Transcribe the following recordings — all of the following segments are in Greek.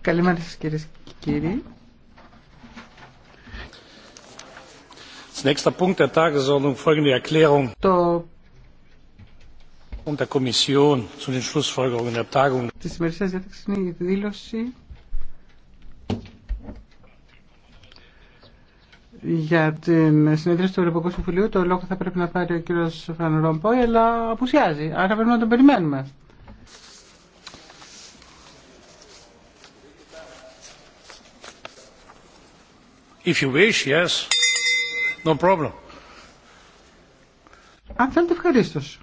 Καλημέρα σας κυρίες και κύριοι. Το und der Kommission zu den Schlussfolgerungen der Tagung. είναι η δήλωση για την συνέδριση του Ευρωπαϊκού Συμβουλίου. Το λόγο θα πρέπει να πάρει ο κύριος Φαν Ρομπόη, αλλά απουσιάζει. Άρα πρέπει να τον περιμένουμε. If you wish, yes. No problem. Αν θέλετε ευχαρίστως.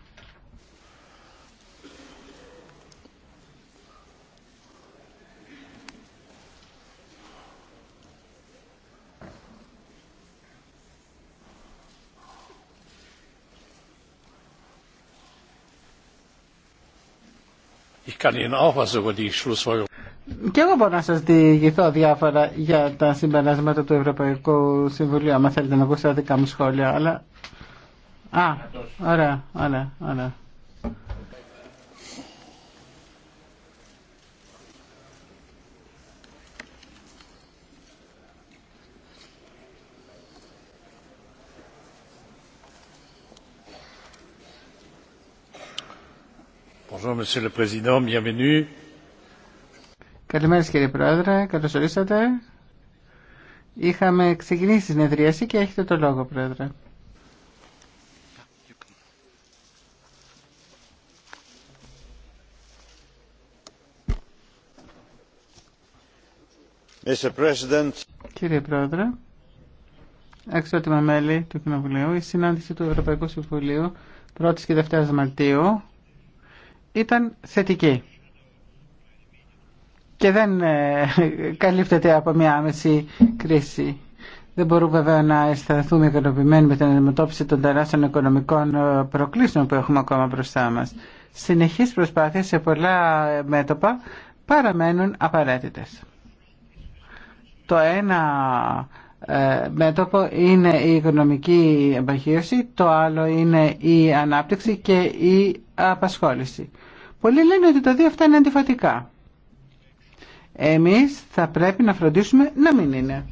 Ich kann Ihnen auch was über die Schlussfolgerung και εγώ μπορώ να σας διηγηθώ διάφορα για τα συμπεράσματα του Ευρωπαϊκού Συμβουλίου, άμα θέλετε να ακούσετε δικά μου σχόλια, αλλά... Α, ωραία, ωραία, ωραία. Bonjour Monsieur le Président, bienvenue. Καλημέρα κύριε Πρόεδρε, καλώς ορίσατε. Είχαμε ξεκινήσει τη συνεδρίαση και έχετε το λόγο Πρόεδρε. Κύριε Πρόεδρε, αξιότιμα μέλη του Κοινοβουλίου, η συνάντηση του Ευρωπαϊκού Συμβουλίου 1η και 2η Μαρτίου ήταν θετική και δεν ε, καλύπτεται από μια άμεση κρίση. Δεν μπορούμε βέβαια να αισθανθούμε ικανοποιημένοι με την αντιμετώπιση των τεράστιων οικονομικών ε, προκλήσεων που έχουμε ακόμα μπροστά μας. Συνεχείς προσπάθειες σε πολλά ε, μέτωπα παραμένουν απαραίτητες. Το ένα μέτωπο είναι η οικονομική εμπαχίωση, το άλλο είναι η ανάπτυξη και η απασχόληση. Πολλοί λένε ότι τα δύο αυτά είναι αντιφατικά. Εμείς θα πρέπει να φροντίσουμε να μην είναι.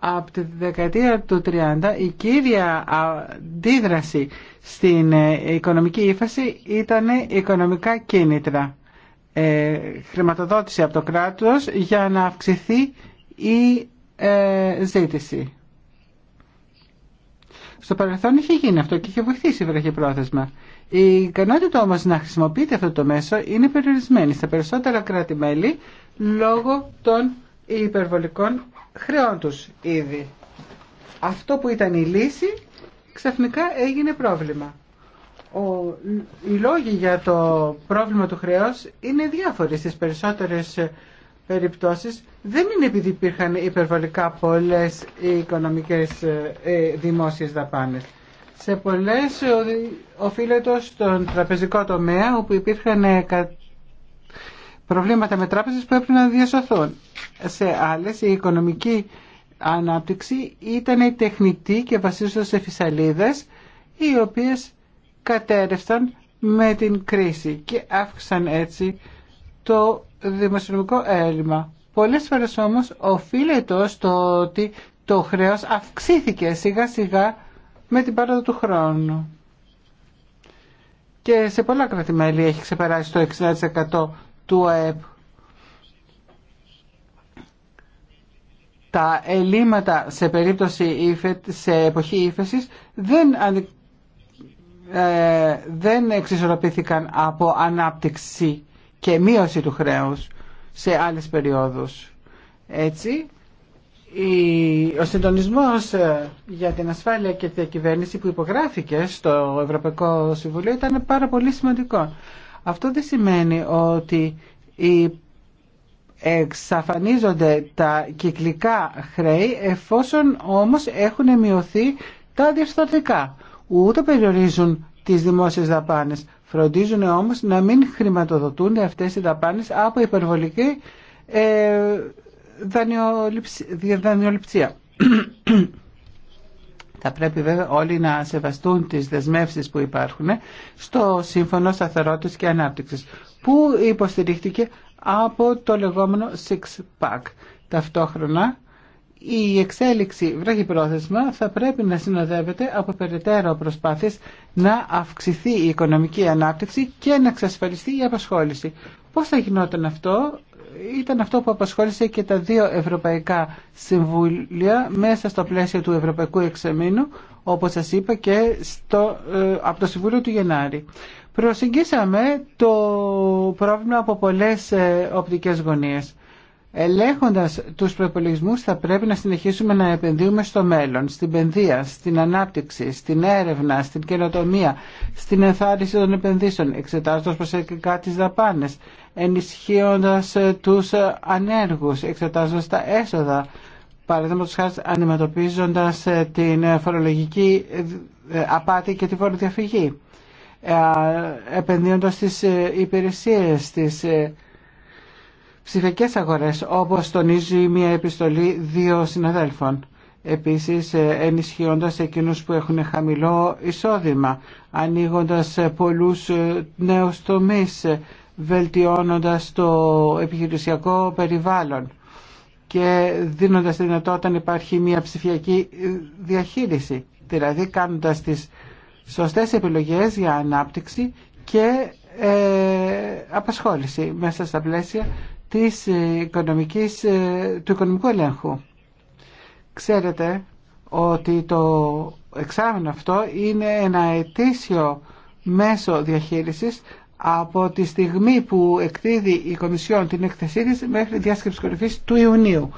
Από τη δεκαετία του 30 η κύρια αντίδραση στην ε, οικονομική ύφαση ήταν οικονομικά κίνητρα. Ε, χρηματοδότηση από το κράτος για να αυξηθεί η ε, ζήτηση. Στο παρελθόν είχε γίνει αυτό και είχε βοηθήσει βραχυπρόθεσμα. πρόθεσμα. Η ικανότητα όμως να χρησιμοποιείται αυτό το μέσο είναι περιορισμένη στα περισσότερα κράτη-μέλη λόγω των υπερβολικών χρεών τους ήδη. Αυτό που ήταν η λύση ξαφνικά έγινε πρόβλημα. Ο, οι λόγοι για το πρόβλημα του χρέους είναι διάφοροι στις περισσότερες περιπτώσεις. Δεν είναι επειδή υπήρχαν υπερβολικά πολλές οικονομικές ε, ε δημόσιες δαπάνες σε πολλές οφείλεται στον τραπεζικό τομέα όπου υπήρχαν ε, προβλήματα με τράπεζες που έπρεπε να διασωθούν. Σε άλλες η οικονομική ανάπτυξη ήταν τεχνητή και βασίζονταν σε φυσαλίδες οι οποίες κατέρευσαν με την κρίση και αύξησαν έτσι το δημοσιονομικό έλλειμμα. Πολλές φορές όμως οφείλεται στο ότι το χρέος αυξήθηκε σιγά σιγά με την πάροδο του χρόνου. Και σε πολλά κρατημέλη έχει ξεπεράσει το 60% του ΑΕΠ. Τα ελλείμματα σε, περίπτωση, σε εποχή ύφεσης δεν ε, δεν εξισορροπήθηκαν από ανάπτυξη και μείωση του χρέους σε άλλες περιόδους. Έτσι, ο συντονισμός ε, για την ασφάλεια και την διακυβέρνηση που υπογράφηκε στο Ευρωπαϊκό Συμβουλίο ήταν πάρα πολύ σημαντικό. Αυτό δεν σημαίνει ότι εξαφανίζονται τα κυκλικά χρέη εφόσον όμως έχουν μειωθεί τα διαστατικά. Ούτε περιορίζουν τις δημόσιες δαπάνες. Φροντίζουν όμως να μην χρηματοδοτούν αυτές οι δαπάνες από υπερβολική ε, δανειοληψία. Θα πρέπει βέβαια όλοι να σεβαστούν τις δεσμεύσεις που υπάρχουν στο Σύμφωνο Σταθερότητας και Ανάπτυξης που υποστηρίχθηκε από το λεγόμενο Six Pack. Ταυτόχρονα η εξέλιξη βραχυπρόθεσμα θα πρέπει να συνοδεύεται από περαιτέρω προσπάθειες να αυξηθεί η οικονομική ανάπτυξη και να εξασφαλιστεί η απασχόληση. Πώς θα γινόταν αυτό ήταν αυτό που απασχόλησε και τα δύο ευρωπαϊκά συμβούλια μέσα στο πλαίσιο του Ευρωπαϊκού Εξεμήνου, όπως σας είπα και στο, ε, από το Συμβούλιο του Γενάρη. Προσεγγίσαμε το πρόβλημα από πολλές ε, οπτικές γωνίες. Ελέγχοντας τους προπολογισμούς θα πρέπει να συνεχίσουμε να επενδύουμε στο μέλλον, στην παιδεία, στην ανάπτυξη, στην έρευνα, στην καινοτομία, στην ενθάρρυνση των επενδύσεων, εξετάζοντας προσεκτικά τις δαπάνες, ενισχύοντας ε, τους ε, ανέργους, εξετάζοντας τα έσοδα, παραδείγματο χάρη αντιμετωπίζοντας ε, την φορολογική απάτη και τη φοροδιαφυγή, επενδύοντας στις υπηρεσίες, στις ψηφιακές αγορές, όπως τονίζει μια επιστολή δύο συναδέλφων. Επίσης, ε, ενισχύοντας εκείνους που έχουν χαμηλό εισόδημα, ανοίγοντας ε, πολλούς ε, νέους τομείς, βελτιώνοντας το επιχειρησιακό περιβάλλον και δίνοντας δυνατότητα να υπάρχει μια ψηφιακή διαχείριση, δηλαδή κάνοντας τις σωστές επιλογές για ανάπτυξη και απασχόληση μέσα στα πλαίσια της ε, οικονομικής, ε, του οικονομικού ελέγχου. Ξέρετε ότι το εξάμεινο αυτό είναι ένα ετήσιο μέσο διαχείρισης από τη στιγμή που εκδίδει η Κομισιόν την έκθεσή της μέχρι τη διάσκεψη κορυφής του Ιουνίου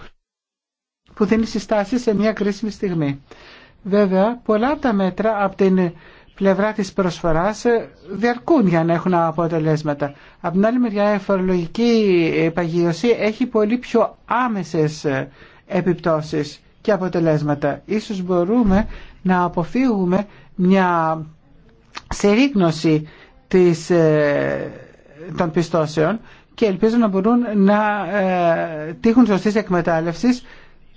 που δίνει συστάσεις σε μια κρίσιμη στιγμή. Βέβαια, πολλά από τα μέτρα από την πλευρά της προσφοράς ε, διαρκούν για να έχουν αποτελέσματα. Από την άλλη μεριά η φορολογική παγίωση έχει πολύ πιο άμεσες ε, επιπτώσεις και αποτελέσματα. Ίσως μπορούμε να αποφύγουμε μια σερίγνωση της, ε, των πιστώσεων και ελπίζω να μπορούν να ε, τύχουν σωστής εκμετάλλευσης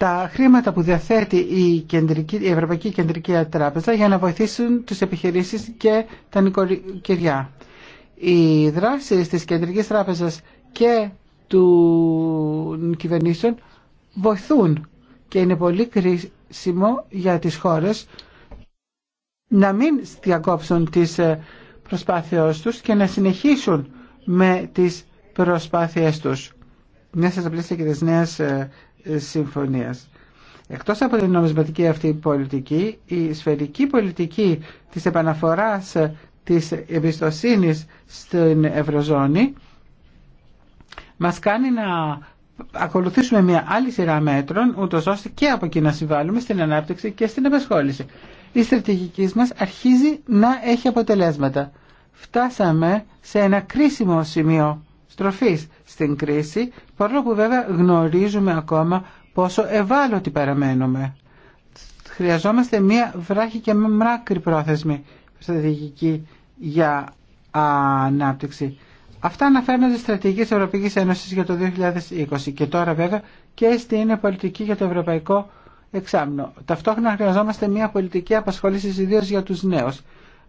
τα χρήματα που διαθέτει η, κεντρική, Ευρωπαϊκή Κεντρική Τράπεζα για να βοηθήσουν τις επιχειρήσεις και τα νοικοκυριά. Οι δράσεις της Κεντρικής Τράπεζας και του κυβερνήσεων βοηθούν και είναι πολύ κρίσιμο για τις χώρες να μην διακόψουν τις ε, προσπάθειές τους και να συνεχίσουν με τις προσπάθειές τους. Μέσα στα πλαίσια και της ε, συμφωνίας. Εκτός από την νομισματική αυτή πολιτική, η σφαιρική πολιτική της επαναφοράς της εμπιστοσύνης στην Ευρωζώνη μας κάνει να ακολουθήσουμε μια άλλη σειρά μέτρων, ούτω ώστε και από εκεί να συμβάλλουμε στην ανάπτυξη και στην απασχόληση. Η στρατηγική μας αρχίζει να έχει αποτελέσματα. Φτάσαμε σε ένα κρίσιμο σημείο στροφής στην κρίση, παρόλο που βέβαια γνωρίζουμε ακόμα πόσο ευάλωτοι παραμένουμε. Χρειαζόμαστε μία βράχη και μράκρη πρόθεσμη στρατηγική για ανάπτυξη. Αυτά αναφέρονται στις στρατηγικές Ευρωπαϊκής Ένωσης για το 2020 και τώρα βέβαια και στην πολιτική για το ευρωπαϊκό εξάμεινο. Ταυτόχρονα χρειαζόμαστε μια πολιτική απασχόληση ιδίω για τους νέους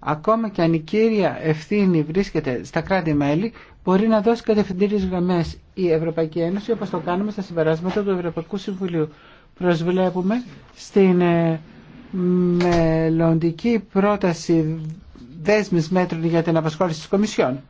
ακόμα και αν η κύρια ευθύνη βρίσκεται στα κράτη-μέλη, μπορεί να δώσει κατευθυντήριες γραμμές η Ευρωπαϊκή Ένωση, όπως το κάνουμε στα συμπεράσματα του Ευρωπαϊκού Συμβουλίου. Προσβλέπουμε στην ε, μελλοντική πρόταση δέσμης μέτρων για την απασχόληση της Κομισιόν.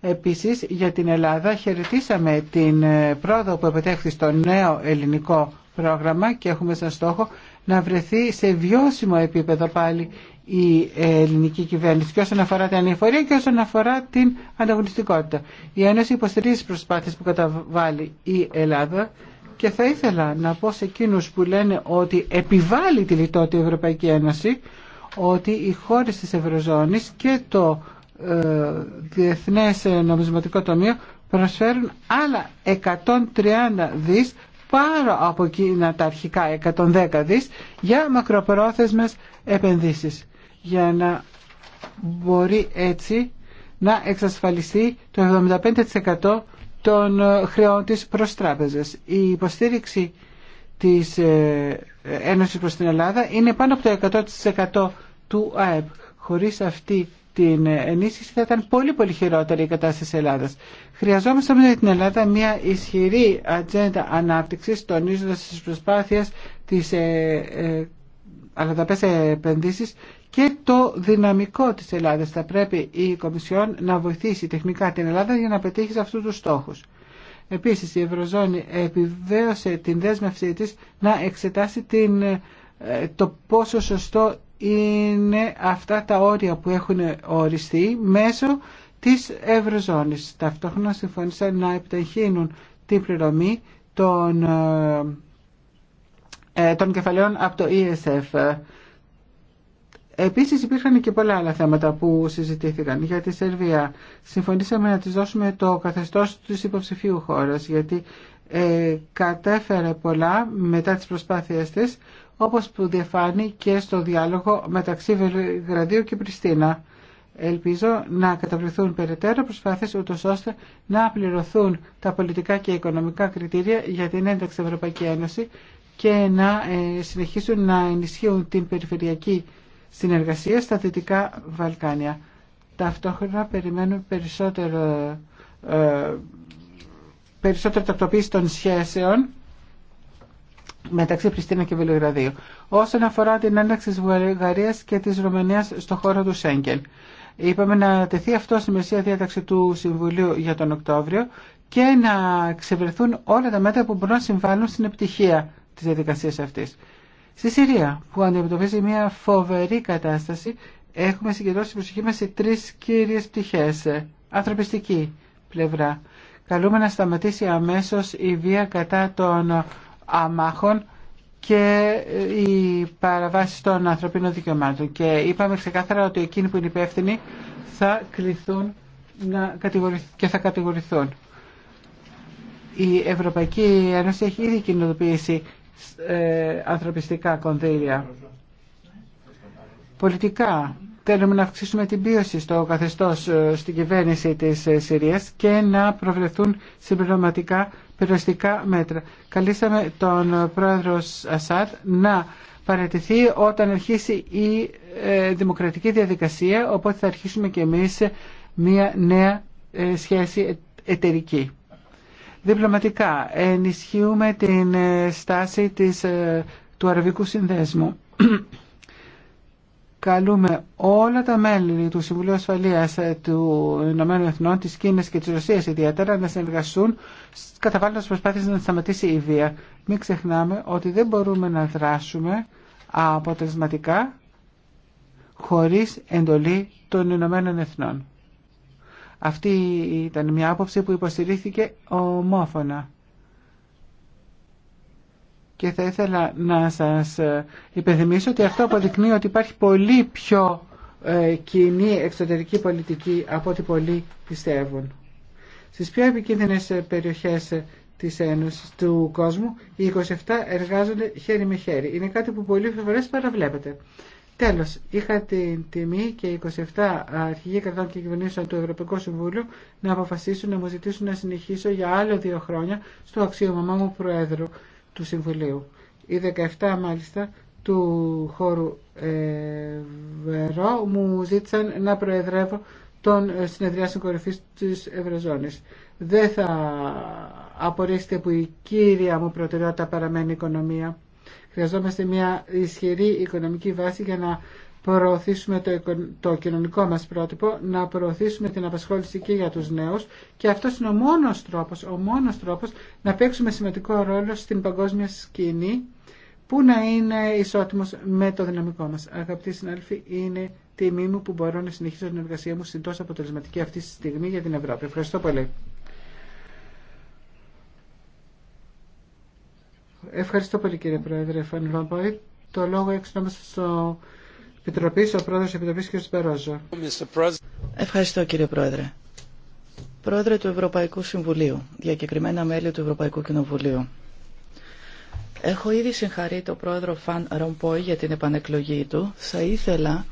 Επίσης, για την Ελλάδα χαιρετήσαμε την ε, πρόοδο που επιτέχθη στο νέο ελληνικό πρόγραμμα και έχουμε σαν στόχο να βρεθεί σε βιώσιμο επίπεδο πάλι η ελληνική κυβέρνηση και όσον αφορά την ανεφορία και όσον αφορά την ανταγωνιστικότητα. Η Ένωση υποστηρίζει τις προσπάθειες που καταβάλει η Ελλάδα και θα ήθελα να πω σε εκείνου που λένε ότι επιβάλλει τη λιτότητα η Ευρωπαϊκή Ένωση ότι οι χώρε της Ευρωζώνης και το ε, Διεθνές Νομισματικό Τομείο προσφέρουν άλλα 130 δις πάνω από εκείνα τα αρχικά 110 δις για μακροπρόθεσμες επενδύσεις για να μπορεί έτσι να εξασφαλιστεί το 75% των ε, χρεών της προς τράπεζες. Η υποστήριξη της ε, Ένωσης προς την Ελλάδα είναι πάνω από το 100% του ΑΕΠ. Χωρίς αυτή την ε, ενίσχυση θα ήταν πολύ πολύ χειρότερη η κατάσταση της Ελλάδας. Χρειαζόμαστε με την Ελλάδα μια ισχυρή ατζέντα ανάπτυξης τονίζοντας τις προσπάθειες της ε, ε, επενδύσεις και το δυναμικό της Ελλάδας. Θα πρέπει η Κομισιόν να βοηθήσει τεχνικά την Ελλάδα για να πετύχει σε αυτούς τους στόχους. Επίσης η Ευρωζώνη επιβέωσε την δέσμευσή της να εξετάσει ε, το πόσο σωστό είναι αυτά τα όρια που έχουν οριστεί μέσω της Ευρωζώνης. Ταυτόχρονα συμφωνήσαν να επιταχύνουν την πληρωμή των, ε, ε, των κεφαλαίων από το ESF. Επίσης υπήρχαν και πολλά άλλα θέματα που συζητήθηκαν για τη Σερβία. Συμφωνήσαμε να της δώσουμε το καθεστώς της υποψηφίου χώρας γιατί ε, κατέφερε πολλά μετά τις προσπάθειές της όπως που διαφάνει και στο διάλογο μεταξύ Βελγραδίου και Πριστίνα. Ελπίζω να καταβληθούν περαιτέρω προσπάθειες ούτως ώστε να πληρωθούν τα πολιτικά και οικονομικά κριτήρια για την ένταξη Ευρωπαϊκή Ένωση και να ε, συνεχίσουν να ενισχύουν την περιφερειακή συνεργασία στα Δυτικά Βαλκάνια. Ταυτόχρονα περιμένουν περισσότερο, ε, περισσότερο τακτοποίηση των σχέσεων μεταξύ Πριστίνα και Βελιγραδίου. Όσον αφορά την ένταξη της Βουλγαρίας και της Ρωμανίας στο χώρο του Σέγγεν. Είπαμε να τεθεί αυτό στη μεσία διάταξη του Συμβουλίου για τον Οκτώβριο και να ξεβρεθούν όλα τα μέτρα που μπορούν να συμβάλλουν στην επιτυχία της διαδικασίας αυτής. Στη Συρία, που αντιμετωπίζει μια φοβερή κατάσταση, έχουμε συγκεντρώσει την προσοχή μας σε τρεις κύριες πτυχές. Ανθρωπιστική πλευρά. Καλούμε να σταματήσει αμέσως η βία κατά των αμάχων και οι παραβάσει των ανθρωπίνων δικαιωμάτων. Και είπαμε ξεκάθαρα ότι εκείνοι που είναι υπεύθυνοι θα κληθούν να και θα κατηγορηθούν. Η Ευρωπαϊκή Ένωση έχει ήδη κοινοτοποιήσει ε, ανθρωπιστικά κονδύλια. Πολιτικά θέλουμε να αυξήσουμε την πίωση στο καθεστώς ε, στην κυβέρνηση της ε, Συρίας και να προβλεφθούν συμπληρωματικά περιοριστικά μέτρα. Καλήσαμε τον πρόεδρο Ασάτ να παρατηθεί όταν αρχίσει η δημοκρατική διαδικασία, οπότε θα αρχίσουμε και εμείς μια νέα σχέση εταιρική. Διπλωματικά ενισχύουμε την ε, στάση της, ε, του Αραβικού Συνδέσμου. Καλούμε όλα τα μέλη του Συμβουλίου Ασφαλείας ε, του Ηνωμένου Εθνών, της Κίνας και της Ρωσίας ιδιαίτερα να συνεργαστούν καταβάλλοντας προσπάθειες να σταματήσει η βία. Μην ξεχνάμε ότι δεν μπορούμε να δράσουμε αποτελεσματικά χωρίς εντολή των Ηνωμένων Εθνών. Αυτή ήταν μια άποψη που υποστηρίχθηκε ομόφωνα. Και θα ήθελα να σας υπενθυμίσω ότι αυτό αποδεικνύει ότι υπάρχει πολύ πιο ε, κοινή εξωτερική πολιτική από ό,τι πολλοί πιστεύουν. Στις πιο επικίνδυνες περιοχές της Ένωσης του κόσμου, οι 27 εργάζονται χέρι με χέρι. Είναι κάτι που πολλοί φορές παραβλέπετε. Τέλος, είχα την τιμή και 27 αρχηγοί κρατών και κυβερνήσεων του Ευρωπαϊκού Συμβούλου να αποφασίσουν να μου ζητήσουν να συνεχίσω για άλλο δύο χρόνια στο αξίωμα μου Προέδρου του Συμβουλίου. Οι 17 μάλιστα του χώρου ε, Βερό μου ζήτησαν να προεδρεύω των συνεδριάσεων κορυφής τη Ευρωζώνης. Δεν θα απορρίσετε που η κύρια μου προτεραιότητα παραμένει η οικονομία. Χρειαζόμαστε μια ισχυρή οικονομική βάση για να προωθήσουμε το, το κοινωνικό μας πρότυπο, να προωθήσουμε την απασχόληση και για τους νέους και αυτό είναι ο μόνος τρόπος, ο μόνος τρόπος να παίξουμε σημαντικό ρόλο στην παγκόσμια σκηνή που να είναι ισότιμος με το δυναμικό μας. Αγαπητοί συνάδελφοι, είναι τιμή μου που μπορώ να συνεχίσω την εργασία μου στην τόσο αποτελεσματική αυτή τη στιγμή για την Ευρώπη. Ευχαριστώ πολύ. Ευχαριστώ πολύ κύριε Πρόεδρε Φαν Ρομπόη. Το λόγο να μέσα στο Επιτροπή, ο Πρόεδρος της Επιτροπής κ. Σπερόζο. Ευχαριστώ κύριε Πρόεδρε. Πρόεδρε του Ευρωπαϊκού Συμβουλίου, διακεκριμένα μέλη του Ευρωπαϊκού Κοινοβουλίου. Έχω ήδη συγχαρεί τον πρόεδρο Φαν Ρομπόη για την επανεκλογή του. Θα ήθελα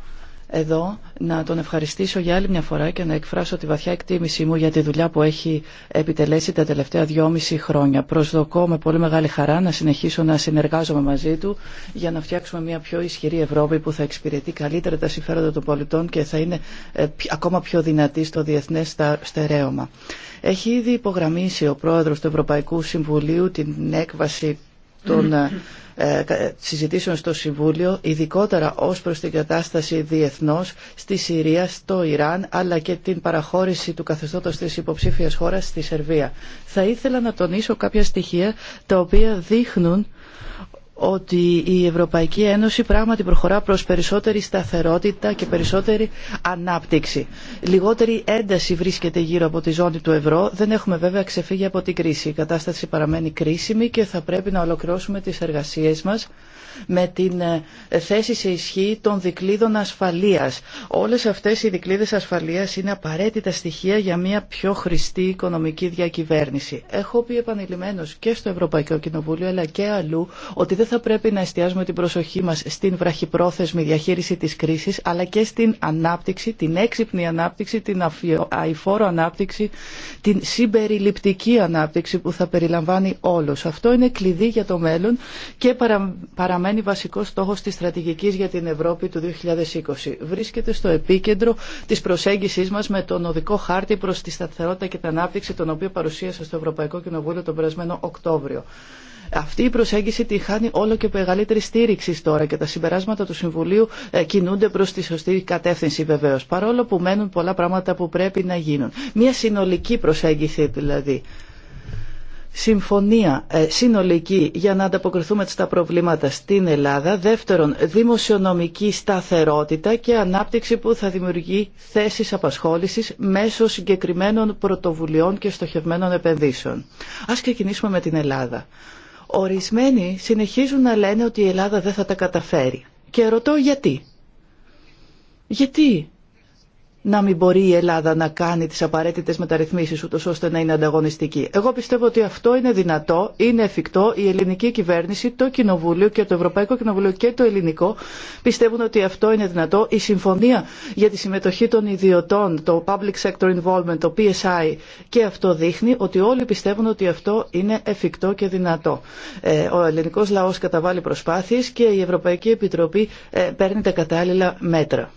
εδώ να τον ευχαριστήσω για άλλη μια φορά και να εκφράσω τη βαθιά εκτίμησή μου για τη δουλειά που έχει επιτελέσει τα τελευταία δυόμιση χρόνια. Προσδοκώ με πολύ μεγάλη χαρά να συνεχίσω να συνεργάζομαι μαζί του για να φτιάξουμε μια πιο ισχυρή Ευρώπη που θα εξυπηρετεί καλύτερα τα συμφέροντα των πολιτών και θα είναι ε, ακόμα πιο δυνατή στο διεθνέ στερέωμα. Έχει ήδη υπογραμμίσει ο πρόεδρο του Ευρωπαϊκού Συμβουλίου την έκβαση των ε, συζητήσεων στο Συμβούλιο, ειδικότερα ως προς την κατάσταση διεθνώς στη Συρία, στο Ιράν, αλλά και την παραχώρηση του καθεστώτος της υποψήφιας χώρας στη Σερβία. Θα ήθελα να τονίσω κάποια στοιχεία τα οποία δείχνουν ότι η Ευρωπαϊκή Ένωση πράγματι προχωρά προς περισσότερη σταθερότητα και περισσότερη ανάπτυξη. Λιγότερη ένταση βρίσκεται γύρω από τη ζώνη του ευρώ. Δεν έχουμε βέβαια ξεφύγει από την κρίση. Η κατάσταση παραμένει κρίσιμη και θα πρέπει να ολοκληρώσουμε τις εργασίες μας με την ε, θέση σε ισχύ των δικλείδων ασφαλείας. Όλες αυτές οι δικλείδες ασφαλείας είναι απαραίτητα στοιχεία για μια πιο χρηστή οικονομική διακυβέρνηση. Έχω πει επανειλημμένως και στο Ευρωπαϊκό Κοινοβούλιο αλλά και αλλού ότι δεν θα πρέπει να εστιάζουμε την προσοχή μας στην βραχυπρόθεσμη διαχείριση της κρίσης, αλλά και στην ανάπτυξη, την έξυπνη ανάπτυξη, την αηφόρο ανάπτυξη, την συμπεριληπτική ανάπτυξη που θα περιλαμβάνει όλους. Αυτό είναι κλειδί για το μέλλον και παραμένει βασικός στόχος της στρατηγικής για την Ευρώπη του 2020. Βρίσκεται στο επίκεντρο της προσέγγισης μας με τον οδικό χάρτη προς τη σταθερότητα και την ανάπτυξη, τον οποίο παρουσίασα στο Ευρωπαϊκό Κοινοβούλιο τον περασμένο Οκτώβριο. Αυτή η προσέγγιση τη χάνει όλο και μεγαλύτερη στήριξη τώρα και τα συμπεράσματα του Συμβουλίου ε, κινούνται προ τη σωστή κατεύθυνση βεβαίω. Παρόλο που μένουν πολλά πράγματα που πρέπει να γίνουν. Μια συνολική προσέγγιση δηλαδή συμφωνία ε, συνολική για να ανταποκριθούμε στα προβλήματα στην Ελλάδα. Δεύτερον, δημοσιονομική σταθερότητα και ανάπτυξη που θα δημιουργεί θέσεις απασχόλησης μέσω συγκεκριμένων πρωτοβουλειών και στοχευμένων επενδύσεων. Ας ξεκινήσουμε με την Ελλάδα. Ορισμένοι συνεχίζουν να λένε ότι η Ελλάδα δεν θα τα καταφέρει. Και ρωτώ γιατί. Γιατί να μην μπορεί η Ελλάδα να κάνει τις απαραίτητες μεταρρυθμίσεις ούτως ώστε να είναι ανταγωνιστική. Εγώ πιστεύω ότι αυτό είναι δυνατό, είναι εφικτό. Η ελληνική κυβέρνηση, το Κοινοβούλιο και το Ευρωπαϊκό Κοινοβούλιο και το ελληνικό πιστεύουν ότι αυτό είναι δυνατό. Η Συμφωνία για τη Συμμετοχή των Ιδιωτών, το Public Sector Involvement, το PSI και αυτό δείχνει ότι όλοι πιστεύουν ότι αυτό είναι εφικτό και δυνατό. Ε, ο ελληνικός λαός καταβάλει προσπάθειες και η Ευρωπαϊκή Επιτροπή ε, παίρνει τα κατάλληλα μέτρα.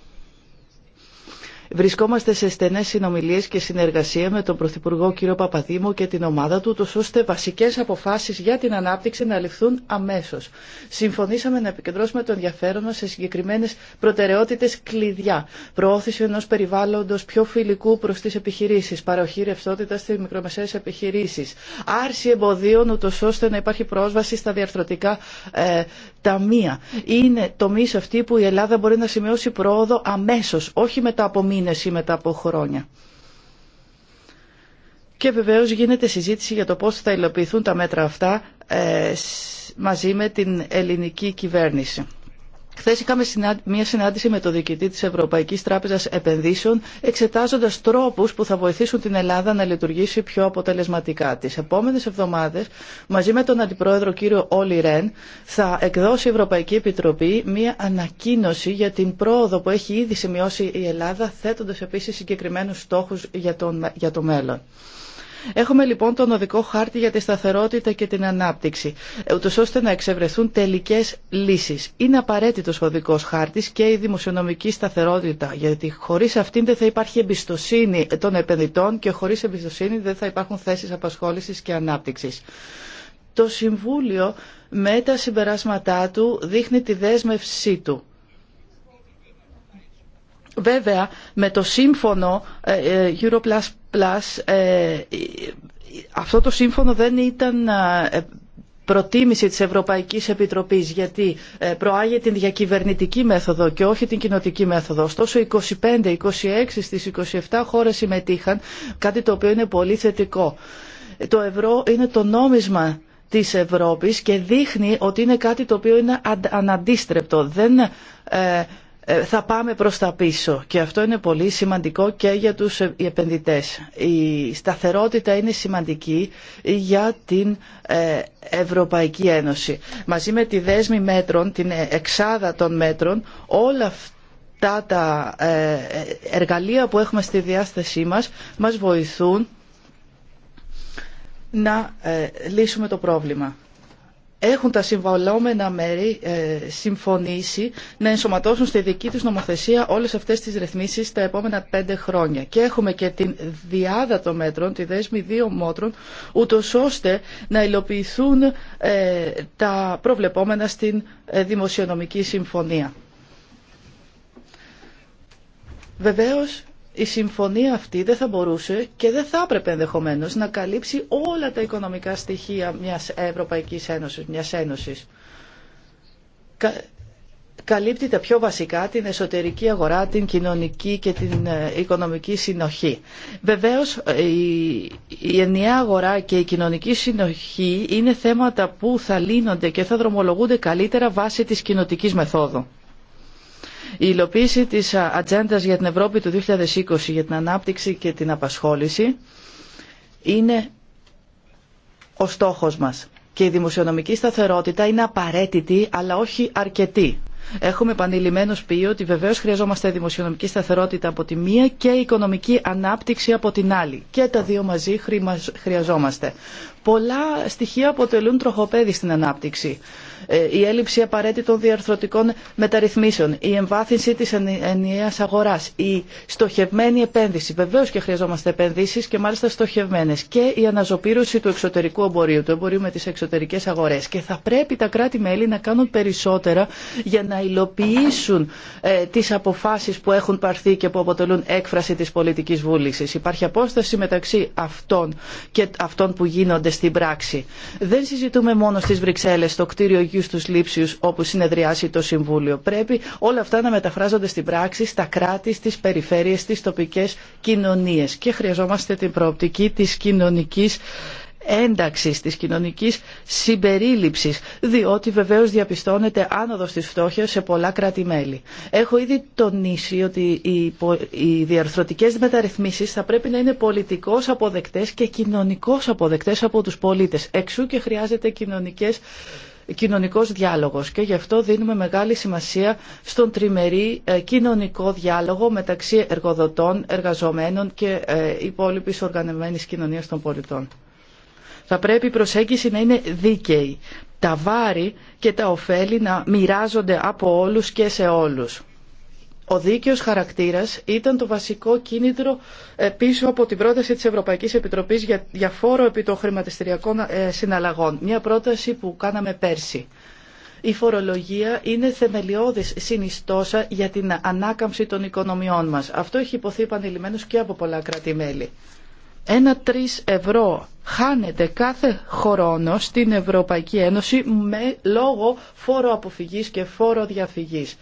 Βρισκόμαστε σε στενέ συνομιλίε και συνεργασία με τον Πρωθυπουργό κ. Παπαδήμο και την ομάδα του, τους ώστε βασικέ αποφάσει για την ανάπτυξη να ληφθούν αμέσω. Συμφωνήσαμε να επικεντρώσουμε το ενδιαφέρον μα σε συγκεκριμένε προτεραιότητε κλειδιά. Προώθηση ενό περιβάλλοντο πιο φιλικού προ τι επιχειρήσει, παροχή ρευστότητα στι μικρομεσαίε επιχειρήσει, άρση εμποδίων, ούτω ώστε να υπάρχει πρόσβαση στα διαρθρωτικά ε, τα μία Είναι τομείς αυτή που η Ελλάδα μπορεί να σημειώσει πρόοδο αμέσως, όχι μετά από μήνες ή μετά από χρόνια. Και βεβαίως γίνεται συζήτηση για το πώς θα υλοποιηθούν τα μέτρα αυτά ε, μαζί με την ελληνική κυβέρνηση. Χθε είχαμε μια συνάντηση με τον διοικητή τη Ευρωπαϊκή Τράπεζα Επενδύσεων, εξετάζοντα τρόπου που θα βοηθήσουν την Ελλάδα να λειτουργήσει πιο αποτελεσματικά. Τι επόμενε εβδομάδε, μαζί με τον Αντιπρόεδρο κύριο Όλι Ρεν, θα εκδώσει η Ευρωπαϊκή Επιτροπή μια ανακοίνωση για την πρόοδο που έχει ήδη σημειώσει η Ελλάδα, θέτοντα επίση συγκεκριμένου στόχου για το μέλλον. Έχουμε λοιπόν τον οδικό χάρτη για τη σταθερότητα και την ανάπτυξη, ούτω ώστε να εξευρεθούν τελικέ λύσει. Είναι απαραίτητο ο οδικό χάρτη και η δημοσιονομική σταθερότητα, γιατί χωρί αυτήν δεν θα υπάρχει εμπιστοσύνη των επενδυτών και χωρί εμπιστοσύνη δεν θα υπάρχουν θέσει απασχόληση και ανάπτυξη. Το Συμβούλιο με τα συμπεράσματά του δείχνει τη δέσμευσή του Βέβαια, με το σύμφωνο ε, ε, Europlus Plus, ε, αυτό το σύμφωνο δεν ήταν προτίμηση της Ευρωπαϊκής Επιτροπής γιατί προάγει την διακυβερνητική μέθοδο και όχι την κοινοτική μέθοδο. Ωστόσο 25-26 στις 27 χώρες συμμετείχαν, κάτι το οποίο είναι πολύ θετικό. Το ευρώ είναι το νόμισμα της Ευρώπης και δείχνει ότι είναι κάτι το οποίο είναι αναντίστρεπτο. Δεν ε, θα πάμε προς τα πίσω και αυτό είναι πολύ σημαντικό και για τους ε, επενδυτές. Η σταθερότητα είναι σημαντική για την ε, Ευρωπαϊκή Ένωση. Μαζί με τη δέσμη μέτρων, την εξάδα των μέτρων, όλα αυτά τα εργαλεία που έχουμε στη διάστασή μας μας βοηθούν να λύσουμε το πρόβλημα έχουν τα συμβαλόμενα μέρη ε, συμφωνήσει να ενσωματώσουν στη δική τους νομοθεσία όλες αυτές τις ρυθμίσεις τα επόμενα πέντε χρόνια. Και έχουμε και την διάδα των μέτρων, τη δέσμη δύο μότρων, ούτω ώστε να υλοποιηθούν ε, τα προβλεπόμενα στην ε, δημοσιονομική συμφωνία. Βεβαίως, η συμφωνία αυτή δεν θα μπορούσε και δεν θα έπρεπε ενδεχομένως να καλύψει όλα τα οικονομικά στοιχεία μιας Ευρωπαϊκής Ένωσης, μιας Ένωσης. Καλύπτει τα πιο βασικά την εσωτερική αγορά, την κοινωνική και την ε, οικονομική συνοχή. Βεβαίως ε, η ενιαία αγορά και η κοινωνική συνοχή είναι θέματα που θα λύνονται και θα δρομολογούνται καλύτερα βάσει της κοινοτικής μεθόδου. Η υλοποίηση της ατζέντα για την Ευρώπη του 2020 για την ανάπτυξη και την απασχόληση είναι ο στόχος μας. Και η δημοσιονομική σταθερότητα είναι απαραίτητη αλλά όχι αρκετή. Έχουμε επανειλημμένως πει ότι βεβαίως χρειαζόμαστε δημοσιονομική σταθερότητα από τη μία και οικονομική ανάπτυξη από την άλλη. Και τα δύο μαζί χρειαζόμαστε. Πολλά στοιχεία αποτελούν τροχοπέδι στην ανάπτυξη. Ε, η έλλειψη απαραίτητων διαρθρωτικών μεταρρυθμίσεων, η εμβάθυνση της ενιαίας αγοράς, η στοχευμένη επένδυση. Βεβαίως και χρειαζόμαστε επενδύσεις και μάλιστα στοχευμένες. Και η αναζωπήρωση του εξωτερικού εμπορίου, του εμπορίου με τις εξωτερικές αγορές. Και θα πρέπει τα κράτη-μέλη να κάνουν περισσότερα για να υλοποιήσουν ε, τις αποφάσεις που έχουν πάρθει και που αποτελούν έκφραση της πολιτικής βούλησης. Υπάρχει απόσταση μεταξύ αυτών και αυτών που γίνονται στην πράξη. Δεν συζητούμε μόνο στις Βρυξέλλε στο κτίριο γίου τους Λήψιου όπου συνεδριάσει το Συμβούλιο. Πρέπει όλα αυτά να μεταφράζονται στην πράξη, στα κράτη, στις περιφέρειες, στις τοπικές κοινωνίες. Και χρειαζόμαστε την προοπτική της κοινωνικής ένταξης, της κοινωνικής συμπερίληψης, διότι βεβαίως διαπιστώνεται άνοδος της φτώχειας σε πολλά κράτη-μέλη. Έχω ήδη τονίσει ότι οι διαρθρωτικές μεταρρυθμίσεις θα πρέπει να είναι πολιτικώς αποδεκτές και κοινωνικώς αποδεκτές από τους πολίτες. Εξού και χρειάζεται κοινωνικές κοινωνικός διάλογος και γι' αυτό δίνουμε μεγάλη σημασία στον τριμερή ε, κοινωνικό διάλογο μεταξύ εργοδοτών, εργαζομένων και ε, υπόλοιπης οργανωμένης κοινωνίας των πολιτών. Θα πρέπει η προσέγγιση να είναι δίκαιη. Τα βάρη και τα ωφέλη να μοιράζονται από όλους και σε όλους. Ο δίκαιος χαρακτήρας ήταν το βασικό κίνητρο ε, πίσω από την πρόταση της Ευρωπαϊκής Επιτροπής για φόρο επί των χρηματιστηριακών ε, συναλλαγών. Μια πρόταση που κάναμε πέρσι. Η φορολογία είναι θεμελιώδης συνιστόσα για την ανάκαμψη των οικονομιών μας. Αυτό έχει υποθεί επανειλημμένως και από πολλά Ένα τρεις ευρώ χάνεται κάθε χρόνο στην Ευρωπαϊκή Ένωση με λόγο φόρο αποφυγής και φόρο διαφυγής.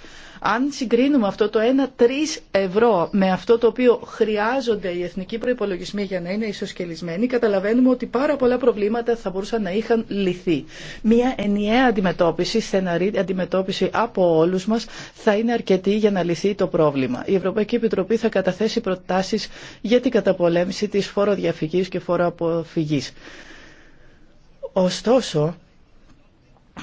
Αν συγκρίνουμε αυτό το 1-3 ευρώ με αυτό το οποίο χρειάζονται οι εθνικοί προϋπολογισμοί για να είναι ισοσκελισμένοι, καταλαβαίνουμε ότι πάρα πολλά προβλήματα θα μπορούσαν να είχαν λυθεί. Μια ενιαία αντιμετώπιση, στεναρή αντιμετώπιση από όλου μα θα είναι αρκετή για να λυθεί το πρόβλημα. Η Ευρωπαϊκή Επιτροπή θα καταθέσει προτάσει για την καταπολέμηση τη φόροδιαφυγή και φόροαποφυγή Ωστόσο,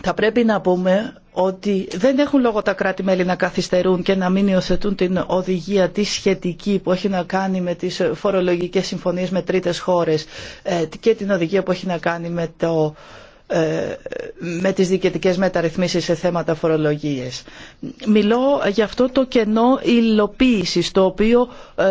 θα πρέπει να πούμε ότι δεν έχουν λόγο τα κράτη-μέλη να καθυστερούν και να μην υιοθετούν την οδηγία τη σχετική που έχει να κάνει με τις φορολογικές συμφωνίες με τρίτες χώρες ε, και την οδηγία που έχει να κάνει με το ε, με τις διοικητικές μεταρρυθμίσεις σε θέματα φορολογίες. Μιλώ για αυτό το κενό υλοποίησης το οποίο ε,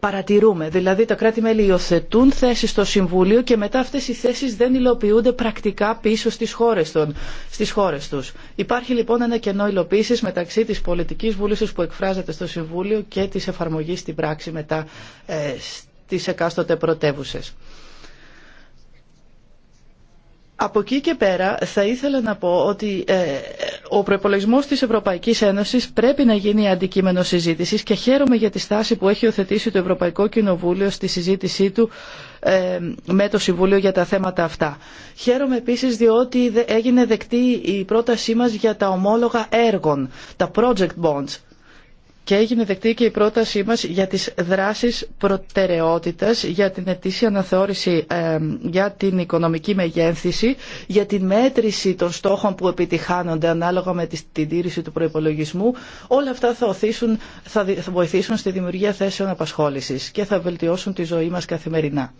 παρατηρούμε. Δηλαδή τα κράτη-μέλη υιοθετούν θέσεις στο Συμβούλιο και μετά αυτές οι θέσεις δεν υλοποιούνται πρακτικά πίσω στις χώρες, των, στις χώρες τους. Υπάρχει λοιπόν ένα κενό υλοποίησης μεταξύ της πολιτικής βούλησης που εκφράζεται στο Συμβούλιο και της εφαρμογής στην πράξη μετά ε, τις εκάστοτε πρωτεύουσες. Από εκεί και πέρα θα ήθελα να πω ότι ε, ο προπολογισμό της Ευρωπαϊκής Ένωσης πρέπει να γίνει αντικείμενο συζήτησης και χαίρομαι για τη στάση που έχει οθετήσει το Ευρωπαϊκό Κοινοβούλιο στη συζήτησή του ε, με το Συμβούλιο για τα θέματα αυτά. Χαίρομαι επίσης διότι έγινε δεκτή η πρότασή μας για τα ομόλογα έργων, τα project bonds και έγινε δεκτή και η πρότασή μας για τις δράσεις προτεραιότητας, για την ετήσια αναθεώρηση ε, για την οικονομική μεγένθηση, για την μέτρηση των στόχων που επιτυχάνονται ανάλογα με την τήρηση του προϋπολογισμού. Όλα αυτά θα, οθήσουν, θα βοηθήσουν στη δημιουργία θέσεων απασχόλησης και θα βελτιώσουν τη ζωή μας καθημερινά.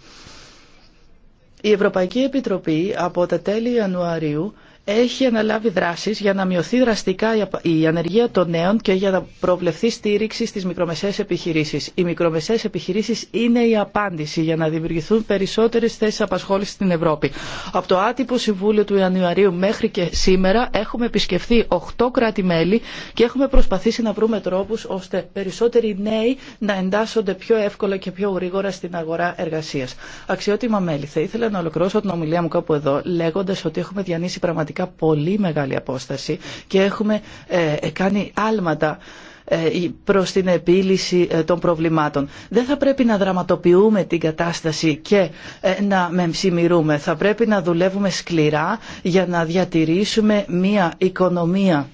Η Ευρωπαϊκή Επιτροπή από τα τέλη Ιανουαρίου έχει αναλάβει δράσεις για να μειωθεί δραστικά η ανεργία των νέων και για να προβλεφθεί στήριξη στις μικρομεσαίες επιχειρήσεις. Οι μικρομεσαίες επιχειρήσεις είναι η απάντηση για να δημιουργηθούν περισσότερες θέσεις απασχόλησης στην Ευρώπη. Από το άτυπο Συμβούλιο του Ιανουαρίου μέχρι και σήμερα έχουμε επισκεφθεί 8 κράτη-μέλη και έχουμε προσπαθήσει να βρούμε τρόπους ώστε περισσότεροι νέοι να εντάσσονται πιο εύκολα και πιο γρήγορα στην αγορά εργασίας. Αξιότιμα μέλη, θα ήθελα να ολοκληρώσω την ομιλία μου κάπου εδώ λέγοντα ότι έχουμε διανύσει πραγματικά πραγματικά πολύ μεγάλη απόσταση και έχουμε ε, ε, κάνει άλματα ε, προς την επίλυση των προβλημάτων. Δεν θα πρέπει να δραματοποιούμε την κατάσταση και να μεμψημυρούμε. Θα πρέπει να δουλεύουμε σκληρά για να διατηρήσουμε μια οικονομία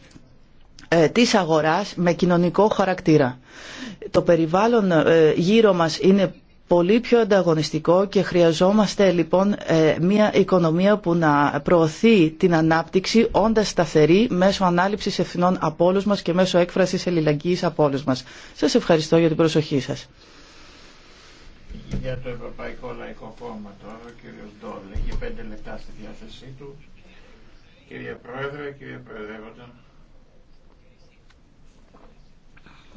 της αγοράς με κοινωνικό χαρακτήρα. Το περιβάλλον γύρω μας είναι πολύ πιο ανταγωνιστικό και χρειαζόμαστε λοιπόν ε, μια οικονομία που να προωθεί την ανάπτυξη όντας σταθερή μέσω ανάληψης ευθυνών από όλους μας και μέσω έκφρασης ελληλαγγύης από όλους μας. Σας ευχαριστώ για την προσοχή σας. Για το λεπτά στη του. Κύριε Πρόεδρε, κύριε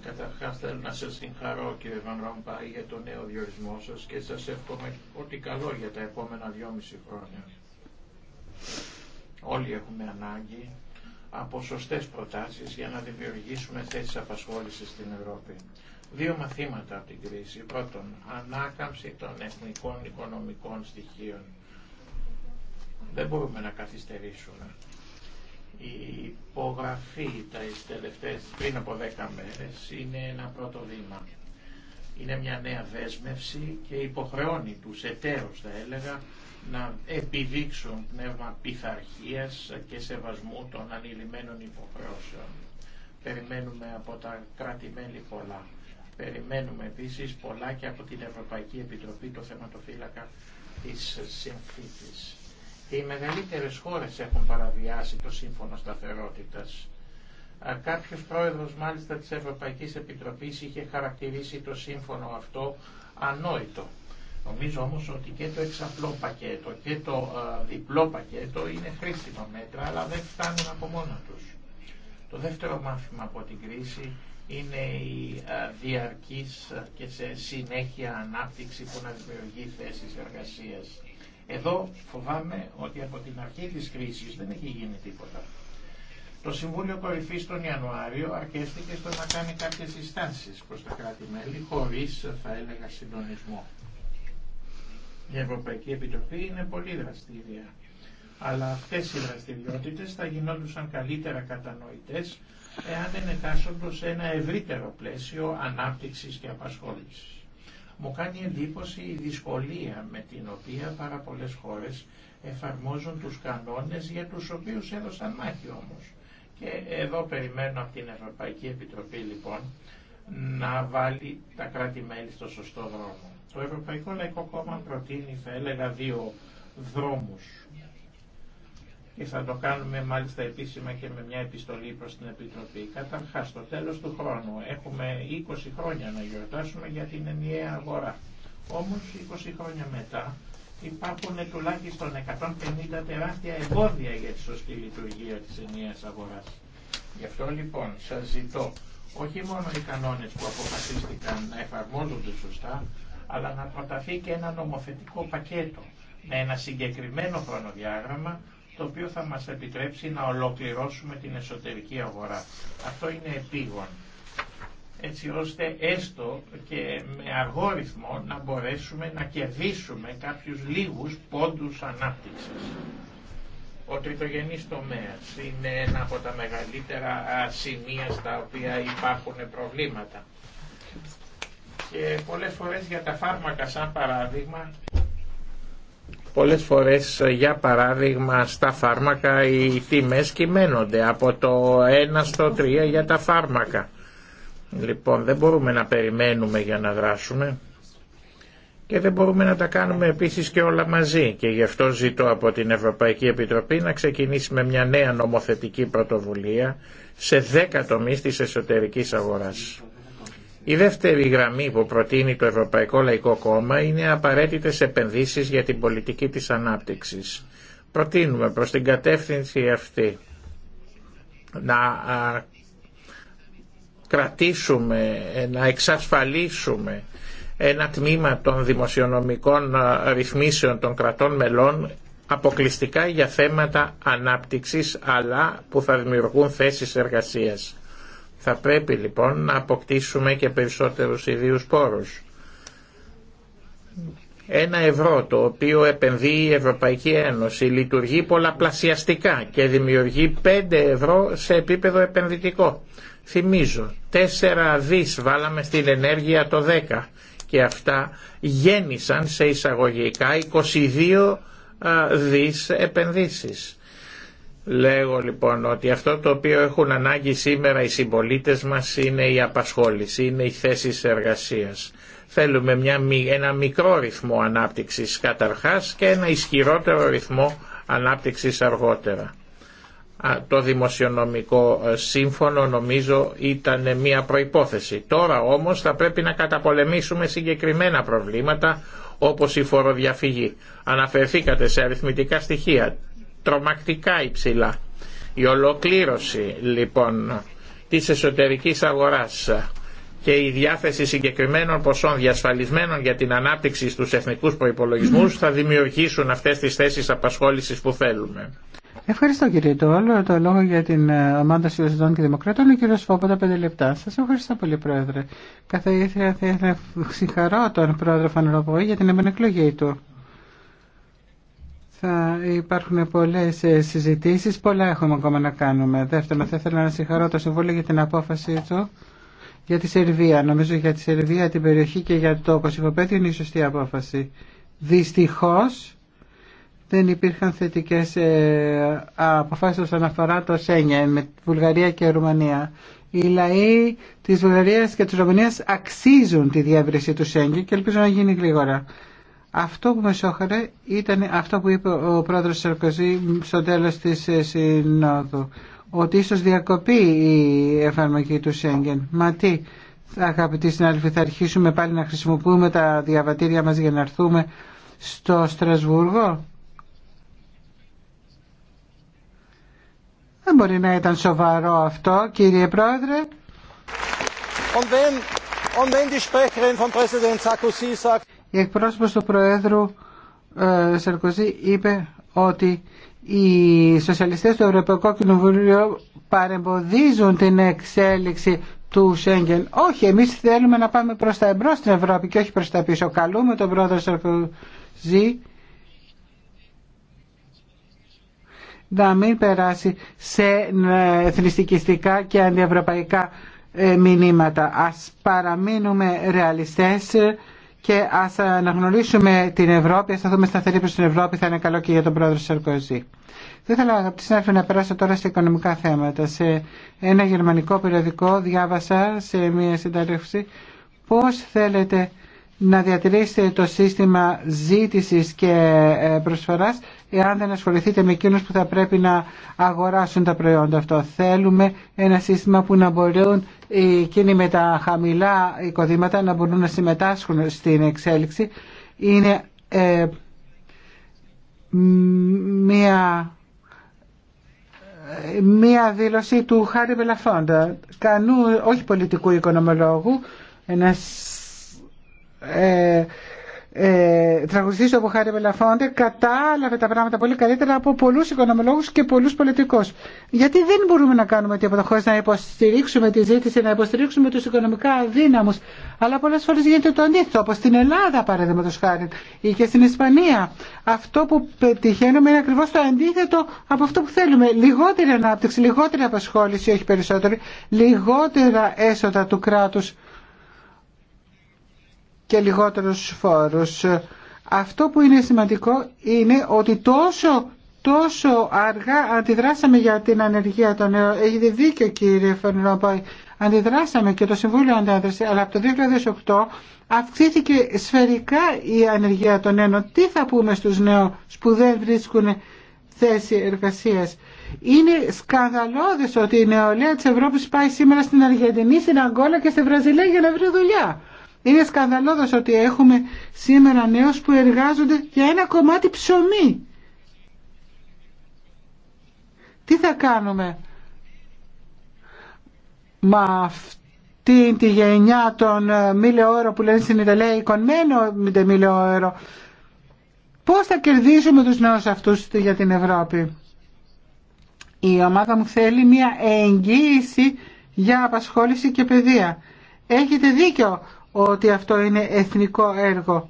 Καταρχά θέλω να σα συγχαρώ κύριε Βαν για το νέο διορισμό σα και σα εύχομαι ό,τι καλό για τα επόμενα δυόμιση χρόνια. Όλοι έχουμε ανάγκη από σωστέ προτάσεις για να δημιουργήσουμε θέσεις απασχόλησης στην Ευρώπη. Δύο μαθήματα από την κρίση. Πρώτον, ανάκαμψη των εθνικών οικονομικών στοιχείων. Δεν μπορούμε να καθυστερήσουμε. Η υπογραφή τα τελευταίες πριν από δέκα μέρες είναι ένα πρώτο βήμα. Είναι μια νέα δέσμευση και υποχρεώνει τους εταίρους, θα έλεγα, να επιδείξουν πνεύμα πειθαρχία και σεβασμού των ανηλυμένων υποχρεώσεων. Περιμένουμε από τα κράτη-μέλη πολλά. Περιμένουμε επίσης πολλά και από την Ευρωπαϊκή Επιτροπή το θεματοφύλακα της συνθήκης και οι μεγαλύτερες χώρες έχουν παραβιάσει το σύμφωνο σταθερότητας. Κάποιος πρόεδρος μάλιστα της Ευρωπαϊκής Επιτροπής είχε χαρακτηρίσει το σύμφωνο αυτό ανόητο. Νομίζω όμως ότι και το εξαπλό πακέτο και το διπλό πακέτο είναι χρήσιμα μέτρα, αλλά δεν φτάνουν από μόνα τους. Το δεύτερο μάθημα από την κρίση είναι η διαρκής και σε συνέχεια ανάπτυξη που να δημιουργεί θέσεις εργασίας. Εδώ φοβάμαι ότι από την αρχή της κρίσης δεν έχει γίνει τίποτα. Το Συμβούλιο Κορυφής τον Ιανουάριο αρκέστηκε στο να κάνει κάποιες συστάσεις προς τα κράτη-μέλη χωρίς, θα έλεγα, συντονισμό. Η Ευρωπαϊκή Επιτροπή είναι πολύ δραστήρια. Αλλά αυτές οι δραστηριότητες θα γινόντουσαν καλύτερα κατανοητές εάν δεν εντάσσονται σε ένα ευρύτερο πλαίσιο ανάπτυξης και απασχόλησης. Μου κάνει εντύπωση η δυσκολία με την οποία πάρα πολλές χώρες εφαρμόζουν τους κανόνες για τους οποίους έδωσαν μάχη όμως. Και εδώ περιμένω από την Ευρωπαϊκή Επιτροπή λοιπόν να βάλει τα κράτη-μέλη στο σωστό δρόμο. Το Ευρωπαϊκό Λαϊκό Κόμμα προτείνει θα έλεγα δύο δρόμους και θα το κάνουμε μάλιστα επίσημα και με μια επιστολή προς την Επιτροπή. Καταρχάς, στο τέλος του χρόνου έχουμε 20 χρόνια να γιορτάσουμε για την ενιαία αγορά. Όμως 20 χρόνια μετά υπάρχουν τουλάχιστον 150 τεράστια εμπόδια για τη σωστή λειτουργία της ενιαίας αγοράς. Γι' αυτό λοιπόν σας ζητώ όχι μόνο οι κανόνες που αποφασίστηκαν να εφαρμόζονται σωστά, αλλά να προταθεί και ένα νομοθετικό πακέτο με ένα συγκεκριμένο χρονοδιάγραμμα το οποίο θα μας επιτρέψει να ολοκληρώσουμε την εσωτερική αγορά. Αυτό είναι επίγον έτσι ώστε έστω και με αργό ρυθμό να μπορέσουμε να κερδίσουμε κάποιους λίγους πόντους ανάπτυξης. Ο τριτογενής τομέας είναι ένα από τα μεγαλύτερα σημεία στα οποία υπάρχουν προβλήματα. Και πολλές φορές για τα φάρμακα σαν παράδειγμα Πολλές φορές ε, για παράδειγμα στα φάρμακα οι τιμές κυμαίνονται από το 1 στο 3 για τα φάρμακα. Λοιπόν δεν μπορούμε να περιμένουμε για να δράσουμε και δεν μπορούμε να τα κάνουμε επίσης και όλα μαζί και γι' αυτό ζητώ από την Ευρωπαϊκή Επιτροπή να ξεκινήσει με μια νέα νομοθετική πρωτοβουλία σε 10 τομείς της εσωτερικής αγοράς. Η δεύτερη γραμμή που προτείνει το Ευρωπαϊκό Λαϊκό Κόμμα είναι απαραίτητες επενδύσεις για την πολιτική της ανάπτυξης. Προτείνουμε προς την κατεύθυνση αυτή να κρατήσουμε, ε, να εξασφαλίσουμε ένα τμήμα των δημοσιονομικών ρυθμίσεων των κρατών μελών αποκλειστικά για θέματα ανάπτυξης αλλά που θα δημιουργούν θέσεις εργασίας. Θα πρέπει λοιπόν να αποκτήσουμε και περισσότερους ιδίους πόρους. Ένα ευρώ το οποίο επενδύει η Ευρωπαϊκή Ένωση λειτουργεί πολλαπλασιαστικά και δημιουργεί 5 ευρώ σε επίπεδο επενδυτικό. Θυμίζω, 4 δις βάλαμε στην ενέργεια το 10 και αυτά γέννησαν σε εισαγωγικά 22 δις επενδύσεις. Λέγω λοιπόν ότι αυτό το οποίο έχουν ανάγκη σήμερα οι συμπολίτε μας είναι η απασχόληση, είναι οι θέσεις εργασίας. Θέλουμε μια, ένα μικρό ρυθμό ανάπτυξης καταρχάς και ένα ισχυρότερο ρυθμό ανάπτυξης αργότερα. Το δημοσιονομικό ε, σύμφωνο νομίζω ήταν μια προϋπόθεση. Τώρα όμως θα πρέπει να καταπολεμήσουμε συγκεκριμένα προβλήματα όπως η φοροδιαφυγή. Αναφερθήκατε σε αριθμητικά στοιχεία τρομακτικά υψηλά. Η ολοκλήρωση λοιπόν της εσωτερικής αγοράς και η διάθεση συγκεκριμένων ποσών διασφαλισμένων για την ανάπτυξη στους εθνικούς προϋπολογισμούς θα δημιουργήσουν αυτές τις θέσεις απασχόλησης που θέλουμε. Ευχαριστώ κύριε Τόλο. Το λόγο για την ε, ομάδα Συλλογιστών και Δημοκρατών ο κύριο Φόποντα, πέντε λεπτά. Σα ευχαριστώ πολύ, Πρόεδρε. Καθ' ήθελα να συγχαρώ τον Πρόεδρο Φανεροπόη για την επανεκλογή του. Θα υπάρχουν πολλέ ε, συζητήσει, πολλά έχουμε ακόμα να κάνουμε. Δεύτερον, θα ήθελα να συγχαρώ το Συμβούλιο για την απόφαση του για τη Σερβία. Νομίζω για τη Σερβία, την περιοχή και για το Κωσυφοπέδιο είναι η σωστή απόφαση. Δυστυχώ δεν υπήρχαν θετικέ ε, αποφάσει όσον αφορά το Σένιεν με τη Βουλγαρία και Ρουμανία. Οι λαοί τη Βουλγαρία και τη Ρουμανία αξίζουν τη διεύρυνση του Σένιεν και ελπίζω να γίνει γρήγορα. Αυτό που με όχαρε ήταν αυτό που είπε ο πρόεδρος Σαρκοζή στο τέλος της ε, συνόδου, ότι ίσως διακοπεί η εφαρμογή του Σέγγεν. Μα τι, αγαπητοί συνάδελφοι, θα αρχίσουμε πάλι να χρησιμοποιούμε τα διαβατήρια μας για να έρθουμε στο Στρασβούργο. Δεν μπορεί να ήταν σοβαρό αυτό, κύριε Πρόεδρε. Und wenn, und wenn die Sprecherin von Präsident η εκπρόσωπος του Προέδρου ε, είπε ότι οι σοσιαλιστές του Ευρωπαϊκού Κοινοβουλίου παρεμποδίζουν την εξέλιξη του Σέγγεν. Όχι, εμείς θέλουμε να πάμε προς τα εμπρός στην Ευρώπη και όχι προς τα πίσω. Καλούμε τον πρόεδρο Σαρκοζή να μην περάσει σε ε, εθνιστικιστικά και αντιευρωπαϊκά ε, μηνύματα. Ας παραμείνουμε ρεαλιστές και ας αναγνωρίσουμε την Ευρώπη, ας δούμε σταθερή προς την Ευρώπη, θα είναι καλό και για τον πρόεδρο Σαρκοζή. Θα ήθελα αγαπητοί συνάδελφοι να περάσω τώρα σε οικονομικά θέματα. Σε ένα γερμανικό περιοδικό διάβασα σε μια συντάρρευση πώς θέλετε να διατηρήσετε το σύστημα ζήτησης και ε, προσφοράς εάν δεν ασχοληθείτε με εκείνους που θα πρέπει να αγοράσουν τα προϊόντα αυτό. Θέλουμε ένα σύστημα που να μπορούν εκείνοι με τα χαμηλά οικοδήματα να μπορούν να συμμετάσχουν στην εξέλιξη. Είναι ε, μία μία δήλωση του Χάρη Μπελαφόντα κανού, όχι πολιτικού οικονομολόγου, ένας ε, ε, τραγουδιστής του κατάλαβε τα πράγματα πολύ καλύτερα από πολλούς οικονομολόγους και πολλούς πολιτικούς. Γιατί δεν μπορούμε να κάνουμε τίποτα χωρίς να υποστηρίξουμε τη ζήτηση, να υποστηρίξουμε τους οικονομικά αδύναμους. Αλλά πολλές φορές γίνεται το αντίθετο, όπως στην Ελλάδα παραδείγματο χάρη ή και στην Ισπανία. Αυτό που πετυχαίνουμε είναι ακριβώς το αντίθετο από αυτό που θέλουμε. Λιγότερη ανάπτυξη, λιγότερη απασχόληση, όχι περισσότερη, λιγότερα έσοδα του κράτους και λιγότερους φόρους. Αυτό που είναι σημαντικό είναι ότι τόσο, τόσο αργά αντιδράσαμε για την ανεργία των νέων. Έχετε δίκιο κύριε Φανιλόπαη. Αντιδράσαμε και το Συμβούλιο Αντέδρασε, αλλά από το 2008 αυξήθηκε σφαιρικά η ανεργία των νέων. Τι θα πούμε στους νέους που δεν βρίσκουν θέση εργασίας. Είναι σκανδαλώδες ότι η νεολαία της Ευρώπης πάει σήμερα στην Αργεντινή, στην Αγγόλα και στη Βραζιλία για να βρει δουλειά. Είναι σκανδαλώδος ότι έχουμε σήμερα νέους που εργάζονται για ένα κομμάτι ψωμί. Τι θα κάνουμε με αυτή τη γενιά των ε, μιλεόρο που λένε στην Ιταλία εικονμένο με μιλεόρο. Πώς θα κερδίσουμε τους νέους αυτούς για την Ευρώπη. Η ομάδα μου θέλει μια εγγύηση για απασχόληση και παιδεία. Έχετε δίκιο ότι αυτό είναι εθνικό έργο.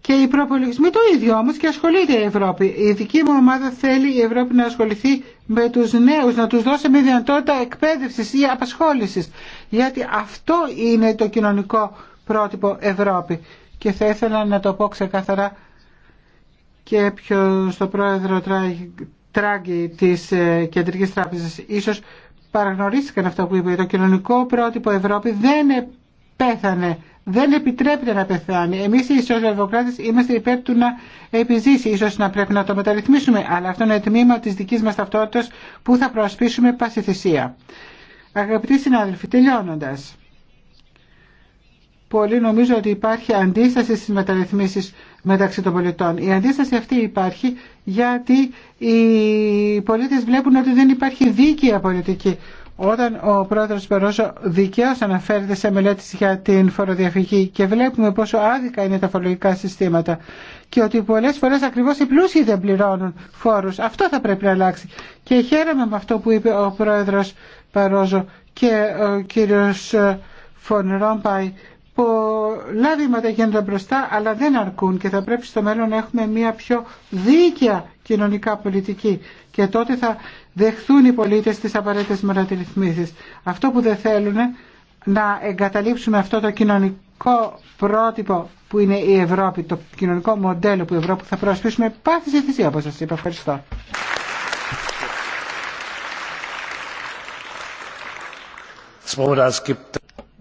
Και οι προπολογισμοί το ίδιο όμως και ασχολείται η Ευρώπη. Η δική μου ομάδα θέλει η Ευρώπη να ασχοληθεί με τους νέους, να τους δώσει μια δυνατότητα εκπαίδευσης ή απασχόλησης. Γιατί αυτό είναι το κοινωνικό πρότυπο Ευρώπη. Και θα ήθελα να το πω ξεκάθαρα και πιο στο πρόεδρο Τράγκη της ε, Κεντρική Τράπεζα Ίσως παραγνωρίστηκαν αυτό που είπε. Το κοινωνικό πρότυπο Ευρώπη δεν πέθανε. Δεν επιτρέπεται να πεθάνει. Εμεί οι σοσιαλδημοκράτε είμαστε υπέρ του να επιζήσει. Ίσως να πρέπει να το μεταρρυθμίσουμε, αλλά αυτό είναι τμήμα τη δική μα ταυτότητα που θα προασπίσουμε πάση θυσία. Αγαπητοί συνάδελφοι, τελειώνοντα. Πολλοί νομίζω ότι υπάρχει αντίσταση στι μεταρρυθμίσει μεταξύ των πολιτών. Η αντίσταση αυτή υπάρχει γιατί οι πολίτε βλέπουν ότι δεν υπάρχει δίκαια πολιτική όταν ο πρόεδρος Παρόζο δικαίως αναφέρεται σε μελέτη για την φοροδιαφυγή και βλέπουμε πόσο άδικα είναι τα φορολογικά συστήματα και ότι πολλές φορές ακριβώς οι πλούσιοι δεν πληρώνουν φόρους. Αυτό θα πρέπει να αλλάξει. Και χαίρομαι με αυτό που είπε ο πρόεδρος Παρόζο και ο κύριος ε, Φων Ρόμπαϊ πολλά βήματα γίνονται μπροστά αλλά δεν αρκούν και θα πρέπει στο μέλλον να έχουμε μια πιο δίκαια κοινωνικά πολιτική και τότε θα δεχθούν οι πολίτες τις απαραίτητες μεταρρυθμίσεις. Αυτό που δεν θέλουν να εγκαταλείψουμε αυτό το κοινωνικό πρότυπο που είναι η Ευρώπη, το κοινωνικό μοντέλο που η Ευρώπη θα προσπίσουμε πάθη σε θυσία όπως σας είπα. Ευχαριστώ.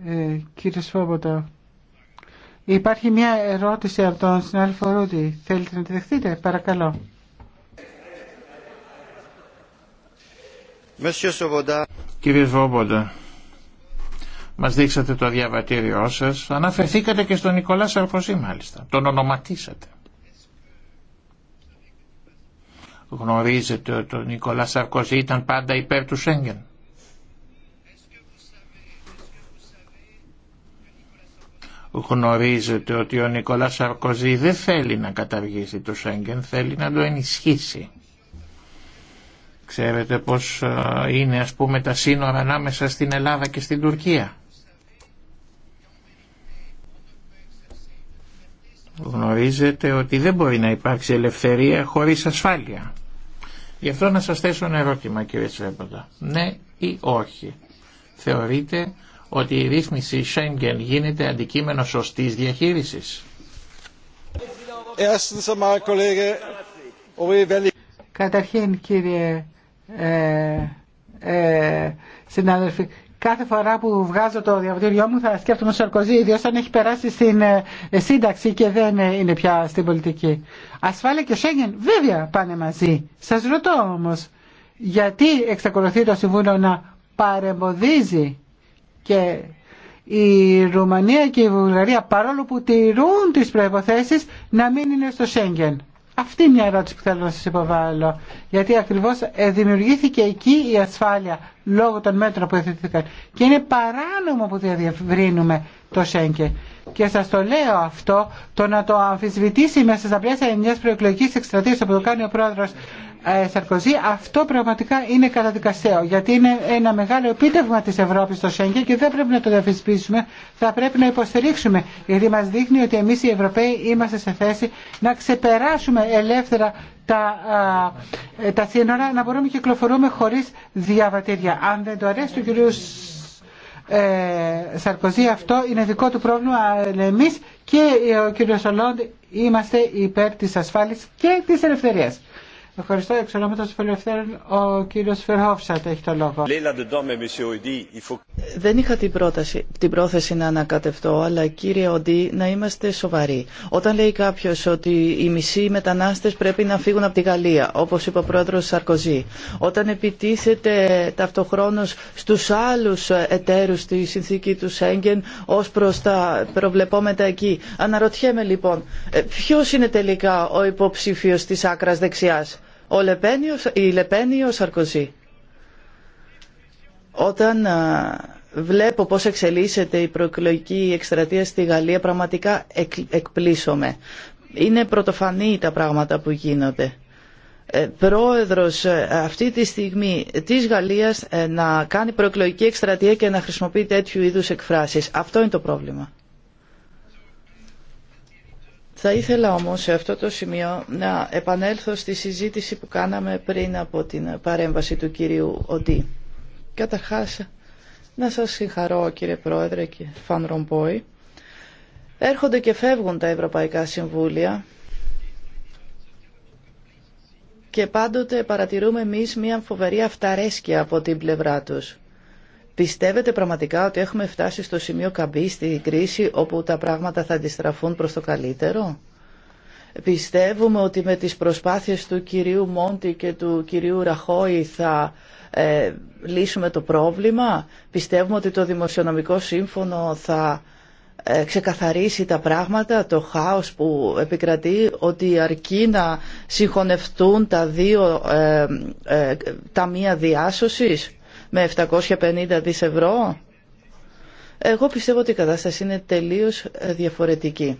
Ε, κύριε Σφόμποτα, υπάρχει μια ερώτηση από τον συνάδελφο Ρούτη. Θέλετε να τη δεχτείτε, παρακαλώ. Κύριε Σβόμποντα, μας δείξατε το διαβατήριό σας. Αναφερθήκατε και στον Νικολά Σαρκοζή μάλιστα. Τον ονοματίσατε. Γνωρίζετε ότι ο Νικολά Σαρκοζή ήταν πάντα υπέρ του Σέγγεν. Γνωρίζετε ότι ο Νικολά Σαρκοζή δεν θέλει να καταργήσει το Σέγγεν, θέλει να το ενισχύσει. Ξέρετε πως ε, είναι ας πούμε τα σύνορα ανάμεσα στην Ελλάδα και στην Τουρκία. Γνωρίζετε ότι δεν μπορεί να υπάρξει ελευθερία χωρίς ασφάλεια. Γι' αυτό να σας θέσω ένα ερώτημα κύριε Τσέποντα. Ναι ή όχι. Θεωρείτε ότι η ρύθμιση Schengen γίνεται αντικείμενο σωστής διαχείρισης. Καταρχήν κύριε ε, ε, συνάδελφοι, κάθε φορά που βγάζω το διαβατήριό μου θα σκέφτομαι Σαρκοζή, ιδίω αν έχει περάσει στην ε, ε, σύνταξη και δεν ε, είναι πια στην πολιτική. Ασφάλεια και Σέγγεν βέβαια πάνε μαζί. Σας ρωτώ όμως, γιατί εξακολουθεί το Συμβούλιο να παρεμποδίζει και η Ρουμανία και η Βουλγαρία παρόλο που τηρούν τις προϋποθέσεις να μην είναι στο Σέγγεν. Αυτή είναι μια ερώτηση που θέλω να σας υποβάλω. Γιατί ακριβώς ε, δημιουργήθηκε εκεί η ασφάλεια λόγω των μέτρων που εθετήθηκαν. Και είναι παράνομο που διαδιευρύνουμε το σένκε και σας το λέω αυτό, το να το αμφισβητήσει μέσα στα πλαίσια μιας προεκλογικής εκστρατείας που το κάνει ο πρόεδρος ε, Σαρκοζή, αυτό πραγματικά είναι καταδικαστέο, γιατί είναι ένα μεγάλο επίτευγμα της Ευρώπης στο Σέγγεν και δεν πρέπει να το διαφυσπίσουμε, θα πρέπει να υποστηρίξουμε, γιατί μας δείχνει ότι εμείς οι Ευρωπαίοι είμαστε σε θέση να ξεπεράσουμε ελεύθερα τα, ε, τα σύνορα, να μπορούμε να κυκλοφορούμε χωρίς διαβατήρια. Αν δεν το αρέσει του κυρίου ε, Σαρκοζή αυτό είναι δικό του πρόβλημα αλλά εμείς και ο κύριος Ολόντ είμαστε υπέρ της ασφάλειας και της ελευθερίας. Ευχαριστώ. Εξ ονόματο του ο κύριο Φερχόφσατ έχει το λόγο. Δεν είχα την, πρόταση, την πρόθεση να ανακατευτώ, αλλά κύριε Οντί, να είμαστε σοβαροί. Όταν λέει κάποιο ότι οι μισοί μετανάστε πρέπει να φύγουν από τη Γαλλία, όπω είπε ο πρόεδρο Σαρκοζή, όταν επιτίθεται ταυτοχρόνω στου άλλου εταίρου στη συνθήκη του Σέγγεν ω προ τα προβλεπόμετα εκεί. Αναρωτιέμαι λοιπόν, ε, ποιο είναι τελικά ο υποψήφιο τη άκρα δεξιά ο Λεπένιος, η Λεπένη ή ο Σαρκοζή. Όταν βλέπω πώς εξελίσσεται σαρκοζη οταν βλεπω πως εκστρατεία στη Γαλλία, πραγματικά εκ, εκπλήσωμαι. Είναι πρωτοφανή τα πράγματα που γίνονται ε, πρόεδρος ε, αυτή τη στιγμή της Γαλλίας ε, να κάνει προεκλογική εκστρατεία και να χρησιμοποιεί τέτοιου είδους εκφράσεις. Αυτό είναι το πρόβλημα. Θα ήθελα όμως σε αυτό το σημείο να επανέλθω στη συζήτηση που κάναμε πριν από την παρέμβαση του κυρίου Οντί. Καταρχάς, να σας συγχαρώ κύριε Πρόεδρε και Φαν Ρομπόη. Έρχονται και φεύγουν τα Ευρωπαϊκά Συμβούλια και πάντοτε παρατηρούμε εμείς μια φοβερή αυταρέσκεια από την πλευρά τους. Πιστεύετε πραγματικά ότι έχουμε φτάσει στο σημείο καμπή στη κρίση όπου τα πράγματα θα αντιστραφούν προς το καλύτερο. Πιστεύουμε ότι με τις προσπάθειες του κυρίου Μόντι και του κυρίου Ραχώη θα ε, λύσουμε το πρόβλημα. Πιστεύουμε ότι το Δημοσιονομικό Σύμφωνο θα ε, ξεκαθαρίσει τα πράγματα, το χάος που επικρατεί, ότι αρκεί να συγχωνευτούν τα δύο ε, ε ταμεία διάσωσης με 750 δις ευρώ. Εγώ πιστεύω ότι η κατάσταση είναι τελείως διαφορετική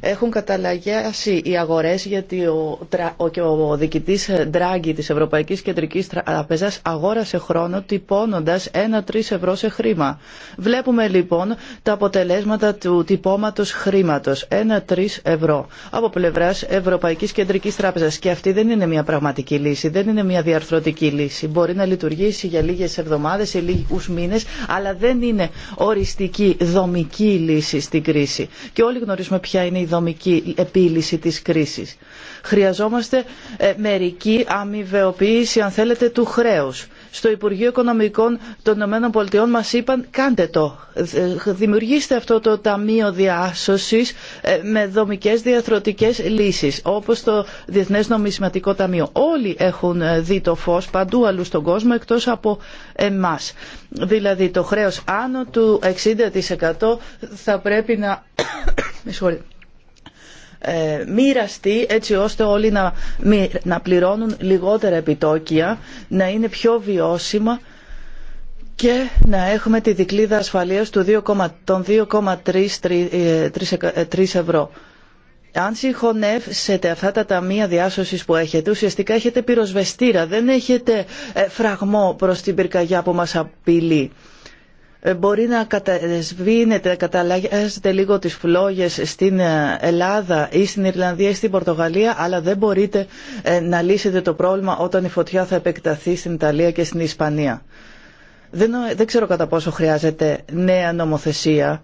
έχουν καταλαγιάσει οι αγορές γιατί ο, ο, και ο διοικητής Ντράγκη της Ευρωπαϊκής Κεντρικής Τραπεζάς αγόρασε χρόνο τυπώνοντας 1-3 ευρώ σε χρήμα. Βλέπουμε λοιπόν τα αποτελέσματα του τυπώματος χρήματος. 1-3 ευρώ από πλευράς Ευρωπαϊκής Κεντρικής Τράπεζας. Και αυτή δεν είναι μια πραγματική λύση, δεν είναι μια διαρθρωτική λύση. Μπορεί να λειτουργήσει για λίγες εβδομάδες ή λίγους μήνες, αλλά δεν είναι οριστική δομική λύση στην κρίση. Και όλοι γνωρίζουμε ποια είναι η δομική επίλυση της κρίσης. Χρειαζόμαστε ε, μερική αμοιβεοποίηση, αν θέλετε, του χρέους. Στο Υπουργείο Οικονομικών των Ηνωμένων Πολιτειών μας είπαν κάντε το, ε, δημιουργήστε αυτό το Ταμείο Διάσωσης ε, με δομικές διαθροτικές λύσεις, όπως το Διεθνές Νομισματικό Ταμείο. Όλοι έχουν δει το φως παντού αλλού στον κόσμο, εκτός από εμάς. Δηλαδή το χρέος άνω του 60% θα πρέπει να... Ε, μοιραστεί έτσι ώστε όλοι να, να πληρώνουν λιγότερα επιτόκια, να είναι πιο βιώσιμα και να έχουμε τη δικλίδα ασφαλείας των 2,3 ε, ε, ευρώ. Αν συγχωνεύσετε αυτά τα ταμεία διάσωσης που έχετε, ουσιαστικά έχετε πυροσβεστήρα, δεν έχετε φραγμό προς την πυρκαγιά που μας απειλεί. Ε, μπορεί να κατασβήνετε να καταλαγιάζετε λίγο τις φλόγες στην ε, Ελλάδα ή στην Ιρλανδία ή στην Πορτογαλία, αλλά δεν μπορείτε ε, να λύσετε το πρόβλημα όταν η φωτιά θα επεκταθεί στην Ιταλία και στην Ισπανία. Δεν, δεν ξέρω κατά πόσο χρειάζεται νέα νομοθεσία.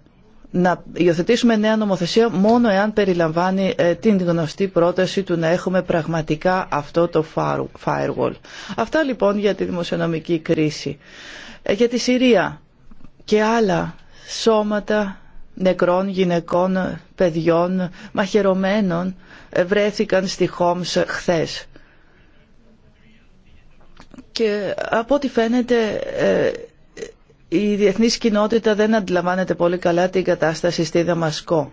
Να υιοθετήσουμε νέα νομοθεσία μόνο εάν περιλαμβάνει την γνωστή πρόταση του να έχουμε πραγματικά αυτό το firewall. Αυτά λοιπόν για τη δημοσιονομική κρίση. Για τη Συρία και άλλα σώματα νεκρών γυναικών, παιδιών, μαχαιρωμένων ε, βρέθηκαν στη Χόμς χθες. Και από ό,τι φαίνεται ε, η διεθνής κοινότητα δεν αντιλαμβάνεται πολύ καλά την κατάσταση στη Δαμασκό.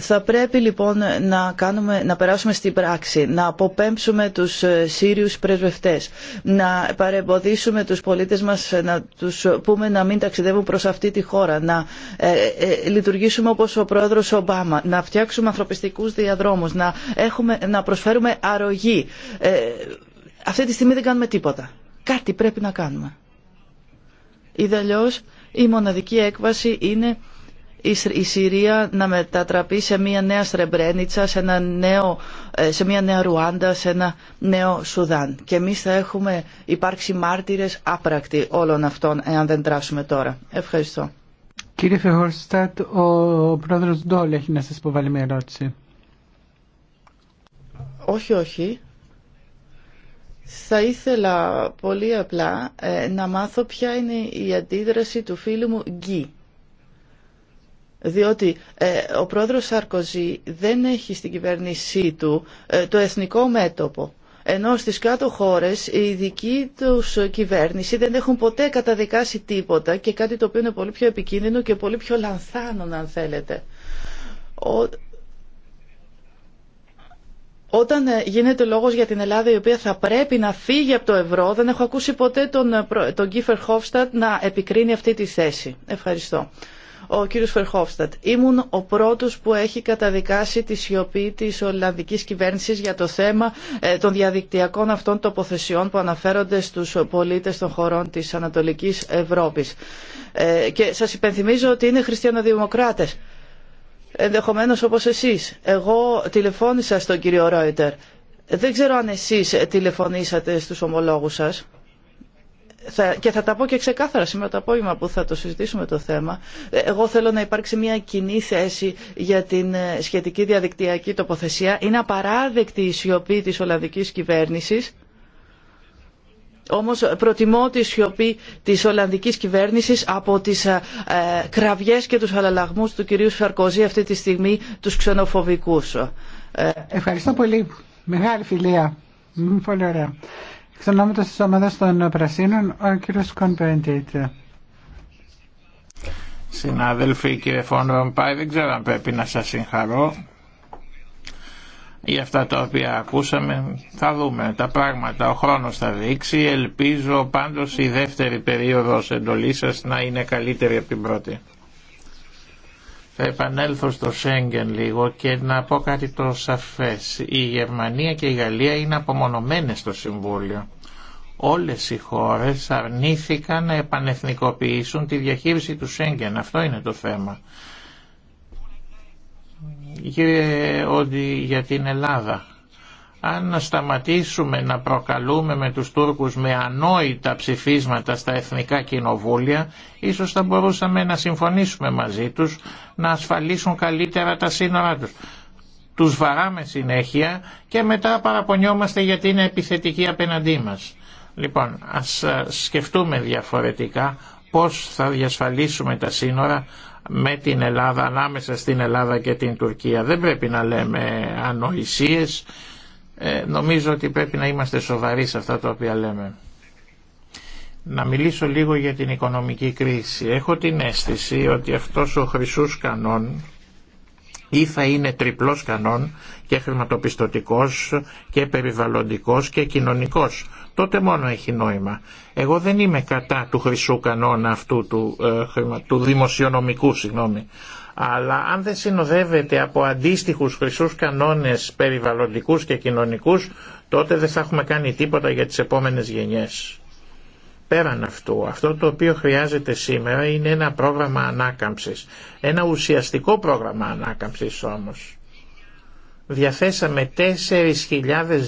Θα πρέπει λοιπόν να, κάνουμε, να περάσουμε στην πράξη, να αποπέμψουμε τους ε, Σύριους πρεσβευτές, να παρεμποδίσουμε τους πολίτες μας, να τους πούμε να μην ταξιδεύουν προς αυτή τη χώρα, να ε, ε, λειτουργήσουμε όπως ο πρόεδρος Ομπάμα, να φτιάξουμε ανθρωπιστικούς διαδρόμους, να, έχουμε, να προσφέρουμε αρρωγή. αυτή τη στιγμή δεν κάνουμε τίποτα. Κάτι πρέπει να κάνουμε. Ιδαλλιώς η μοναδική έκβαση είναι η Συρία να μετατραπεί σε μια νέα Στρεμπρένιτσα, σε, ένα νέο, ε, σε μια νέα Ρουάντα, σε ένα νέο Σουδάν. Και εμείς θα έχουμε υπάρξει μάρτυρες άπρακτοι όλων αυτών, εάν δεν τράσουμε τώρα. Ευχαριστώ. Κύριε Φεχορστάτ, ο πρόεδρος Ντόλ έχει να σας υποβάλει μια ερώτηση. Όχι, όχι. Θα ήθελα πολύ απλά ε, να μάθω ποια είναι η αντίδραση του φίλου μου Γκί διότι ε, ο πρόεδρος Σαρκοζή δεν έχει στην κυβέρνησή του ε, το εθνικό μέτωπο ενώ στις κάτω χώρες οι δικοί τους κυβέρνηση δεν έχουν ποτέ καταδικάσει τίποτα και κάτι το οποίο είναι πολύ πιο επικίνδυνο και πολύ πιο λανθάνων αν θέλετε. Ο... Όταν ε, γίνεται λόγος για την Ελλάδα η οποία θα πρέπει να φύγει από το ευρώ, δεν έχω ακούσει ποτέ τον, τον Κίφερ Χόφστατ να επικρίνει αυτή τη θέση. Ευχαριστώ ο κύριος Φερχόφστατ. Ήμουν ο πρώτος που έχει καταδικάσει τη σιωπή της Ολλανδικής κυβέρνησης για το θέμα ε, των διαδικτυακών αυτών τοποθεσιών που αναφέρονται στους πολίτες των χωρών της Ανατολικής Ευρώπης. Ε, και σας υπενθυμίζω ότι είναι χριστιανοδημοκράτες ενδεχομένως όπως εσείς. Εγώ τηλεφώνησα στον κύριο Ρόιτερ. Δεν ξέρω αν εσείς τηλεφωνήσατε στους ομολόγους σας και θα τα πω και ξεκάθαρα σήμερα το απόγευμα που θα το συζητήσουμε το θέμα. Ε, εγώ θέλω να υπάρξει μια κοινή θέση για την ε, σχετική διαδικτυακή τοποθεσία. Είναι απαράδεκτη η σιωπή της Ολλανδικής κυβέρνησης. Όμως προτιμώ τη σιωπή της Ολλανδικής κυβέρνησης από τις ε, ε κραυγές και τους αλλαλαγμούς του κυρίου Σαρκοζή αυτή τη στιγμή, τους ξενοφοβικούς. Ευχαριστώ πολύ. Μεγάλη φιλία. Πολύ ωραία. Ξανάμετω της των Πρασίνων, ο κύριος Κονπέντιτ. Συνάδελφοι, κύριε Φόν δεν ξέρω αν πρέπει να σας συγχαρώ για αυτά τα οποία ακούσαμε. Θα δούμε τα πράγματα, ο χρόνος θα δείξει. Ελπίζω πάντως η δεύτερη περίοδος εντολής σας να είναι καλύτερη από την πρώτη. Θα επανέλθω στο Σέγγεν λίγο και να πω κάτι το σαφές. Η Γερμανία και η Γαλλία είναι απομονωμένες στο Συμβούλιο. Όλες οι χώρες αρνήθηκαν να επανεθνικοποιήσουν τη διαχείριση του Σέγγεν. Αυτό είναι το θέμα. Κύριε ό,τι για την Ελλάδα αν σταματήσουμε να προκαλούμε με τους Τούρκους με ανόητα ψηφίσματα στα εθνικά κοινοβούλια, ίσως θα μπορούσαμε να συμφωνήσουμε μαζί τους να ασφαλίσουν καλύτερα τα σύνορά τους. Τους βαράμε συνέχεια και μετά παραπονιόμαστε γιατί είναι επιθετικοί απέναντί μας. Λοιπόν, ας ε, σκεφτούμε διαφορετικά πώς θα διασφαλίσουμε τα σύνορα με την Ελλάδα, ανάμεσα στην Ελλάδα και την Τουρκία. Δεν πρέπει να λέμε ανοησίες, ε, νομίζω ότι πρέπει να είμαστε σοβαροί σε αυτά τα οποία λέμε. Να μιλήσω λίγο για την οικονομική κρίση. Έχω την αίσθηση ότι αυτός ο χρυσούς κανόν ή θα είναι τριπλός κανόν και χρηματοπιστωτικός και περιβαλλοντικός και κοινωνικός. Τότε μόνο έχει νόημα. Εγώ δεν είμαι κατά του χρυσού κανόνα αυτού του, ε, του δημοσιονομικού, συγγνώμη αλλά αν δεν συνοδεύεται από αντίστοιχους χρυσούς κανόνες περιβαλλοντικούς και κοινωνικούς, τότε δεν θα έχουμε κάνει τίποτα για τις επόμενες γενιές. Πέραν αυτού, αυτό το οποίο χρειάζεται σήμερα είναι ένα πρόγραμμα ανάκαμψης. Ένα ουσιαστικό πρόγραμμα ανάκαμψης όμως. Διαθέσαμε 4.000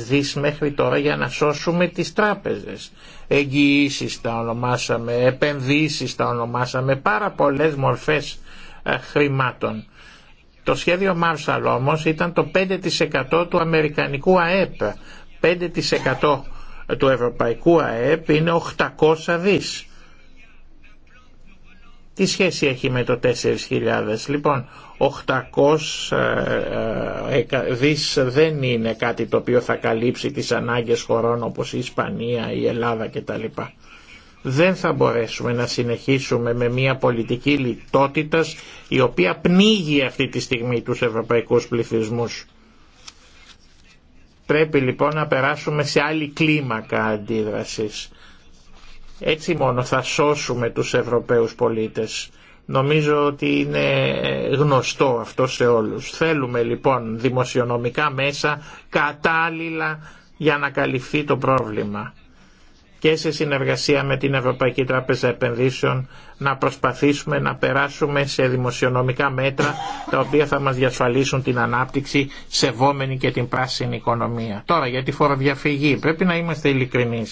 δις μέχρι τώρα για να σώσουμε τις τράπεζες. Εγγυήσεις τα ονομάσαμε, επενδύσεις τα ονομάσαμε, πάρα πολλές μορφές ε, χρημάτων. Το σχέδιο Marshall όμως ήταν το 5% του Αμερικανικού ΑΕΠ. 5% του Ευρωπαϊκού ΑΕΠ είναι 800 δις. Τι σχέση έχει με το 4.000. Λοιπόν, 800 ε, ε, δις δεν είναι κάτι το οποίο θα καλύψει τις ανάγκες χωρών όπως η Ισπανία, η Ελλάδα κτλ δεν θα μπορέσουμε να συνεχίσουμε με μια πολιτική λιτότητας η οποία πνίγει αυτή τη στιγμή τους ευρωπαϊκούς πληθυσμούς. Πρέπει λοιπόν να περάσουμε σε άλλη κλίμακα αντίδρασης. Έτσι μόνο θα σώσουμε τους Ευρωπαίους πολίτες. Νομίζω ότι είναι γνωστό αυτό σε όλους. Θέλουμε λοιπόν δημοσιονομικά μέσα κατάλληλα για να καλυφθεί το πρόβλημα και σε συνεργασία με την Ευρωπαϊκή Τράπεζα Επενδύσεων να προσπαθήσουμε να περάσουμε σε δημοσιονομικά μέτρα τα οποία θα μας διασφαλίσουν την ανάπτυξη σεβόμενη και την πράσινη οικονομία. Τώρα για τη φοροδιαφυγή πρέπει να είμαστε ειλικρινεί.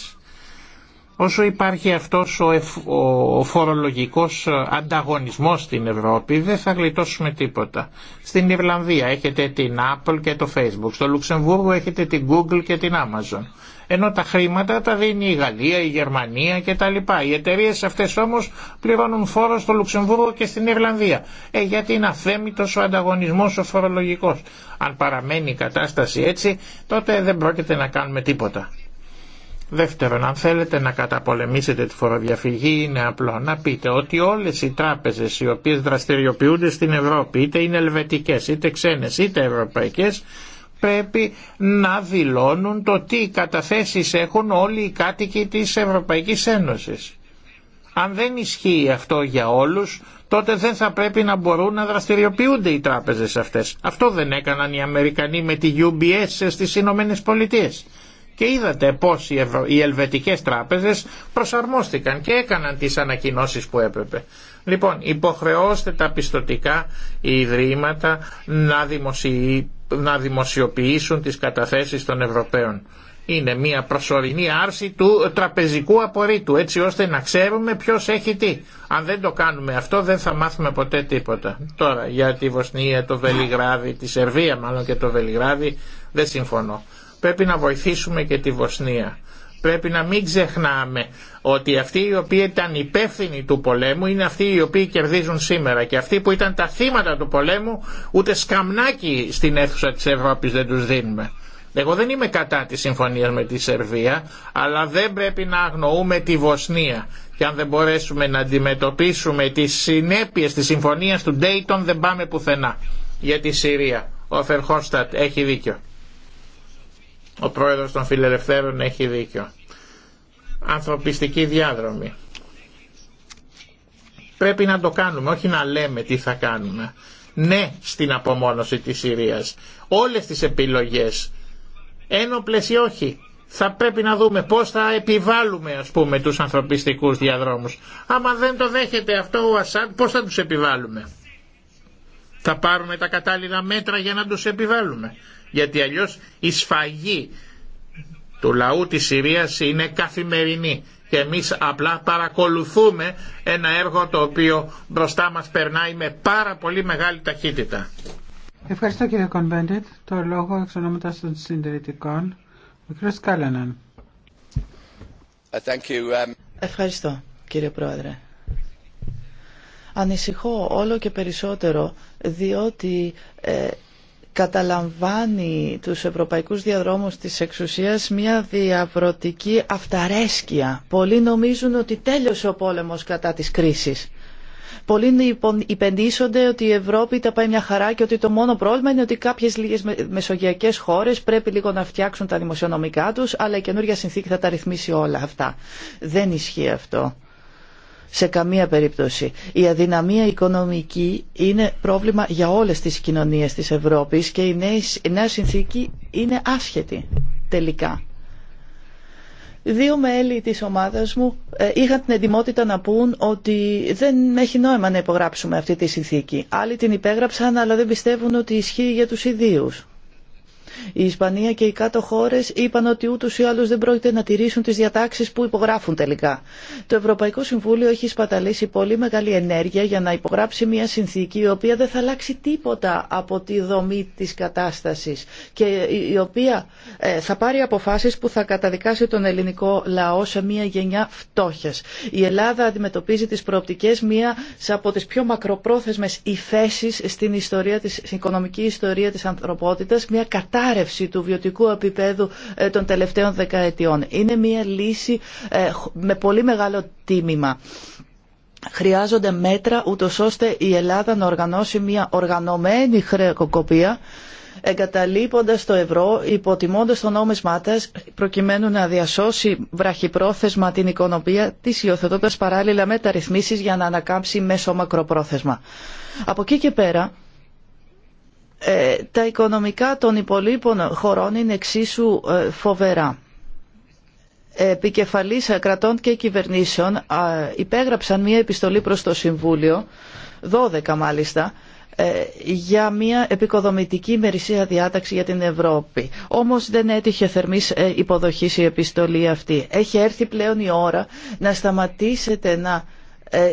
Όσο υπάρχει αυτός ο, ο, φορολογικός ανταγωνισμός στην Ευρώπη δεν θα γλιτώσουμε τίποτα. Στην Ιρλανδία έχετε την Apple και το Facebook, στο Λουξεμβούργο έχετε την Google και την Amazon ενώ τα χρήματα τα δίνει η Γαλλία, η Γερμανία κτλ. Οι εταιρείε αυτέ όμω πληρώνουν φόρο στο Λουξεμβούργο και στην Ιρλανδία. Ε, γιατί είναι αθέμητο ο ανταγωνισμό ο φορολογικό. Αν παραμένει η κατάσταση έτσι, τότε δεν πρόκειται να κάνουμε τίποτα. Δεύτερον, αν θέλετε να καταπολεμήσετε τη φοροδιαφυγή είναι απλό να πείτε ότι όλες οι τράπεζες οι οποίες δραστηριοποιούνται στην Ευρώπη είτε είναι ελβετικές είτε ξένες είτε ευρωπαϊκές πρέπει να δηλώνουν το τι καταθέσεις έχουν όλοι οι κάτοικοι της Ευρωπαϊκής Ένωσης. Αν δεν ισχύει αυτό για όλους, τότε δεν θα πρέπει να μπορούν να δραστηριοποιούνται οι τράπεζες αυτές. Αυτό δεν έκαναν οι Αμερικανοί με τη UBS στις Ηνωμένε Πολιτείε. Και είδατε πώς οι, Ευρω... οι ελβετικές τράπεζες προσαρμόστηκαν και έκαναν τις ανακοινώσεις που έπρεπε. Λοιπόν, υποχρεώστε τα πιστοτικά ιδρύματα να δημοσιοποιούν να δημοσιοποιήσουν τις καταθέσεις των Ευρωπαίων. Είναι μια προσωρινή άρση του τραπεζικού απορρίτου, έτσι ώστε να ξέρουμε ποιος έχει τι. Αν δεν το κάνουμε αυτό δεν θα μάθουμε ποτέ τίποτα. Τώρα για τη Βοσνία, το Βελιγράδι, τη Σερβία μάλλον και το Βελιγράδι δεν συμφωνώ. Πρέπει να βοηθήσουμε και τη Βοσνία. Πρέπει να μην ξεχνάμε ότι αυτοί οι οποίοι ήταν υπεύθυνοι του πολέμου είναι αυτοί οι οποίοι κερδίζουν σήμερα και αυτοί που ήταν τα θύματα του πολέμου ούτε σκαμνάκι στην αίθουσα της Ευρώπης δεν τους δίνουμε. Εγώ δεν είμαι κατά τη συμφωνία με τη Σερβία, αλλά δεν πρέπει να αγνοούμε τη Βοσνία. Και αν δεν μπορέσουμε να αντιμετωπίσουμε τις συνέπειες της συμφωνίας του Ντέιτον δεν πάμε πουθενά. Για τη Συρία. Ο Φερχόστατ έχει δίκιο. Ο πρόεδρος των φιλελευθέρων έχει δίκιο. Ανθρωπιστική διάδρομη. Πρέπει να το κάνουμε, όχι να λέμε τι θα κάνουμε. Ναι στην απομόνωση της Συρίας. Όλες τις επιλογές, ένοπλες ή όχι, θα πρέπει να δούμε πώς θα επιβάλλουμε ας πούμε τους ανθρωπιστικούς διαδρόμους. Άμα δεν το δέχεται αυτό ο Ασάντ πώς θα τους επιβάλλουμε. Θα πάρουμε τα κατάλληλα μέτρα για να τους επιβάλλουμε γιατί αλλιώς η σφαγή του λαού της Συρίας είναι καθημερινή και εμείς απλά παρακολουθούμε ένα έργο το οποίο μπροστά μας περνάει με πάρα πολύ μεγάλη ταχύτητα. Ευχαριστώ κύριε Κονβέντετ. Το λόγο εξ των συντηρητικών. Ο κύριο Κάλαναν. Ε, um, Ευχαριστώ κύριε Πρόεδρε. Ανησυχώ όλο και περισσότερο διότι ε, καταλαμβάνει τους ευρωπαϊκούς διαδρόμους της εξουσίας μια χαρά αυταρέσκεια. Πολλοί νομίζουν ότι τέλειωσε ο πόλεμος κατά της κρίσης. Πολλοί λοιπόν υπενδύσονται ότι η Ευρώπη τα πάει μια χαρά και ότι το μόνο πρόβλημα είναι ότι κάποιες λίγες μεσογειακές χώρες πρέπει λίγο να φτιάξουν τα δημοσιονομικά τους, αλλά η καινούργια συνθήκη θα τα ρυθμίσει όλα αυτά. Δεν ισχύει αυτό σε καμία περίπτωση. Η αδυναμία οικονομική είναι πρόβλημα για όλες τις κοινωνίες της Ευρώπης και η νέα συνθήκη είναι άσχετη τελικά. Δύο μέλη της ομάδας μου ε, είχαν την εντυμότητα να πούν ότι δεν έχει νόημα να υπογράψουμε αυτή τη συνθήκη. Άλλοι την υπέγραψαν αλλά δεν πιστεύουν ότι ισχύει για τους ιδίους. Η Ισπανία και οι κάτω χώρε είπαν ότι ούτω ή άλλω δεν πρόκειται να τηρήσουν τι διατάξει που υπογράφουν τελικά. Το Ευρωπαϊκό Συμβούλιο έχει σπαταλήσει πολύ μεγάλη ενέργεια για να υπογράψει μια συνθήκη η οποία δεν θα αλλάξει τίποτα από τη δομή τη κατάσταση και η οποία ε, θα πάρει αποφάσει που θα καταδικάσει τον ελληνικό λαό σε μια γενιά φτώχεια. Η Ελλάδα αντιμετωπίζει τι προοπτικέ μια από τι πιο μακροπρόθεσμε υφέσει στην ιστορία της, στην οικονομική ιστορία τη ανθρωπότητα, μια κατάσταση του βιωτικού επίπεδου ε, των τελευταίων δεκαετιών. Είναι μια λύση ε, με πολύ μεγάλο τίμημα. Χρειάζονται μέτρα ούτω ώστε η Ελλάδα να οργανώσει μια οργανωμένη χρεοκοπία εγκαταλείποντας το ευρώ, υποτιμώντας το νόμισμά της, προκειμένου να διασώσει βραχυπρόθεσμα την οικονομία της, υιοθετώντα παράλληλα μεταρρυθμίσεις για να ανακάμψει μέσω μακροπρόθεσμα. Από εκεί και πέρα, ε, τα οικονομικά των υπολείπων χωρών είναι εξίσου ε, φοβερά. Επικεφαλής κρατών και κυβερνήσεων υπέγραψαν μία επιστολή προς το Συμβούλιο, 12 μάλιστα, ε, για μια επικοδομητική ημερησία διάταξη για την Ευρώπη. Όμως δεν έτυχε θερμής υποδοχής η επιστολή αυτή. Έχει έρθει πλέον η ώρα να σταματήσετε να ε,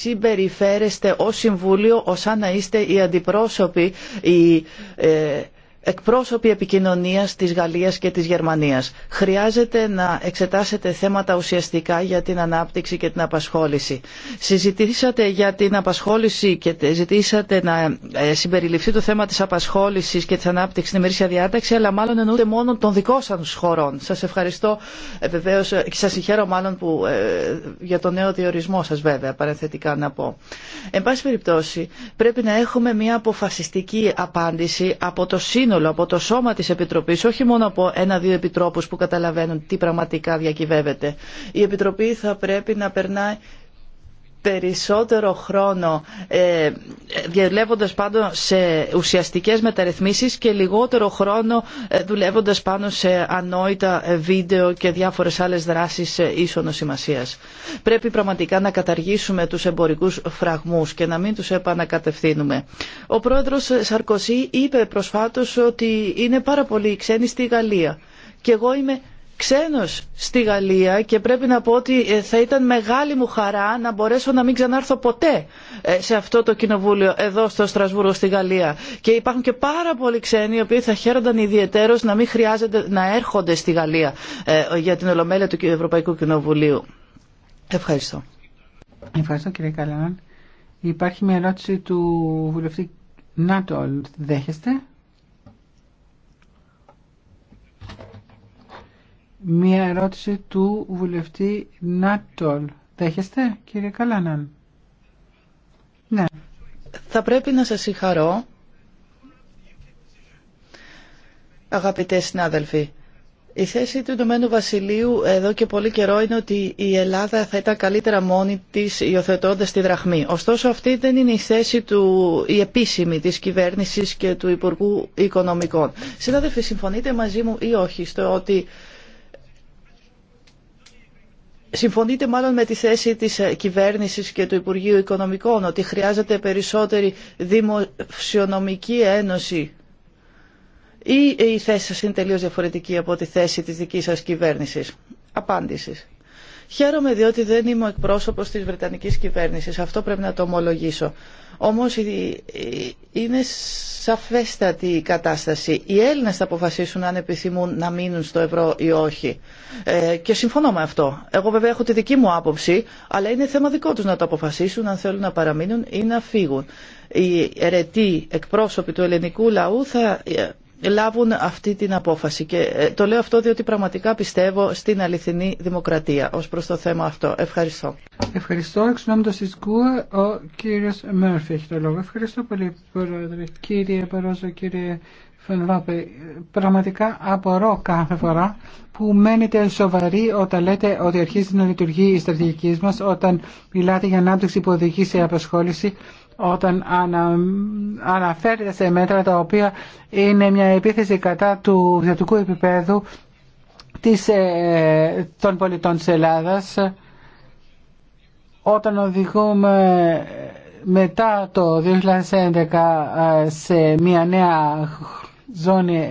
συμπεριφέρεστε ως Συμβούλιο ως αν να είστε οι αντιπρόσωποι, οι ε, εκπρόσωποι επικοινωνίας της Γαλλίας και της Γερμανίας. Χρειάζεται να εξετάσετε θέματα ουσιαστικά για την ανάπτυξη και την απασχόληση. Συζητήσατε για την απασχόληση και ζητήσατε να ε, συμπεριληφθεί το θέμα της απασχόλησης και της ανάπτυξης στην ημερήσια διάταξη, αλλά μάλλον εννοούνται μόνο των δικών σας χωρών. Σας ευχαριστώ ε, βεβαίω ε, και σας συγχαίρω μάλλον που, για το νέο διορισμό σας βέβαια, παρενθετικά να πω. Εν πάση περιπτώσει, πρέπει να έχουμε μια αποφασιστική απάντηση από το σύνολο από το σώμα της Επιτροπής, όχι μόνο από ένα-δύο επιτρόπους που καταλαβαίνουν τι πραγματικά διακυβεύεται. Η Επιτροπή θα πρέπει να περνάει περισσότερο χρόνο ε, δουλεύοντας πάνω σε ουσιαστικές μεταρρυθμίσεις και λιγότερο χρόνο ε, δουλεύοντας πάνω σε ανόητα ε, βίντεο και διάφορες άλλες δράσεις ε, ίσονος σημασίας. Πρέπει πραγματικά να καταργήσουμε τους εμπορικούς φραγμούς και να μην τους επανακατευθύνουμε. Ο πρόεδρος Σαρκοσί είπε προσφάτως ότι είναι πάρα πολύ ξένοι στη Γαλλία και εγώ είμαι ξένος στη Γαλλία και πρέπει να πω ότι ε, θα ήταν μεγάλη μου χαρά να μπορέσω να μην ξανάρθω ποτέ ε, σε αυτό το κοινοβούλιο εδώ στο Στρασβούργο στη Γαλλία. Και υπάρχουν και πάρα πολλοί ξένοι οι οποίοι θα χαίρονταν ιδιαιτέρως να μην χρειάζεται να έρχονται στη Γαλλία ε, για την Ολομέλεια του Ευρωπαϊκού Κοινοβουλίου. Ευχαριστώ. Ευχαριστώ κύριε Καλανάν. Υπάρχει μια ερώτηση του βουλευτή Νάτολ. Δέχεστε. μία ερώτηση του βουλευτή Νάτολ. Δέχεστε, κύριε Καλάναν. Ναι. Θα πρέπει να σας συγχαρώ, αγαπητέ συνάδελφοι. Η θέση του Ηνωμένου Βασιλείου εδώ και πολύ καιρό είναι ότι η Ελλάδα θα ήταν καλύτερα μόνη της υιοθετώντα τη δραχμή. Ωστόσο αυτή δεν είναι η θέση του, η επίσημη της κυβέρνησης και του Υπουργού Οικονομικών. Συνάδελφοι, συμφωνείτε μαζί μου ή όχι στο ότι Συμφωνείτε μάλλον με τη θέση της ε, κυβέρνησης και του Υπουργείου Οικονομικών ότι χρειάζεται περισσότερη δημοσιονομική ένωση ή η θέση σας είναι τελείως διαφορετική από τη θέση της δικής σας κυβέρνησης. Απάντηση. Χαίρομαι διότι δεν είμαι ο εκπρόσωπος της Βρετανικής κυβέρνησης. Αυτό πρέπει να το ομολογήσω. Όμως είναι σαφέστατη η κατάσταση. Οι Έλληνες θα αποφασίσουν αν επιθυμούν να μείνουν στο ευρώ ή όχι. Ε, και συμφωνώ με αυτό. Εγώ βέβαια έχω τη δική μου άποψη, αλλά είναι θέμα δικό τους να το αποφασίσουν αν θέλουν να παραμείνουν ή να φύγουν. Οι ερετοί εκπρόσωποι του ελληνικού λαού θα ε, λάβουν αυτή την απόφαση. Και ε, το λέω αυτό διότι πραγματικά πιστεύω στην αληθινή δημοκρατία ως προς το θέμα αυτό. Ευχαριστώ. Ευχαριστώ. Εξ ονόματος της ο κύριος Μέρφη έχει το λόγο. Ευχαριστώ πολύ, Πρόεδρε. Κύριε Παρόζο, κύριε Φανβάπη, πραγματικά απορώ κάθε φορά που μένετε σοβαροί όταν λέτε ότι αρχίζει να λειτουργεί η στρατηγική μας, όταν μιλάτε για ανάπτυξη που οδηγεί σε απασχόληση, όταν αναφέρετε σε μέτρα τα οποία είναι μια επίθεση κατά του ιδιωτικού επίπεδου της, ε, των πολιτών της Ελλάδας, όταν οδηγούμε μετά το 2011 ε, σε μια νέα ζώνη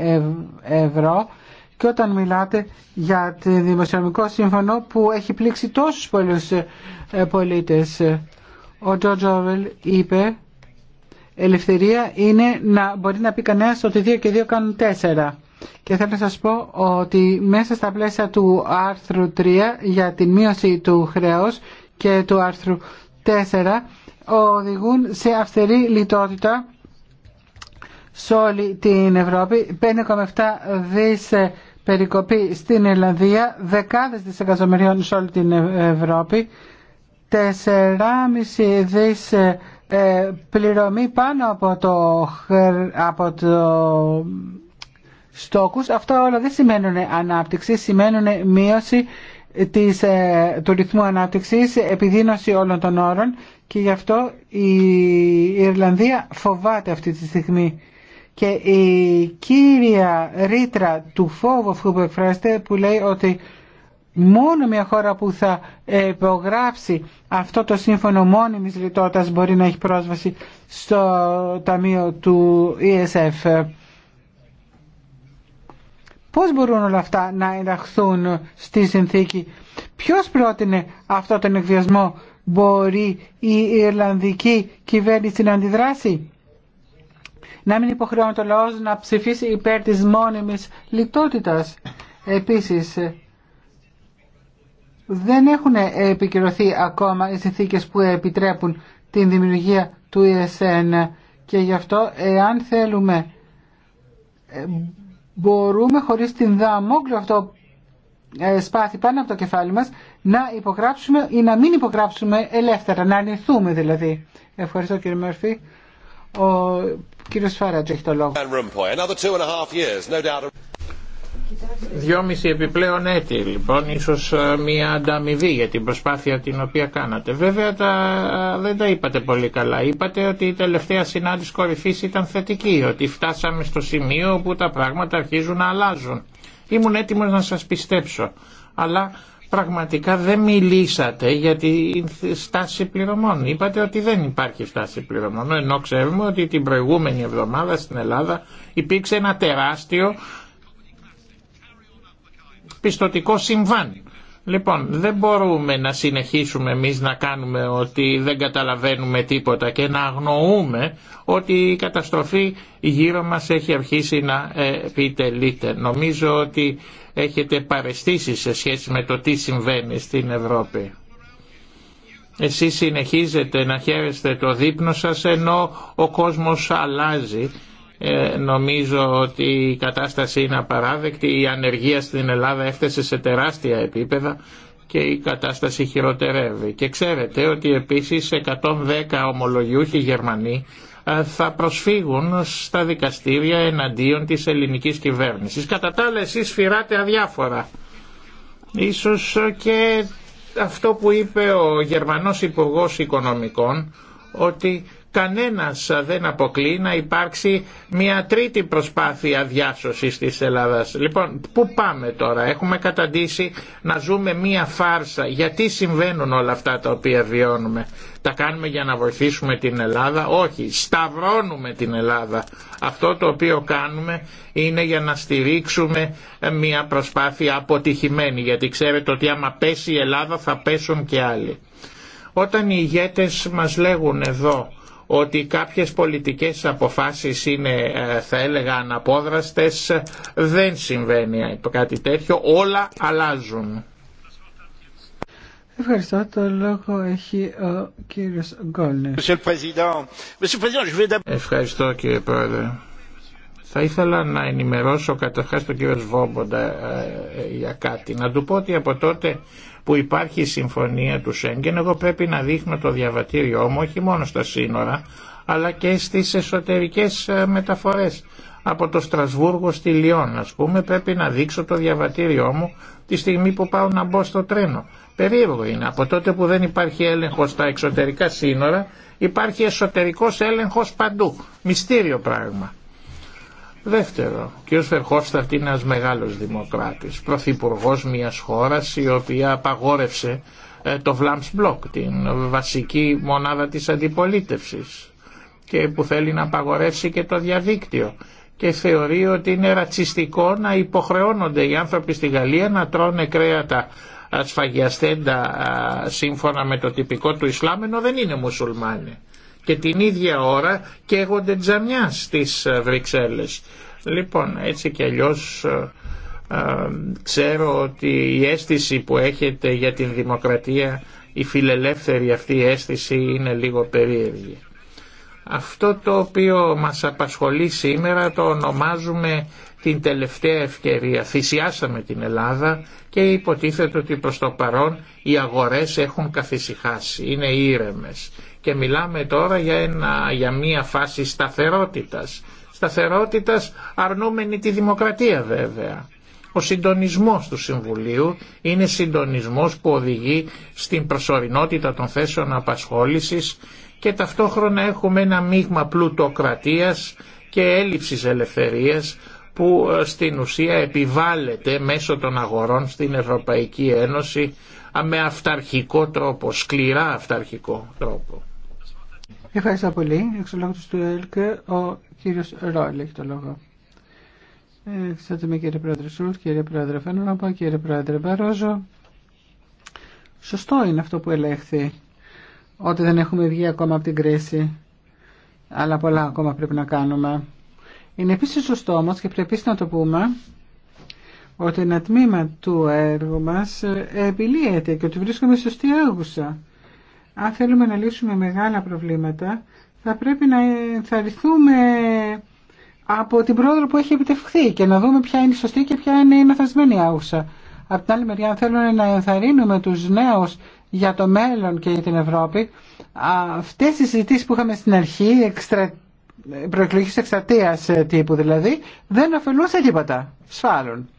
ευρώ και όταν μιλάτε για τη δημοσιονομικό σύμφωνο που έχει πλήξει τόσους πολλούς ε, πολίτες. Ο Τζορτζ Όρελ είπε ελευθερία είναι να μπορεί να πει κανένας ότι δύο και δύο κάνουν τέσσερα Και θέλω να σας πω ότι μέσα στα πλαίσια του άρθρου 3 για τη μείωση του χρέους και του άρθρου 4 οδηγούν σε αυστηρή λιτότητα σε όλη την Ευρώπη, 5,7 δις ε, περικοπή στην Ιρλανδία, δεκάδες δισεκατομμυρίων σε όλη την Ευρώπη, 4,5 δις ε, ε, πληρωμή πάνω από το, από το στόκους. Αυτά όλα δεν σημαίνουν ανάπτυξη, σημαίνουν μείωση της, του ρυθμού ανάπτυξης, επιδείνωση όλων των όρων και γι' αυτό η Ιρλανδία φοβάται αυτή τη στιγμή και η κύρια ρήτρα του φόβου αυτού που εκφράζεται που λέει ότι μόνο μια χώρα που θα υπογράψει αυτό το σύμφωνο μόνιμης λιτότητας μπορεί να έχει πρόσβαση στο ταμείο του ESF. Πώς μπορούν όλα αυτά να ενταχθούν στη συνθήκη. Ποιος πρότεινε αυτό τον εκβιασμό. Μπορεί η Ιρλανδική κυβέρνηση να αντιδράσει να μην υποχρεώνει το λαό να ψηφίσει υπέρ της μόνιμης λιτότητας. Επίσης, δεν έχουν επικυρωθεί ακόμα οι συνθήκε που επιτρέπουν την δημιουργία του ESN και γι' αυτό εάν θέλουμε ε, μπορούμε χωρίς την δαμόγκλου αυτό ε, σπάθη πάνω από το κεφάλι μας να υπογράψουμε ή να μην υπογράψουμε ελεύθερα, να αρνηθούμε δηλαδή. Ευχαριστώ κύριε Μερφή. Ο κύριος Φάρατζ έχει το λόγο. Δυόμιση επιπλέον έτη λοιπόν, ίσως ε, μια ανταμοιβή για την προσπάθεια την οποία κάνατε. Βέβαια τα, ε, δεν τα είπατε πολύ καλά. Είπατε ότι η τελευταία συνάντηση κορυφής ήταν θετική, ότι φτάσαμε στο σημείο όπου τα πράγματα αρχίζουν να αλλάζουν. Ήμουν έτοιμος να σας πιστέψω, αλλά πραγματικά δεν μιλήσατε για τη στάση πληρωμών. Είπατε ότι δεν υπάρχει στάση πληρωμών, ενώ ξέρουμε ότι την προηγούμενη εβδομάδα στην Ελλάδα υπήρξε ένα τεράστιο πιστοτικό συμβάν Λοιπόν, δεν μπορούμε να συνεχίσουμε εμείς να κάνουμε ότι δεν καταλαβαίνουμε τίποτα και να αγνοούμε ότι η καταστροφή γύρω μας έχει αρχίσει να επιτελείται. Νομίζω ότι έχετε παρεστήσει σε σχέση με το τι συμβαίνει στην Ευρώπη. Εσείς συνεχίζετε να χαίρεστε το δείπνο σας ενώ ο κόσμος αλλάζει ε, νομίζω ότι η κατάσταση είναι απαράδεκτη, η ανεργία στην Ελλάδα έφτασε σε τεράστια επίπεδα και η κατάσταση χειροτερεύει. Και ξέρετε ότι επίσης 110 ομολογιούχοι Γερμανοί ε, θα προσφύγουν στα δικαστήρια εναντίον της ελληνικής κυβέρνησης. Κατά τα άλλα εσείς φυράτε αδιάφορα. Ίσως και αυτό που είπε ο Γερμανός Υπουργός Οικονομικών ότι κανένας δεν αποκλεί να υπάρξει μια τρίτη προσπάθεια διάσωσης της Ελλάδας. Λοιπόν, πού πάμε τώρα, έχουμε καταντήσει να ζούμε μια φάρσα. Γιατί συμβαίνουν όλα αυτά τα οποία βιώνουμε. Τα κάνουμε για να βοηθήσουμε την Ελλάδα. Όχι, σταυρώνουμε την Ελλάδα. Αυτό το οποίο κάνουμε είναι για να στηρίξουμε μια προσπάθεια αποτυχημένη. Γιατί ξέρετε ότι άμα πέσει η Ελλάδα θα πέσουν και άλλοι. Όταν οι ηγέτες μας λέγουν εδώ ότι κάποιες πολιτικές αποφάσεις είναι ε, θα έλεγα αναπόδραστες, δεν συμβαίνει κάτι τέτοιο, όλα αλλάζουν. Ευχαριστώ. Το λόγο έχει ο κύριος Γκόλνερ. Ευχαριστώ κύριε Πρόεδρε. Θα ήθελα να ενημερώσω καταρχάς τον κύριο Σβόμποντα ε, ε, για κάτι. Να του πω ότι από τότε που υπάρχει η συμφωνία του Σέγγεν, εγώ πρέπει να δείχνω το διαβατήριό μου όχι μόνο στα σύνορα, αλλά και στις εσωτερικές ε, μεταφορές. Από το Στρασβούργο στη Λιόν, ας πούμε, πρέπει να δείξω το διαβατήριό μου τη στιγμή που πάω να μπω στο τρένο. Περίεργο είναι. Από τότε που δεν υπάρχει έλεγχος στα εξωτερικά σύνορα, υπάρχει εσωτερικός έλεγχος παντού. Μυστήριο πράγμα. Δεύτερο, ο κ. Φερχόφσταρτ είναι ένας μεγάλος δημοκράτης, πρωθυπουργός μιας χώρας η οποία απαγόρευσε ε, το Βλάμς Μπλοκ, την βασική μονάδα της αντιπολίτευσης και που θέλει να απαγορεύσει και το διαδίκτυο και θεωρεί ότι είναι ρατσιστικό να υποχρεώνονται οι άνθρωποι στη Γαλλία να τρώνε κρέατα ασφαγιαστέντα σύμφωνα με το τυπικό του Ισλάμ ενώ δεν είναι μουσουλμάνοι και την ίδια ώρα καίγονται τζαμιά στις ε, Βρυξέλλες. Λοιπόν, έτσι κι αλλιώς ε, ε, ξέρω ότι η αίσθηση που έχετε για την δημοκρατία, η φιλελεύθερη αυτή αίσθηση είναι λίγο περίεργη. Αυτό το οποίο μας απασχολεί σήμερα το ονομάζουμε την τελευταία ευκαιρία. Θυσιάσαμε την Ελλάδα και υποτίθεται ότι προς το παρόν οι αγορές έχουν καθυσυχάσει. είναι ήρεμες. Και μιλάμε τώρα για, ένα, για μια φάση σταθερότητας. Σταθερότητας αρνούμενη τη δημοκρατία βέβαια. Ο συντονισμός του Συμβουλίου είναι συντονισμός που οδηγεί στην προσωρινότητα των θέσεων απασχόλησης και ταυτόχρονα έχουμε ένα μείγμα πλουτοκρατίας και έλλειψης ελευθερίας που ε, στην ουσία επιβάλλεται μέσω των αγορών στην Ευρωπαϊκή Ένωση με αυταρχικό τρόπο, σκληρά αυταρχικό τρόπο. Ευχαριστώ πολύ. ολόκληρου του ΕΛΚ, ο κύριος Ρόιλ έχει το λόγο. με κύριε Πρόεδρε Σούλτ, κύριε Πρόεδρε Φένροπα, κύριε Πρόεδρε Μπαρόζο. Σωστό είναι αυτό που ελέγχθη, ότι δεν έχουμε βγει ακόμα από την κρίση, αλλά πολλά ακόμα πρέπει να κάνουμε. Είναι επίση σωστό όμω και πρέπει να το πούμε ότι ένα τμήμα του έργου μα επιλύεται και ότι βρίσκουμε σωστή άγουσα. Αν θέλουμε να λύσουμε μεγάλα προβλήματα θα πρέπει να ενθαρρυνθούμε από την πρόοδο που έχει επιτευχθεί και να δούμε ποια είναι η σωστή και ποια είναι η μεθασμένη άγουσα. Από την άλλη μεριά, αν θέλουμε να ενθαρρύνουμε του νέου για το μέλλον και για την Ευρώπη, αυτέ οι συζητήσει που είχαμε στην αρχή, προεκλογή εξαρτία ε, τύπου δηλαδή, δεν ωφελούσε τίποτα. Σφάλουν.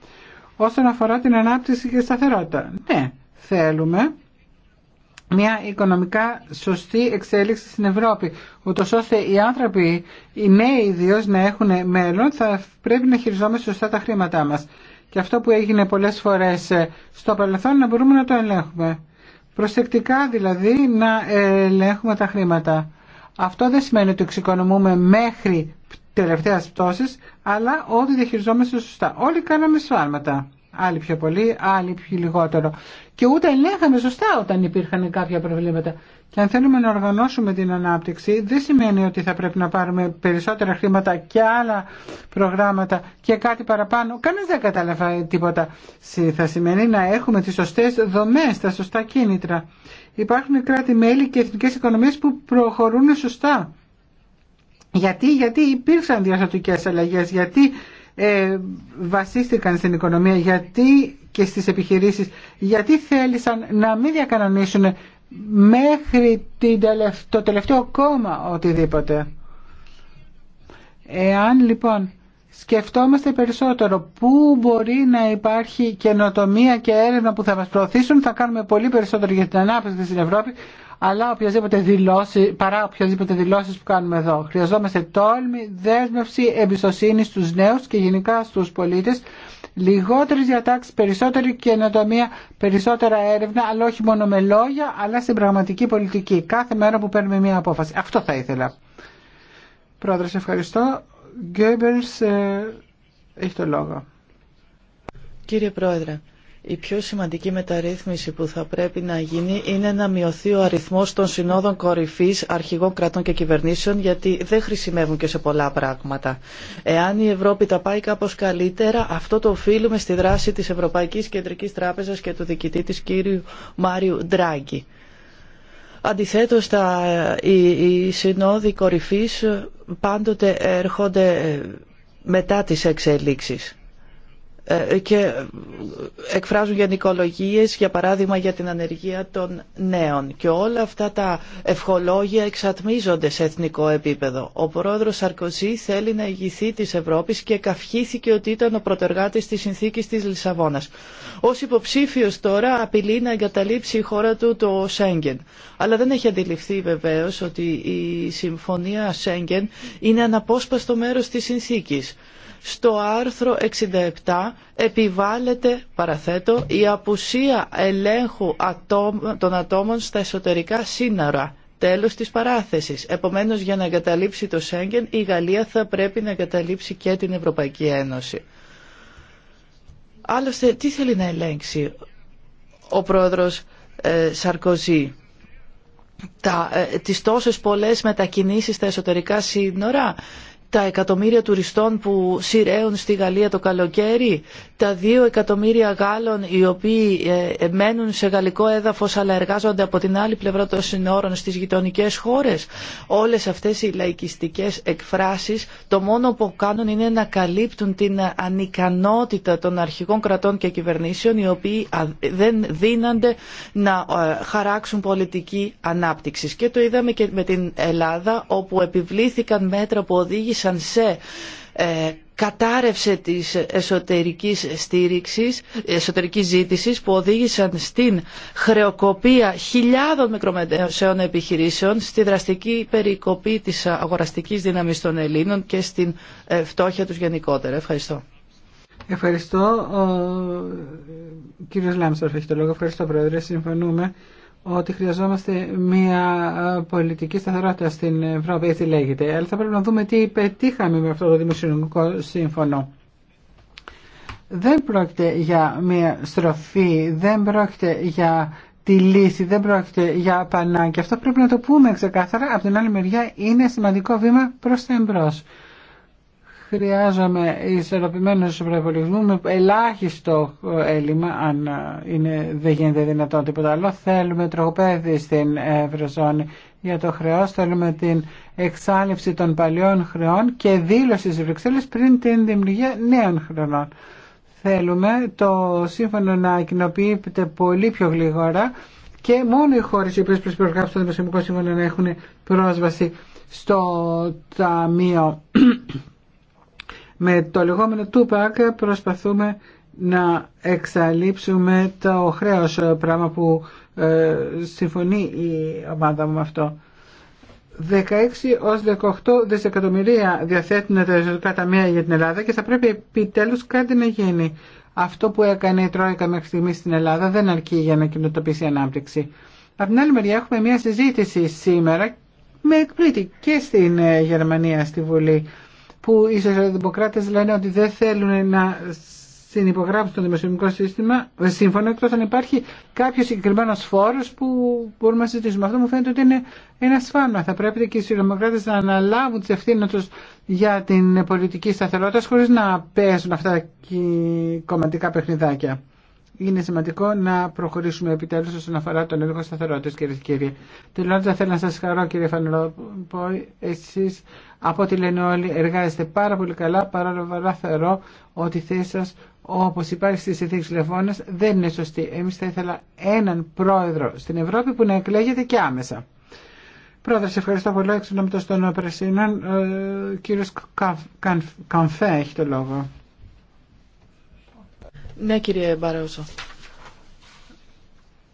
Όσον αφορά την ανάπτυξη και σταθερότητα. Ναι, θέλουμε μια οικονομικά σωστή εξέλιξη στην Ευρώπη, ούτως ώστε οι άνθρωποι, οι νέοι ιδίω να έχουν μέλλον, θα πρέπει να χειριζόμαστε σωστά τα χρήματά μας. Και αυτό που έγινε πολλές φορές ε, στο παρελθόν να μπορούμε να το ελέγχουμε. Προσεκτικά δηλαδή να ελέγχουμε τα χρήματα. Αυτό δεν σημαίνει ότι εξοικονομούμε μέχρι τελευταία πτώση, αλλά ότι διαχειριζόμαστε σωστά. Όλοι κάναμε σφάλματα. Άλλοι πιο πολύ, άλλοι πιο λιγότερο. Και ούτε ελέγχαμε σωστά όταν υπήρχαν κάποια προβλήματα. Και αν θέλουμε να οργανώσουμε την ανάπτυξη, δεν σημαίνει ότι θα πρέπει να πάρουμε περισσότερα χρήματα και άλλα προγράμματα και κάτι παραπάνω. Κανεί δεν κατάλαβα τίποτα. Θα σημαίνει να έχουμε τι σωστέ δομέ, τα σωστά κίνητρα. Υπάρχουν κράτη-μέλη και εθνικές οικονομίες που προχωρούν σωστά. Γιατί, γιατί υπήρξαν διαστατικές αλλαγές, γιατί ε, βασίστηκαν στην οικονομία, γιατί και στις επιχειρήσεις, γιατί θέλησαν να μην διακανονίσουν μέχρι το τελευταίο κόμμα οτιδήποτε. Εάν λοιπόν σκεφτόμαστε περισσότερο πού μπορεί να υπάρχει καινοτομία και έρευνα που θα μας προωθήσουν. Θα κάνουμε πολύ περισσότερο για την ανάπτυξη στην Ευρώπη, αλλά οποιασδήποτε δηλώσει, παρά οποιασδήποτε δηλώσεις που κάνουμε εδώ. Χρειαζόμαστε τόλμη, δέσμευση, εμπιστοσύνη στους νέους και γενικά στους πολίτες, λιγότερες διατάξεις, περισσότερη καινοτομία, περισσότερα έρευνα, αλλά όχι μόνο με λόγια, αλλά στην πραγματική πολιτική. Κάθε μέρα που παίρνουμε μια απόφαση. Αυτό θα ήθελα. Πρόεδρε, ευχαριστώ. Ε, Κύριε Πρόεδρε, η πιο σημαντική μεταρρύθμιση που θα πρέπει να γίνει είναι να μειωθεί ο αριθμός των συνόδων κορυφής αρχηγών κρατών και κυβερνήσεων γιατί δεν χρησιμεύουν και σε πολλά πράγματα. Εάν η Ευρώπη τα πάει κάπως καλύτερα, αυτό το οφείλουμε στη δράση της Ευρωπαϊκής Κεντρικής Τράπεζας και του διοικητή της κύριου Μάριου Ντράγκη. Αντιθέτως, οι, οι συνόδοι κορυφής πάντοτε έρχονται ε, μετά τις εξελίξεις. Ε, και εκφράζουν γενικολογίες για παράδειγμα για την ανεργία των νέων και όλα αυτά τα ευχολόγια εξατμίζονται σε εθνικό επίπεδο. Ο πρόεδρος Σαρκοζή θέλει να ηγηθεί της Ευρώπης και καυχήθηκε ότι ήταν ο πρωτεργάτης της συνθήκης της Λισαβόνας. Ως υποψήφιος τώρα απειλεί να εγκαταλείψει η χώρα του το Σέγγεν. Αλλά δεν έχει αντιληφθεί βεβαίω ότι η συμφωνία Σέγγεν είναι αναπόσπαστο μέρος της συνθήκης στο άρθρο 67 επιβάλλεται, παραθέτω, η απουσία ελέγχου των ατόμων στα εσωτερικά σύνορα. Τέλος της παράθεσης. Επομένως, για να εγκαταλείψει το Σέγγεν, η Γαλλία θα πρέπει να εγκαταλείψει και την Ευρωπαϊκή Ένωση. Άλλωστε, τι θέλει να ελέγξει ο πρόεδρος ε, Σαρκοζή τα, ε, τις τόσες πολλές μετακινήσεις στα εσωτερικά σύνορα τα εκατομμύρια τουριστών που σειραίουν στη Γαλλία το καλοκαίρι, τα δύο εκατομμύρια Γάλλων οι οποίοι ε, μένουν σε γαλλικό έδαφος αλλά εργάζονται από την άλλη πλευρά των συνόρων στις γειτονικές χώρες. Όλες αυτές οι λαϊκιστικές εκφράσεις το μόνο που κάνουν είναι να καλύπτουν την ανικανότητα των αρχικών κρατών και κυβερνήσεων οι οποίοι δεν δίνανται να ε, χαράξουν πολιτική ανάπτυξη. Και το είδαμε και με την Ελλάδα όπου επιβλήθηκαν μέτρα που σαν σε κατάρρευσε της εσωτερικής στήριξης, εσωτερικής ζήτησης που οδήγησαν στην χρεοκοπία χιλιάδων μικρομεσαίων επιχειρήσεων, στη δραστική περικοπή της αγοραστικής δύναμης των Ελλήνων και στην ε, φτώχεια τους γενικότερα. Ευχαριστώ. Ευχαριστώ. Ο ε, κύριος Λάμστορφ έχει το λόγο. Ευχαριστώ, Πρόεδρε. Συμφωνούμε ότι χρειαζόμαστε μια ε, πολιτική σταθερότητα στην Ευρώπη, έτσι λέγεται. Αλλά θα πρέπει να δούμε τι πετύχαμε με αυτό το δημοσιονομικό σύμφωνο. Δεν πρόκειται για μια στροφή, δεν πρόκειται για τη λύση, δεν πρόκειται για πανάκια. Αυτό πρέπει να το πούμε ξεκάθαρα. Από την άλλη μεριά είναι σημαντικό βήμα προς τα εμπρός χρειάζομαι ισορροπημένους προπολογισμού με ελάχιστο ε, έλλειμμα αν ε, είναι, δεν γίνεται δυνατόν τίποτα άλλο θέλουμε τροχοπέδι στην Ευρωζώνη για το χρεό θέλουμε την εξάλληψη των παλιών χρεών και δήλωση στις Βρυξέλλες πριν την δημιουργία νέων χρονών θέλουμε το σύμφωνο να κοινοποιείται πολύ πιο γλυγόρα και μόνο οι χώρε οι οποίε προσπαθούν στο Δημοσιονομικό Σύμφωνο να έχουν πρόσβαση στο Ταμείο με το λεγόμενο Tupac προσπαθούμε να εξαλείψουμε το χρέος, πράγμα που ε, συμφωνεί η ομάδα μου με αυτό. 16 ως 18 δισεκατομμυρία διαθέτουν τα ζωτικά ταμεία για την Ελλάδα και θα πρέπει επιτέλους κάτι να γίνει. Αυτό που έκανε η Τρόικα μέχρι στιγμή στην Ελλάδα δεν αρκεί για να κοινοτοποιήσει η ανάπτυξη. Από την άλλη μεριά έχουμε μια συζήτηση σήμερα με εκπλήτη και στην ε, Γερμανία στη Βουλή που οι Δημοκράτες λένε ότι δεν θέλουν να συνυπογράψουν το δημοσιονομικό σύστημα ε, σύμφωνα εκτός αν υπάρχει κάποιο συγκεκριμένο φόρος που μπορούμε να συζητήσουμε. Αυτό μου φαίνεται ότι είναι ένα σφάλμα. Θα πρέπει και οι Δημοκράτες να αναλάβουν τις ευθύνες τους για την πολιτική σταθερότητα χωρίς να παίζουν αυτά τα κομματικά παιχνιδάκια είναι σημαντικό να προχωρήσουμε επιτέλου όσον αφορά τον έλεγχο σταθερότητα, κύριε και κύριοι. Τελώντα, θέλω να σα χαρώ κύριε Φανελόπη, εσεί, από ό,τι λένε όλοι εργάζεστε πάρα πολύ καλά, παρόλο θεωρώ ότι η θέση σα, όπως υπάρχει στις συνθήκε τηλεφώνε, δεν είναι σωστή. Εμεί θα ήθελα έναν πρόεδρο στην Ευρώπη που να εκλέγεται και άμεσα. Πρόεδρε, σε ευχαριστώ πολύ. Εξ ονόματο των Πρεσίνων, ο κύριο Καμφέ έχει το λόγο. Ναι, κύριε Μπαρόζο.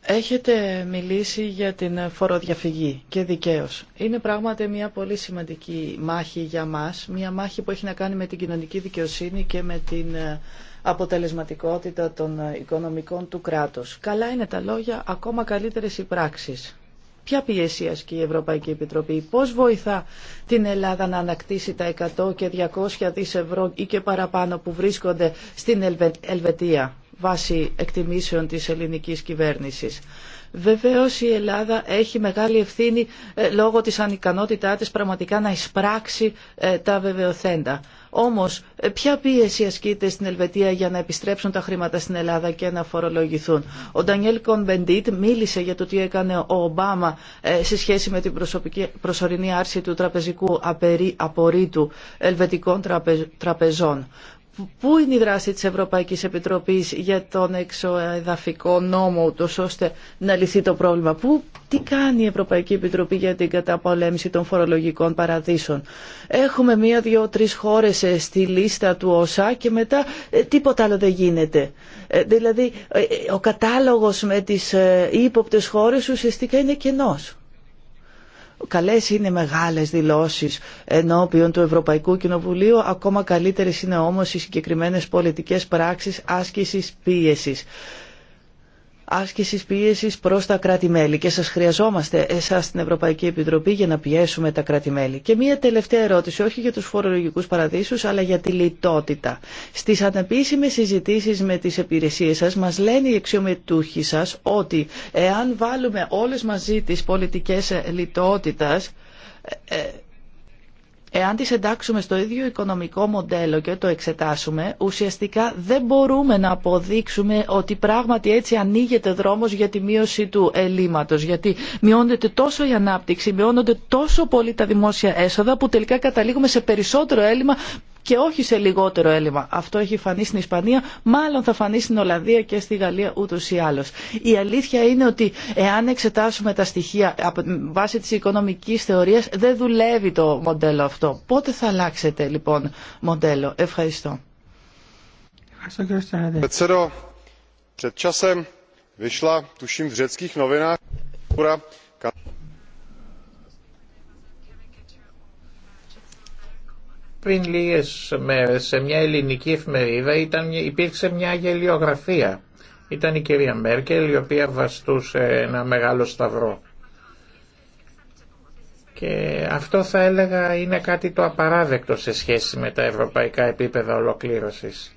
Έχετε μιλήσει για την φοροδιαφυγή και δικαίω. Είναι πράγματι μια πολύ σημαντική μάχη για μας, μια μάχη που έχει να κάνει με την κοινωνική δικαιοσύνη και με την ε, αποτελεσματικότητα των ε, οικονομικών του κράτους. Καλά είναι τα λόγια, ακόμα καλύτερες οι πράξεις. Ποια πίεση ασκεί η Ευρωπαϊκή Επιτροπή, πώς βοηθά την Ελλάδα να ανακτήσει τα 100 και 200 δις ευρώ ή και παραπάνω που βρίσκονται στην Ελβετία βάσει εκτιμήσεων της ελληνικής κυβέρνησης. Βεβαίως η Ελλάδα έχει μεγάλη ευθύνη ε, λόγω της ανικανότητά της πραγματικά να εισπράξει ε, τα βεβαιωθέντα. Όμως, ε, ποια πίεση ασκείται στην Ελβετία για να επιστρέψουν τα χρήματα στην Ελλάδα και να φορολογηθούν. Ο Ντανιέλ Κονμπεντίτ μίλησε για το τι έκανε ο Ομπάμα ε, σε σχέση με την προσωρινή άρση του τραπεζικού απορρίτου ελβετικών τραπεζών. Πού είναι η δράση της Ευρωπαϊκής Επιτροπής για τον εξοεδαφικό νόμο, ούτως ώστε να λυθεί το πρόβλημα. Πού, τι κάνει η Ευρωπαϊκή Επιτροπή για την καταπολέμηση των φορολογικών παραδείσων. Έχουμε μία, δύο, τρεις χώρες ε, στη λίστα του ΩΣΑ και μετά ε, τίποτα άλλο δεν γίνεται. Ε, δηλαδή ο κατάλογος με τις ε, ύποπτες χώρες ουσιαστικά είναι κενός. Καλές είναι μεγάλες δηλώσεις ενώπιον του Ευρωπαϊκού Κοινοβουλίου, ακόμα καλύτερες είναι όμως οι συγκεκριμένες πολιτικές πράξεις άσκησης πίεσης. Άσκηση πίεση προ τα κράτη-μέλη και σα χρειαζόμαστε εσά στην Ευρωπαϊκή Επιτροπή για να πιέσουμε τα κράτη-μέλη. Και μία τελευταία ερώτηση, όχι για του φορολογικού παραδείσου, αλλά για τη λιτότητα. Στι ανεπίσημε συζητήσει με τι υπηρεσίε σα μα λένε οι εξιομετούχοι σα ότι εάν βάλουμε όλε μαζί τις πολιτικέ λιτότητας, ε, ε, Εάν τις εντάξουμε στο ίδιο οικονομικό μοντέλο και το εξετάσουμε, ουσιαστικά δεν μπορούμε να αποδείξουμε ότι πράγματι έτσι ανοίγεται δρόμος για τη μείωση του ελλείμματος. Γιατί μειώνεται τόσο η ανάπτυξη, μειώνονται τόσο πολύ τα δημόσια έσοδα που τελικά καταλήγουμε σε περισσότερο έλλειμμα και όχι σε λιγότερο έλλειμμα. Αυτό έχει φανεί στην Ισπανία, μάλλον θα φανεί στην Ολλανδία και στη Γαλλία ούτω ή άλλω. Η αλήθεια είναι ότι εάν εξετάσουμε τα στοιχεία βάσει τη οικονομική θεωρία, δεν δουλεύει το μοντέλο αυτό. Πότε θα αλλάξετε λοιπόν μοντέλο. Ευχαριστώ. Πριν λίγες μέρες σε μια ελληνική εφημερίδα ήταν, υπήρξε μια γελιογραφία. Ήταν η κυρία Μέρκελ η οποία βαστούσε ένα μεγάλο σταυρό. Και αυτό θα έλεγα είναι κάτι το απαράδεκτο σε σχέση με τα ευρωπαϊκά επίπεδα ολοκλήρωσης.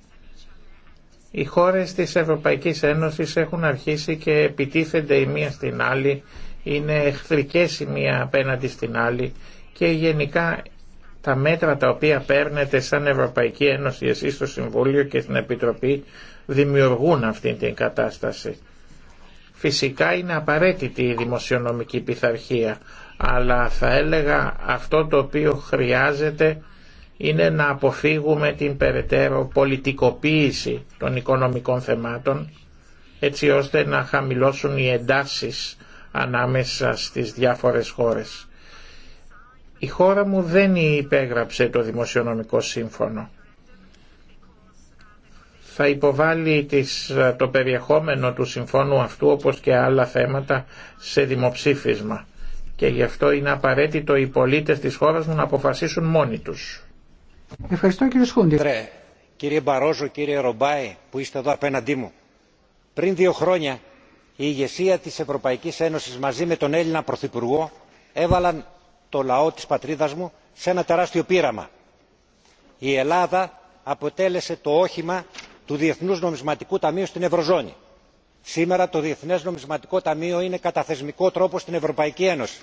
Οι χώρες της Ευρωπαϊκής Ένωσης έχουν αρχίσει και επιτίθενται η μία στην άλλη, είναι εχθρικές η μία απέναντι στην άλλη και γενικά τα μέτρα τα οποία παίρνετε σαν Ευρωπαϊκή Ένωση εσείς στο Συμβούλιο και στην Επιτροπή δημιουργούν αυτή την κατάσταση. Φυσικά είναι απαραίτητη η δημοσιονομική πειθαρχία, αλλά θα έλεγα αυτό το οποίο χρειάζεται είναι να αποφύγουμε την περαιτέρω πολιτικοποίηση των οικονομικών θεμάτων, έτσι ώστε να χαμηλώσουν οι εντάσεις ανάμεσα στις διάφορες χώρες. Η χώρα μου δεν υπέγραψε το δημοσιονομικό σύμφωνο. Θα υποβάλει τις, το περιεχόμενο του συμφώνου αυτού όπως και άλλα θέματα σε δημοψήφισμα και γι' αυτό είναι απαραίτητο οι πολίτες της χώρας μου να αποφασίσουν μόνοι τους. Ευχαριστώ κύριε Σχούντι. κύριε Μπαρόζο, κύριε Ρομπάη που είστε εδώ απέναντί μου. Πριν δύο χρόνια η ηγεσία της Ευρωπαϊκής Ένωσης μαζί με τον Έλληνα Πρωθυπουργό έβαλαν το λαό της πατρίδας μου σε ένα τεράστιο πείραμα. η ελλάδα αποτέλεσε το όχημα του διεθνούς νομισματικού ταμείου στην ευρωζώνη. σήμερα το διεθνές νομισματικό ταμείο είναι κατά θεσμικό τρόπο στην ευρωπαϊκή ένωση.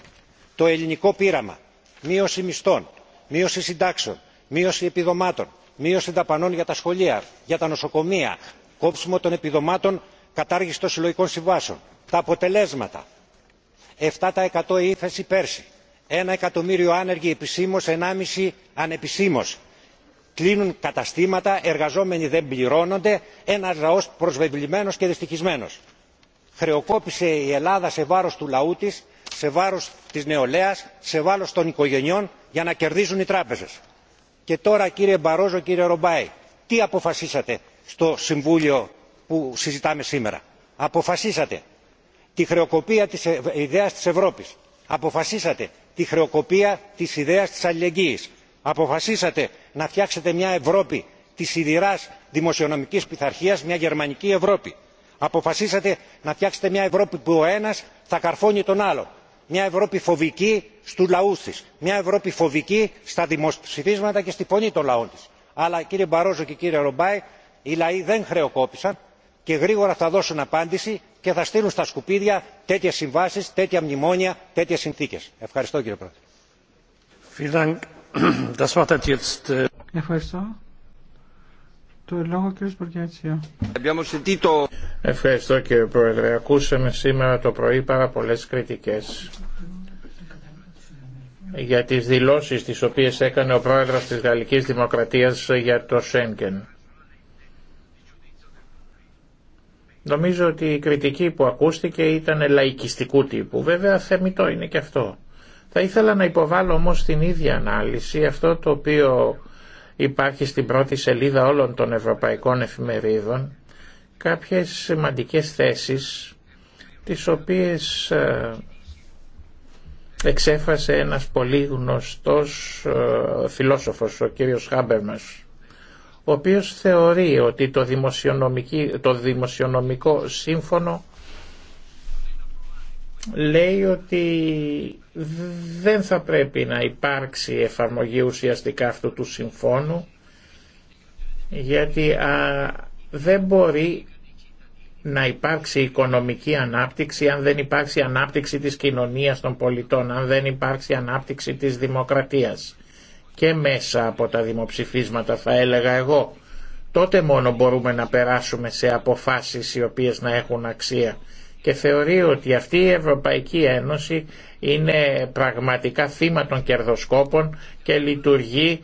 το ελληνικό πείραμα μείωση μισθών μείωση συντάξεων μείωση επιδομάτων μείωση δαπανών για τα σχολεία για τα νοσοκομεία κόψιμο των επιδομάτων κατάργηση των συλλογικών συμβάσεων. τα αποτελέσματα. 7% ύφεση πέρσι ένα εκατομμύριο άνεργοι επισήμως ενάμιση ανεπισήμως. κλείνουν καταστήματα εργαζόμενοι δεν πληρώνονται ένας λαό προσβεβλημένος και δυστυχισμένος. χρεοκόπησε η ελλάδα σε βάρος του λαού της σε βάρος της νεολαίας σε βάρος των οικογενειών για να κερδίζουν οι τράπεζες. και τώρα κύριε μπαρόζο κύριε ρομπάι τι αποφασίσατε στο συμβούλιο που συζητάμε σήμερα. αποφασίσατε τη χρεοκοπία της ε- ιδέας της ευρώπης. αποφασίσατε τη χρεοκοπία της ιδέας της αλληλεγγύης. αποφασίσατε να φτιάξετε μια ευρώπη της σιδηράς δημοσιονομικής πειθαρχίας μια γερμανική ευρώπη. αποφασίσατε να φτιάξετε μια ευρώπη που ο ένας θα καρφώνει τον άλλο μια ευρώπη φοβική στους λαούς της μια ευρώπη φοβική στα δημοψηφίσματα και στη φωνή των λαών της. αλλά κύριε μπαρόζο και κύριε ρομπάι οι λαοί δεν χρεοκόπησαν και γρήγορα θα δώσουν απάντηση και θα στείλουν στα σκουπίδια τέτοιες συμβάσεις τέτοια μνημόνια τέτοιες συνθήκες. ευχαριστώ κύριε πρόεδρε. Äh, ευχαριστώ. κύριε Πρόεδρε. Ακούσαμε σήμερα το πρωί πάρα πολλέ κριτικέ για τι δηλώσει, τι οποίε έκανε ο πρόεδρο τη Γαλλική Δημοκρατία για το Σέγγεν. Νομίζω ότι η κριτική που ακούστηκε ήταν λαϊκιστικού τύπου. Βέβαια θεμητό είναι και αυτό. Θα ήθελα να υποβάλω όμως την ίδια ανάλυση αυτό το οποίο υπάρχει στην πρώτη σελίδα όλων των ευρωπαϊκών εφημερίδων κάποιες σημαντικές θέσεις τις οποίες ε, εξέφασε ένας πολύ γνωστός ε, φιλόσοφος, ο κύριος Χάμπερμας ο οποίος θεωρεί ότι το, το δημοσιονομικό σύμφωνο λέει ότι δεν θα πρέπει να υπάρξει εφαρμογή ουσιαστικά αυτού του συμφώνου γιατί δεν μπορεί να υπάρξει οικονομική ανάπτυξη αν δεν υπάρξει ανάπτυξη της κοινωνίας των πολιτών, αν δεν υπάρξει ανάπτυξη της δημοκρατίας και μέσα από τα δημοψηφίσματα θα έλεγα εγώ, τότε μόνο μπορούμε να περάσουμε σε αποφάσεις οι οποίες να έχουν αξία. Και θεωρεί ότι αυτή η Ευρωπαϊκή Ένωση είναι πραγματικά θύμα των κερδοσκόπων και λειτουργεί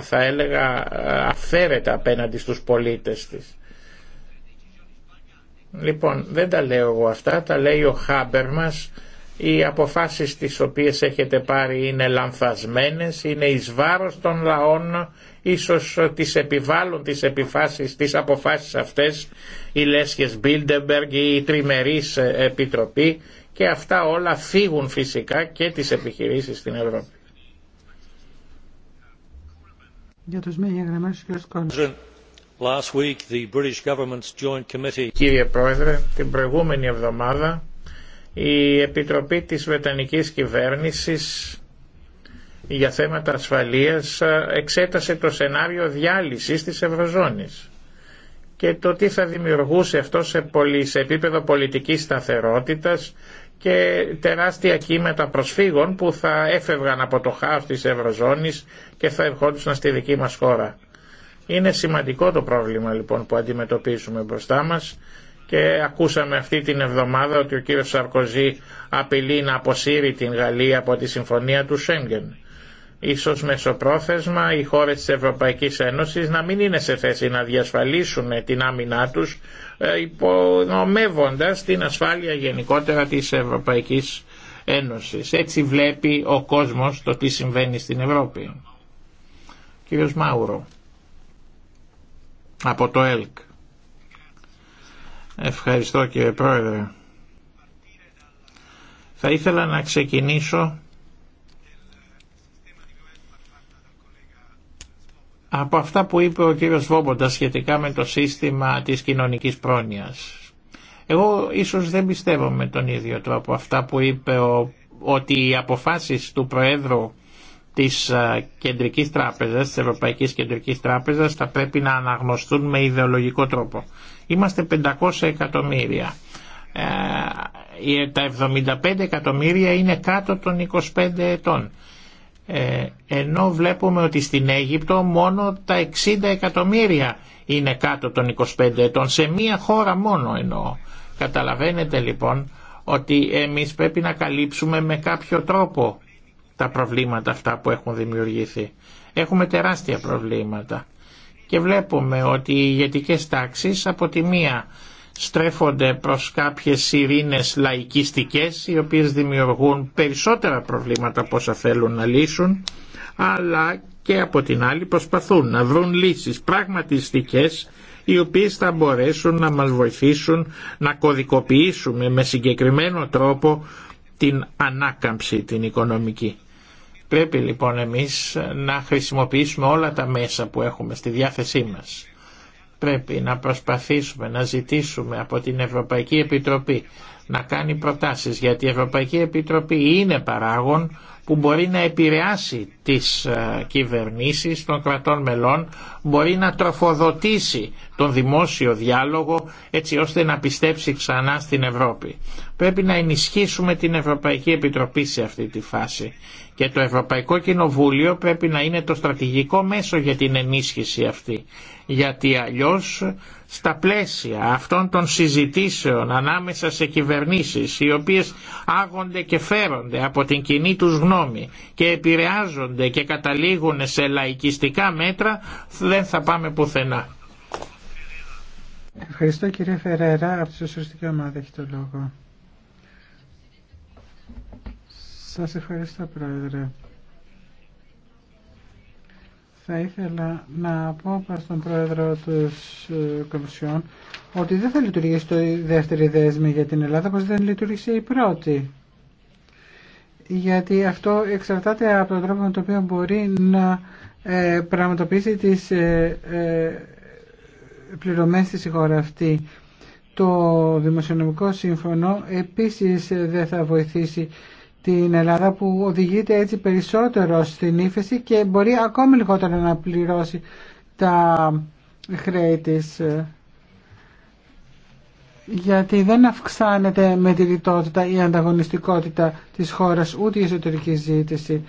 θα έλεγα αφαίρετα απέναντι στους πολίτες της. Λοιπόν, δεν τα λέω εγώ αυτά, τα λέει ο Χάμπερ μας, οι αποφάσεις τις οποίες έχετε πάρει είναι λανθασμένες, είναι εις βάρος των λαών, ίσως τις επιβάλλουν τις, επιφάσεις, τις αποφάσεις αυτές οι Λέσχες Μπίλντεμπεργκ, η Τριμερής Επιτροπή και αυτά όλα φύγουν φυσικά και τις επιχειρήσεις στην Ευρώπη. Κύριε Πρόεδρε, την προηγούμενη εβδομάδα η Επιτροπή της Βετανικής Κυβέρνησης για θέματα ασφαλείας εξέτασε το σενάριο διάλυσης της Ευρωζώνης και το τι θα δημιουργούσε αυτό σε, πολυ, επίπεδο πολιτικής σταθερότητας και τεράστια κύματα προσφύγων που θα έφευγαν από το χάος της Ευρωζώνης και θα ερχόντουσαν στη δική μας χώρα. Είναι σημαντικό το πρόβλημα λοιπόν που αντιμετωπίζουμε μπροστά μας και ακούσαμε αυτή την εβδομάδα ότι ο κύριος Σαρκοζή απειλεί να αποσύρει την Γαλλία από τη συμφωνία του Σέγγεν. Ίσως μεσοπρόθεσμα οι χώρες της Ευρωπαϊκής Ένωσης να μην είναι σε θέση να διασφαλίσουν την άμυνά τους ε, υπονομεύοντας την ασφάλεια γενικότερα της Ευρωπαϊκής Ένωσης. Έτσι βλέπει ο κόσμος το τι συμβαίνει στην Ευρώπη. Κύριος Μάουρο από το ΕΛΚ. Ευχαριστώ κύριε Πρόεδρε. Θα ήθελα να ξεκινήσω από αυτά που είπε ο κύριος Βόμποντα σχετικά με το σύστημα της κοινωνικής πρόνοιας. Εγώ ίσως δεν πιστεύω με τον ίδιο τρόπο αυτά που είπε ότι οι αποφάσεις του Προέδρου της Κεντρικής Τράπεζας, της Ευρωπαϊκής Κεντρικής Τράπεζας θα πρέπει να αναγνωστούν με ιδεολογικό τρόπο. Είμαστε 500 εκατομμύρια. Ε, τα 75 εκατομμύρια είναι κάτω των 25 ετών. Ε, ενώ βλέπουμε ότι στην Αίγυπτο μόνο τα 60 εκατομμύρια είναι κάτω των 25 ετών. Σε μία χώρα μόνο εννοώ. Καταλαβαίνετε λοιπόν ότι εμείς πρέπει να καλύψουμε με κάποιο τρόπο τα προβλήματα αυτά που έχουν δημιουργηθεί. Έχουμε τεράστια προβλήματα και βλέπουμε ότι οι ηγετικές τάξεις από τη μία στρέφονται προς κάποιες ειρήνες λαϊκιστικές οι οποίες δημιουργούν περισσότερα προβλήματα από όσα θέλουν να λύσουν αλλά και από την άλλη προσπαθούν να βρουν λύσεις πραγματιστικές οι οποίες θα μπορέσουν να μας βοηθήσουν να κωδικοποιήσουμε με συγκεκριμένο τρόπο την ανάκαμψη την οικονομική. Πρέπει λοιπόν εμείς να χρησιμοποιήσουμε όλα τα μέσα που έχουμε στη διάθεσή μας. Πρέπει να προσπαθήσουμε να ζητήσουμε από την Ευρωπαϊκή Επιτροπή να κάνει προτάσεις γιατί η Ευρωπαϊκή Επιτροπή είναι παράγον που μπορεί να επηρεάσει τις ε, κυβερνήσεις των κρατών μελών, μπορεί να τροφοδοτήσει τον δημόσιο διάλογο έτσι ώστε να πιστέψει ξανά στην Ευρώπη. Πρέπει να ενισχύσουμε την Ευρωπαϊκή Επιτροπή σε αυτή τη φάση και το Ευρωπαϊκό Κοινοβούλιο πρέπει να είναι το στρατηγικό μέσο για την ενίσχυση αυτή. Γιατί αλλιώς στα πλαίσια αυτών των συζητήσεων ανάμεσα σε κυβερνήσεις οι οποίες άγονται και φέρονται από την κοινή τους γνώμη και επηρεάζονται και καταλήγουν σε λαϊκιστικά μέτρα δεν θα πάμε πουθενά. Ευχαριστώ κύριε Φερέρα από τη Ομάδα έχει το λόγο. Σας ευχαριστώ Πρόεδρε. Θα ήθελα να πω στον τον Πρόεδρο της ε, Κομισιόν ότι δεν θα λειτουργήσει το δεύτερο δέσμη για την Ελλάδα όπως δεν λειτουργήσε η πρώτη. Γιατί αυτό εξαρτάται από τον τρόπο με τον οποίο μπορεί να ε, πραγματοποιήσει τις ε, πληρωμές της χώρα αυτή. Το Δημοσιονομικό Σύμφωνο επίσης δεν θα βοηθήσει την Ελλάδα που οδηγείται έτσι περισσότερο στην ύφεση και μπορεί ακόμη λιγότερο να πληρώσει τα χρέη της γιατί δεν αυξάνεται με τη λιτότητα η ανταγωνιστικότητα της χώρας ούτε η εσωτερική ζήτηση.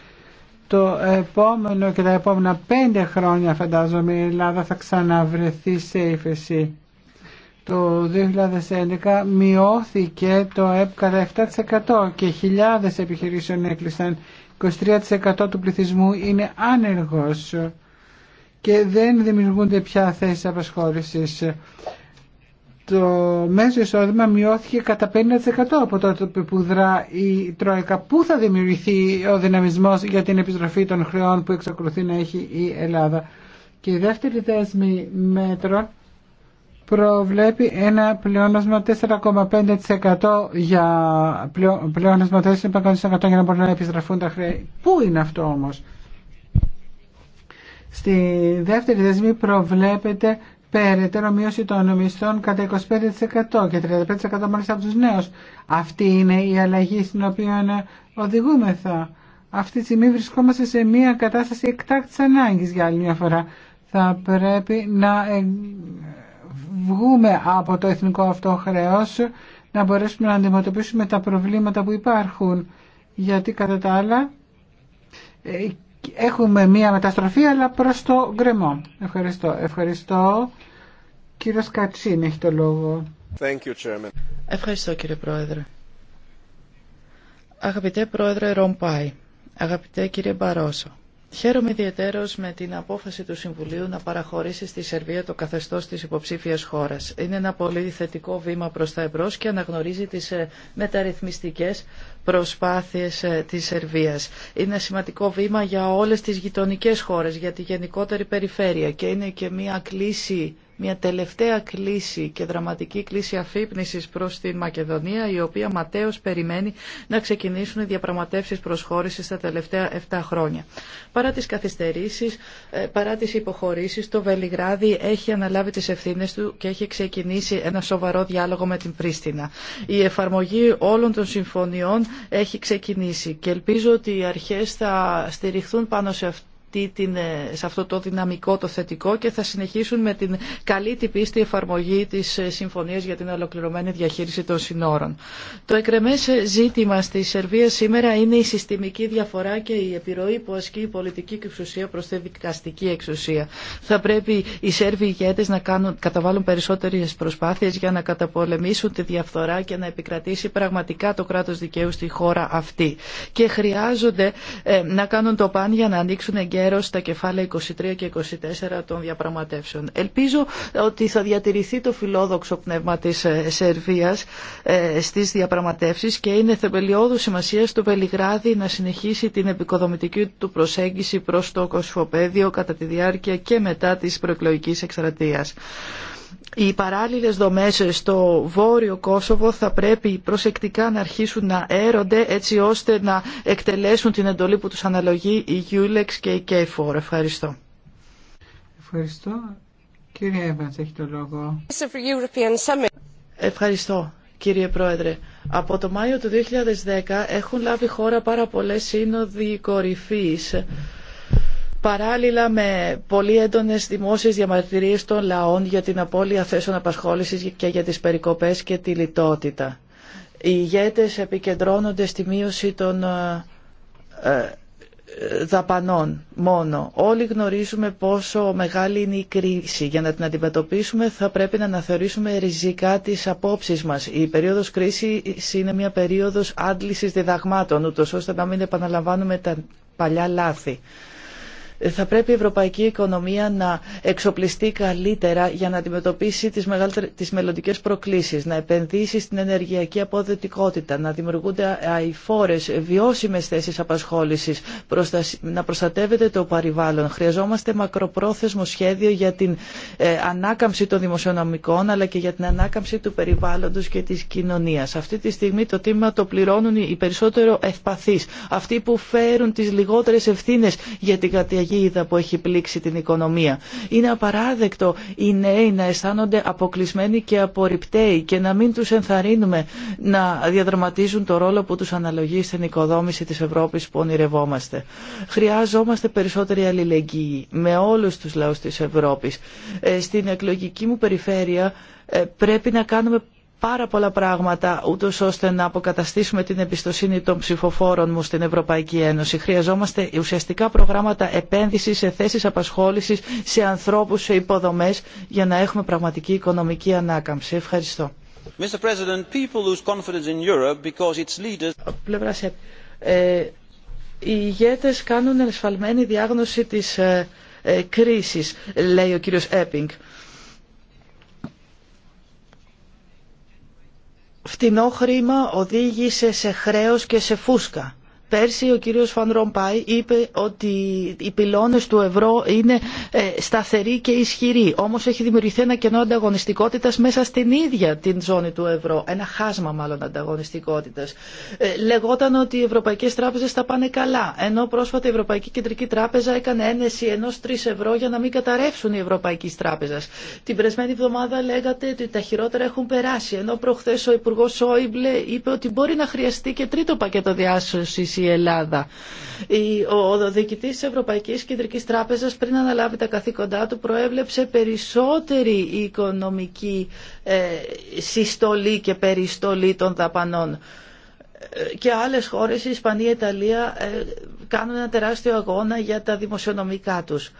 Το επόμενο και τα επόμενα πέντε χρόνια φαντάζομαι η Ελλάδα θα ξαναβρεθεί σε ύφεση το 2011 μειώθηκε το ΕΠ κατά 7% και χιλιάδες επιχειρήσεων έκλεισαν. 23% του πληθυσμού είναι άνεργος και δεν δημιουργούνται πια θέσεις απασχόλησης. Το μέσο εισόδημα μειώθηκε κατά 50% από τότε που δρά η Τρόικα. Πού θα δημιουργηθεί ο δυναμισμός για την επιστροφή των χρεών που εξακολουθεί να έχει η Ελλάδα. Και η δεύτερη δέσμη μέτρων προβλέπει ένα πλεόνασμα 4,5% για πλεόνασμα 4,5% για να μπορούν να επιστραφούν τα χρέη. Πού είναι αυτό όμως. Στη δεύτερη δεσμή προβλέπεται περαιτέρω μείωση των μισθών κατά 25% και 35% μόλις από τους νέους. Αυτή είναι η αλλαγή στην οποία οδηγούμεθα. Αυτή τη στιγμή βρισκόμαστε σε μια κατάσταση εκτάκτης ανάγκης για άλλη μια φορά. Θα πρέπει να ε, βγούμε από το εθνικό αυτό χρέος, να μπορέσουμε να αντιμετωπίσουμε τα προβλήματα που υπάρχουν. Γιατί κατά τα άλλα ε, έχουμε μία μεταστροφή αλλά προς το γκρεμό. Ευχαριστώ. Ευχαριστώ. Κύριος Κατσίν έχει το λόγο. Thank you, Ευχαριστώ κύριε Πρόεδρε. Αγαπητέ Πρόεδρε Ρομπάι, αγαπητέ κύριε Μπαρόσο, Χαίρομαι ιδιαίτερως με την απόφαση του Συμβουλίου να παραχωρήσει στη Σερβία το καθεστώς της υποψήφιας χώρας. Είναι ένα πολύ θετικό βήμα προς τα εμπρός και αναγνωρίζει τις ε, μεταρρυθμιστικές προσπάθειες ε, της Σερβίας. Είναι σημαντικό βήμα για όλες τις γειτονικές χώρες, για τη γενικότερη περιφέρεια και είναι και μια κλίση μια τελευταία κλίση και δραματική κλίση αφύπνισης προς την Μακεδονία, η οποία ματέως περιμένει να ξεκινήσουν οι διαπραγματεύσεις προσχώρησης τα τελευταία 7 χρόνια. Παρά τις καθυστερήσεις, ε, παρά τις υποχωρήσεις, το Βελιγράδι έχει αναλάβει τις ευθύνες του και έχει ξεκινήσει ένα σοβαρό διάλογο με την Πρίστινα. Η εφαρμογή όλων των συμφωνιών έχει ξεκινήσει και ελπίζω ότι οι αρχές θα στηριχθούν πάνω σε αυτό την, ε, σε αυτό το δυναμικό το θετικό και θα συνεχίσουν με την καλή την πίστη εφαρμογή της ε, Συμφωνίας για την Ολοκληρωμένη Διαχείριση των Συνόρων. Το εκρεμές ε, ζήτημα στη Σερβία σήμερα είναι η συστημική διαφορά και η επιρροή που ασκεί η πολιτική εξουσία προς τη δικαστική εξουσία. Θα πρέπει οι Σέρβοι ηγέτες να κάνουν, καταβάλουν περισσότερες προσπάθειες για να καταπολεμήσουν τη διαφθορά και να επικρατήσει πραγματικά το κράτος δικαίου στη χώρα αυτή. Και χρειάζονται να κάνουν το παν για να ανοίξουν εγκαίρες στα κεφάλαια 23 και 24 των διαπραγματεύσεων. Ελπίζω ότι θα διατηρηθεί το φιλόδοξο πνεύμα της ε, Σερβίας ε, στις διαπραγματεύσεις και είναι θεμελιώδου σημασία στο Βελιγράδι να συνεχίσει την επικοδομητική του προσέγγιση προς το κοσφοπέδιο κατά τη διάρκεια και μετά της προεκλογικής εξαρτίας οι παράλληλες δομές στο Βόρειο Κόσοβο θα πρέπει προσεκτικά να αρχίσουν να έρονται έτσι ώστε να εκτελέσουν την εντολή που τους αναλογεί η Γιούλεξ και η ΚΕΦΟΡ. Ευχαριστώ. Ευχαριστώ. Κύριε έχει το λόγο. Ευχαριστώ κύριε Πρόεδρε. Από το Μάιο του 2010 έχουν λάβει χώρα πάρα πολλές σύνοδοι κορυφής παράλληλα με πολύ έντονε δημόσιε διαμαρτυρίε των λαών για την απώλεια θέσεων απασχόληση και για τι περικοπές και τη λιτότητα. Οι ηγέτε επικεντρώνονται στη μείωση των ε, ε, δαπανών μόνο. Όλοι γνωρίζουμε πόσο μεγάλη είναι η κρίση. Για να την αντιμετωπίσουμε θα πρέπει να αναθεωρήσουμε ριζικά τις απόψεις μας. Η περίοδος κρίσης είναι μια περίοδος άντλησης διδαγμάτων, ούτως ώστε να μην επαναλαμβάνουμε τα παλιά λάθη. Θα πρέπει η ευρωπαϊκή οικονομία να εξοπλιστεί καλύτερα για να αντιμετωπίσει τις, τις μελλοντικές προκλήσεις, να επενδύσει στην ενεργειακή αποδοτικότητα, να δημιουργούνται αηφόρες, βιώσιμες θέσεις απασχόλησης, να προστατεύεται το περιβάλλον. Χρειαζόμαστε μακροπρόθεσμο σχέδιο για την ε, ανάκαμψη των δημοσιονομικών αλλά και για την ανάκαμψη του περιβάλλοντος και της κοινωνίας. Αυτή τη στιγμή το τίμημα το πληρώνουν οι περισσότερο ευπαθείς, αυτοί που φέρουν τις λιγότερες ευθύνες για την κατηγορία παγίδα που έχει πλήξει την οικονομία. Είναι απαράδεκτο οι νέοι να αισθάνονται αποκλεισμένοι και απορριπταίοι και να μην τους ενθαρρύνουμε να διαδραματίζουν το ρόλο που τους αναλογεί στην οικοδόμηση της Ευρώπης που ονειρευόμαστε. Χρειάζομαστε περισσότερη αλληλεγγύη με όλους τους λαούς της Ευρώπης. Ε, στην εκλογική μου περιφέρεια ε, πρέπει να κάνουμε πάρα πολλά πράγματα ούτως ώστε να αποκαταστήσουμε την εμπιστοσύνη των ψηφοφόρων μου στην Ευρωπαϊκή Ένωση. Χρειαζόμαστε ουσιαστικά προγράμματα επένδυσης σε θέσεις απασχόλησης, σε ανθρώπους, σε υποδομές για να έχουμε πραγματική οικονομική ανάκαμψη. Ευχαριστώ. οι ηγέτες κάνουν ασφαλμένη διάγνωση της ε, ε, κρίσης, λέει ο κύριος Έπινγκ. φτηνό χρήμα οδήγησε σε χρέος και σε φούσκα. Πέρσι ο κύριος Φαν Ρομπάι είπε ότι οι πυλώνες του ευρώ είναι ε, σταθεροί και ισχυροί. Όμως έχει δημιουργηθεί ένα κενό ανταγωνιστικότητας μέσα στην ίδια την ζώνη του ευρώ. Ένα χάσμα μάλλον ανταγωνιστικότητας. Ε, λεγόταν ότι οι ευρωπαϊκές τράπεζες θα πάνε καλά. Ενώ πρόσφατα η Ευρωπαϊκή Κεντρική Τράπεζα έκανε ένεση ενός 3 ευρώ για να μην καταρρεύσουν οι Ευρωπαϊκή Τράπεζα. Την περασμένη εβδομάδα λέγατε ότι τα χειρότερα έχουν περάσει. Ενώ προχθές ο Υπουργό Σόιμπλε είπε ότι μπορεί να χρειαστεί και τρίτο πακέτο διάσωση η Ελλάδα. Ο διοικητή τη Ευρωπαϊκή Κεντρική Τράπεζα πριν αναλάβει τα καθήκοντά του προέβλεψε περισσότερη οικονομική ε, συστολή και περιστολή των δαπανών ε, και άλλες χώρες, η Ισπανία, η Ιταλία, ε, κάνουν ένα τεράστιο αγώνα για τα δημοσιονομικά τους.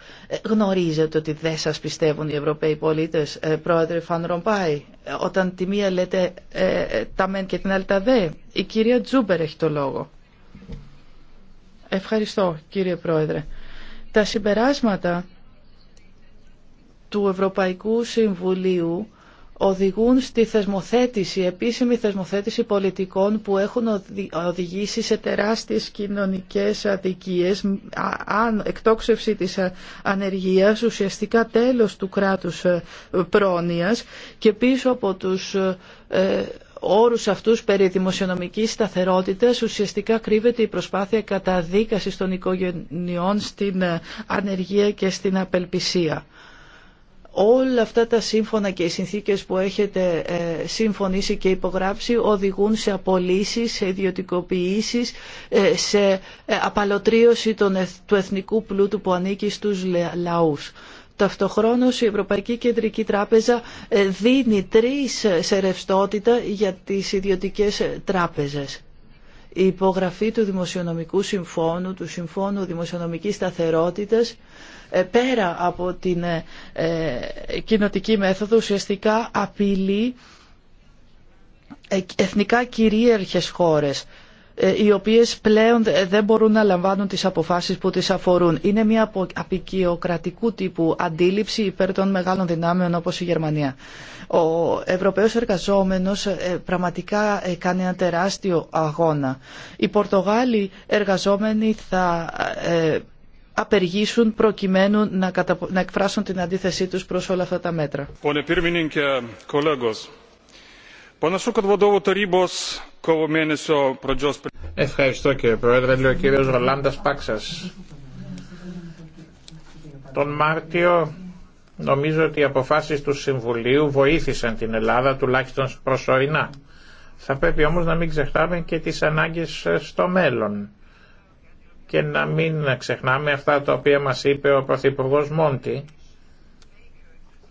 γνωρίζετε ότι δεν σας πιστεύουν οι Ευρωπαίοι πολίτες, πρόεδρε Φαν όταν τη μία λέτε τα μεν και την άλλη τα δε. Η κυρία Τζούμπερ έχει το λόγο. Ευχαριστώ κύριε Πρόεδρε. Τα συμπεράσματα του Ευρωπαϊκού Συμβουλίου οδηγούν στη θεσμοθέτηση, επίσημη θεσμοθέτηση πολιτικών που έχουν οδηγήσει σε τεράστιες κοινωνικές αδικίες, αν εκτόξευση της ανεργίας, ουσιαστικά τέλος του κράτους ε, πρόνοιας και πίσω από τους ε, όρους αυτούς περί δημοσιονομικής σταθερότητας ουσιαστικά κρύβεται η προσπάθεια καταδίκασης των οικογενειών στην ε, ανεργία και στην απελπισία. Όλα αυτά τα σύμφωνα και οι συνθήκες που έχετε ε, συμφωνήσει και υπογράψει οδηγούν σε απολύσεις, σε ιδιωτικοποιήσεις, ε, σε απαλωτρίωση του εθνικού πλούτου που ανήκει στους λαούς. Ταυτοχρόνως η Ευρωπαϊκή Κεντρική Τράπεζα ε, δίνει τρεις ε, σε ρευστότητα για τις ιδιωτικές ε, τράπεζες. Η υπογραφή του Δημοσιονομικού Συμφώνου, του Συμφώνου Δημοσιονομικής Σταθερότητας, πέρα από την κοινοτική μέθοδο, ουσιαστικά απειλεί εθνικά κυρίαρχες χώρες ε, οι οποίες πλέον δεν μπορούν να λαμβάνουν τις αποφάσεις που τις αφορούν. Είναι μια απικιοκρατικού τύπου αντίληψη υπέρ των μεγάλων δυνάμεων όπως η Γερμανία. Ο Ευρωπαίος εργαζόμενος ε, πραγματικά ε, κάνει ένα τεράστιο αγώνα. Οι Πορτογάλοι εργαζόμενοι θα απεργήσουν προκειμένου να, εκφράσουν την αντίθεσή τους προς όλα αυτά τα μέτρα. Ευχαριστώ κύριε Πρόεδρε. Λέει ο κύριος Ρολάντας Πάξας. Τον Μάρτιο νομίζω ότι οι αποφάσεις του Συμβουλίου βοήθησαν την Ελλάδα τουλάχιστον προσωρινά. Θα πρέπει όμως να μην ξεχνάμε και τις ανάγκες στο μέλλον και να μην ξεχνάμε αυτά τα οποία μας είπε ο Πρωθυπουργός Μόντι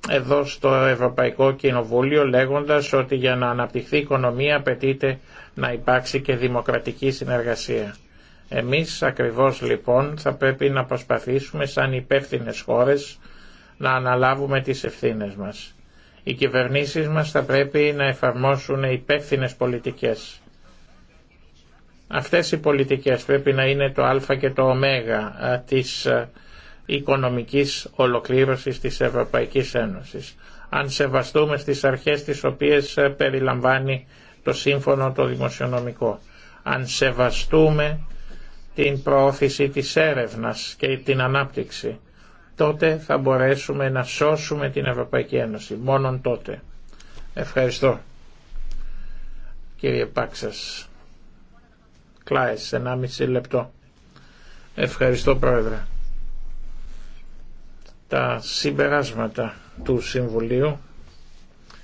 εδώ στο Ευρωπαϊκό Κοινοβούλιο λέγοντας ότι για να αναπτυχθεί η οικονομία απαιτείται να υπάρξει και δημοκρατική συνεργασία. Εμείς ακριβώς λοιπόν θα πρέπει να προσπαθήσουμε σαν υπεύθυνε χώρες να αναλάβουμε τις ευθύνες μας. Οι κυβερνήσεις μας θα πρέπει να εφαρμόσουν υπεύθυνε πολιτικές. Αυτές οι πολιτικές πρέπει να είναι το α και το ω ε, της ε, οικονομικής ολοκλήρωσης της Ευρωπαϊκής Ένωσης. Αν σεβαστούμε στις αρχές τις οποίες ε, περιλαμβάνει το σύμφωνο το δημοσιονομικό. Αν σεβαστούμε την προώθηση της έρευνας και την ανάπτυξη, τότε θα μπορέσουμε να σώσουμε την Ευρωπαϊκή Ένωση. Μόνον τότε. Ευχαριστώ. Κύριε Πάξας. Κλάες, 1,5 λεπτό. Ευχαριστώ Πρόεδρε τα συμπεράσματα του Συμβουλίου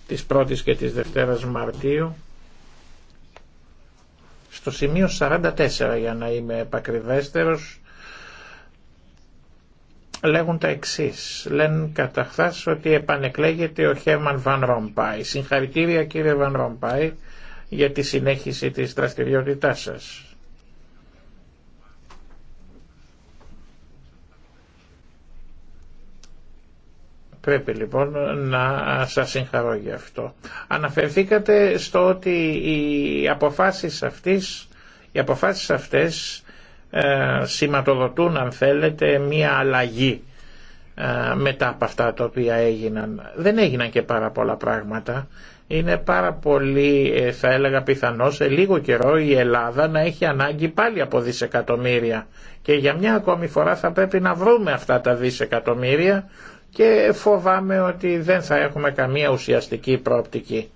της 1ης και της 2ης Μαρτίου στο σημείο 44 για να είμαι επακριβέστερος λέγουν τα εξής. Λένε καταχθάς ότι επανεκλέγεται ο Χέρμαν Βαν Ρομπάι. Συγχαρητήρια κύριε Βαν Ρομπάι για τη συνέχιση της δραστηριότητάς σας. Πρέπει λοιπόν να σας συγχαρώ για αυτό. Αναφερθήκατε στο ότι οι αποφάσεις, αυτής, οι αποφάσεις αυτές ε, σηματοδοτούν αν θέλετε μία αλλαγή ε, μετά από αυτά τα οποία έγιναν. Δεν έγιναν και πάρα πολλά πράγματα. Είναι πάρα πολύ ε, θα έλεγα πιθανό σε λίγο καιρό η Ελλάδα να έχει ανάγκη πάλι από δισεκατομμύρια και για μια ακόμη φορά θα πρέπει να βρούμε αυτά τα δισεκατομμύρια και φοβάμαι ότι δεν θα έχουμε καμία ουσιαστική προοπτική.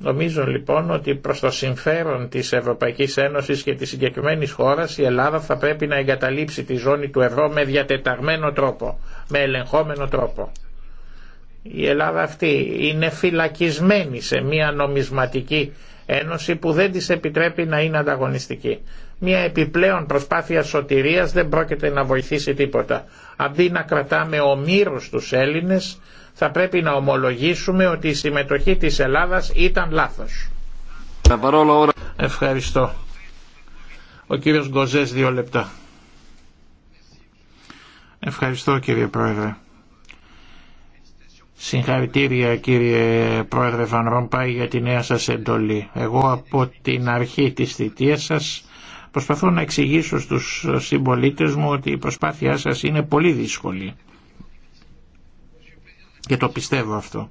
Νομίζω λοιπόν ότι προς το συμφέρον της Ευρωπαϊκής Ένωσης και της συγκεκριμένη χώρας η Ελλάδα θα πρέπει να εγκαταλείψει τη ζώνη του ευρώ με διατεταγμένο τρόπο, με ελεγχόμενο τρόπο. Η Ελλάδα αυτή είναι φυλακισμένη σε μια νομισματική ένωση που δεν της επιτρέπει να είναι ανταγωνιστική μια επιπλέον προσπάθεια σωτηρίας δεν πρόκειται να βοηθήσει τίποτα. Αντί να κρατάμε ομήρους τους Έλληνες, θα πρέπει να ομολογήσουμε ότι η συμμετοχή της Ελλάδας ήταν λάθος. Ευχαριστώ. Ο κύριος Γκοζές δύο λεπτά. Ευχαριστώ κύριε Πρόεδρε. Συγχαρητήρια κύριε Πρόεδρε Βαν για τη νέα σας εντολή. Εγώ από την αρχή της θητείας σας Προσπαθώ να εξηγήσω στους συμπολίτες μου ότι η προσπάθειά σας είναι πολύ δύσκολη. Και το πιστεύω αυτό.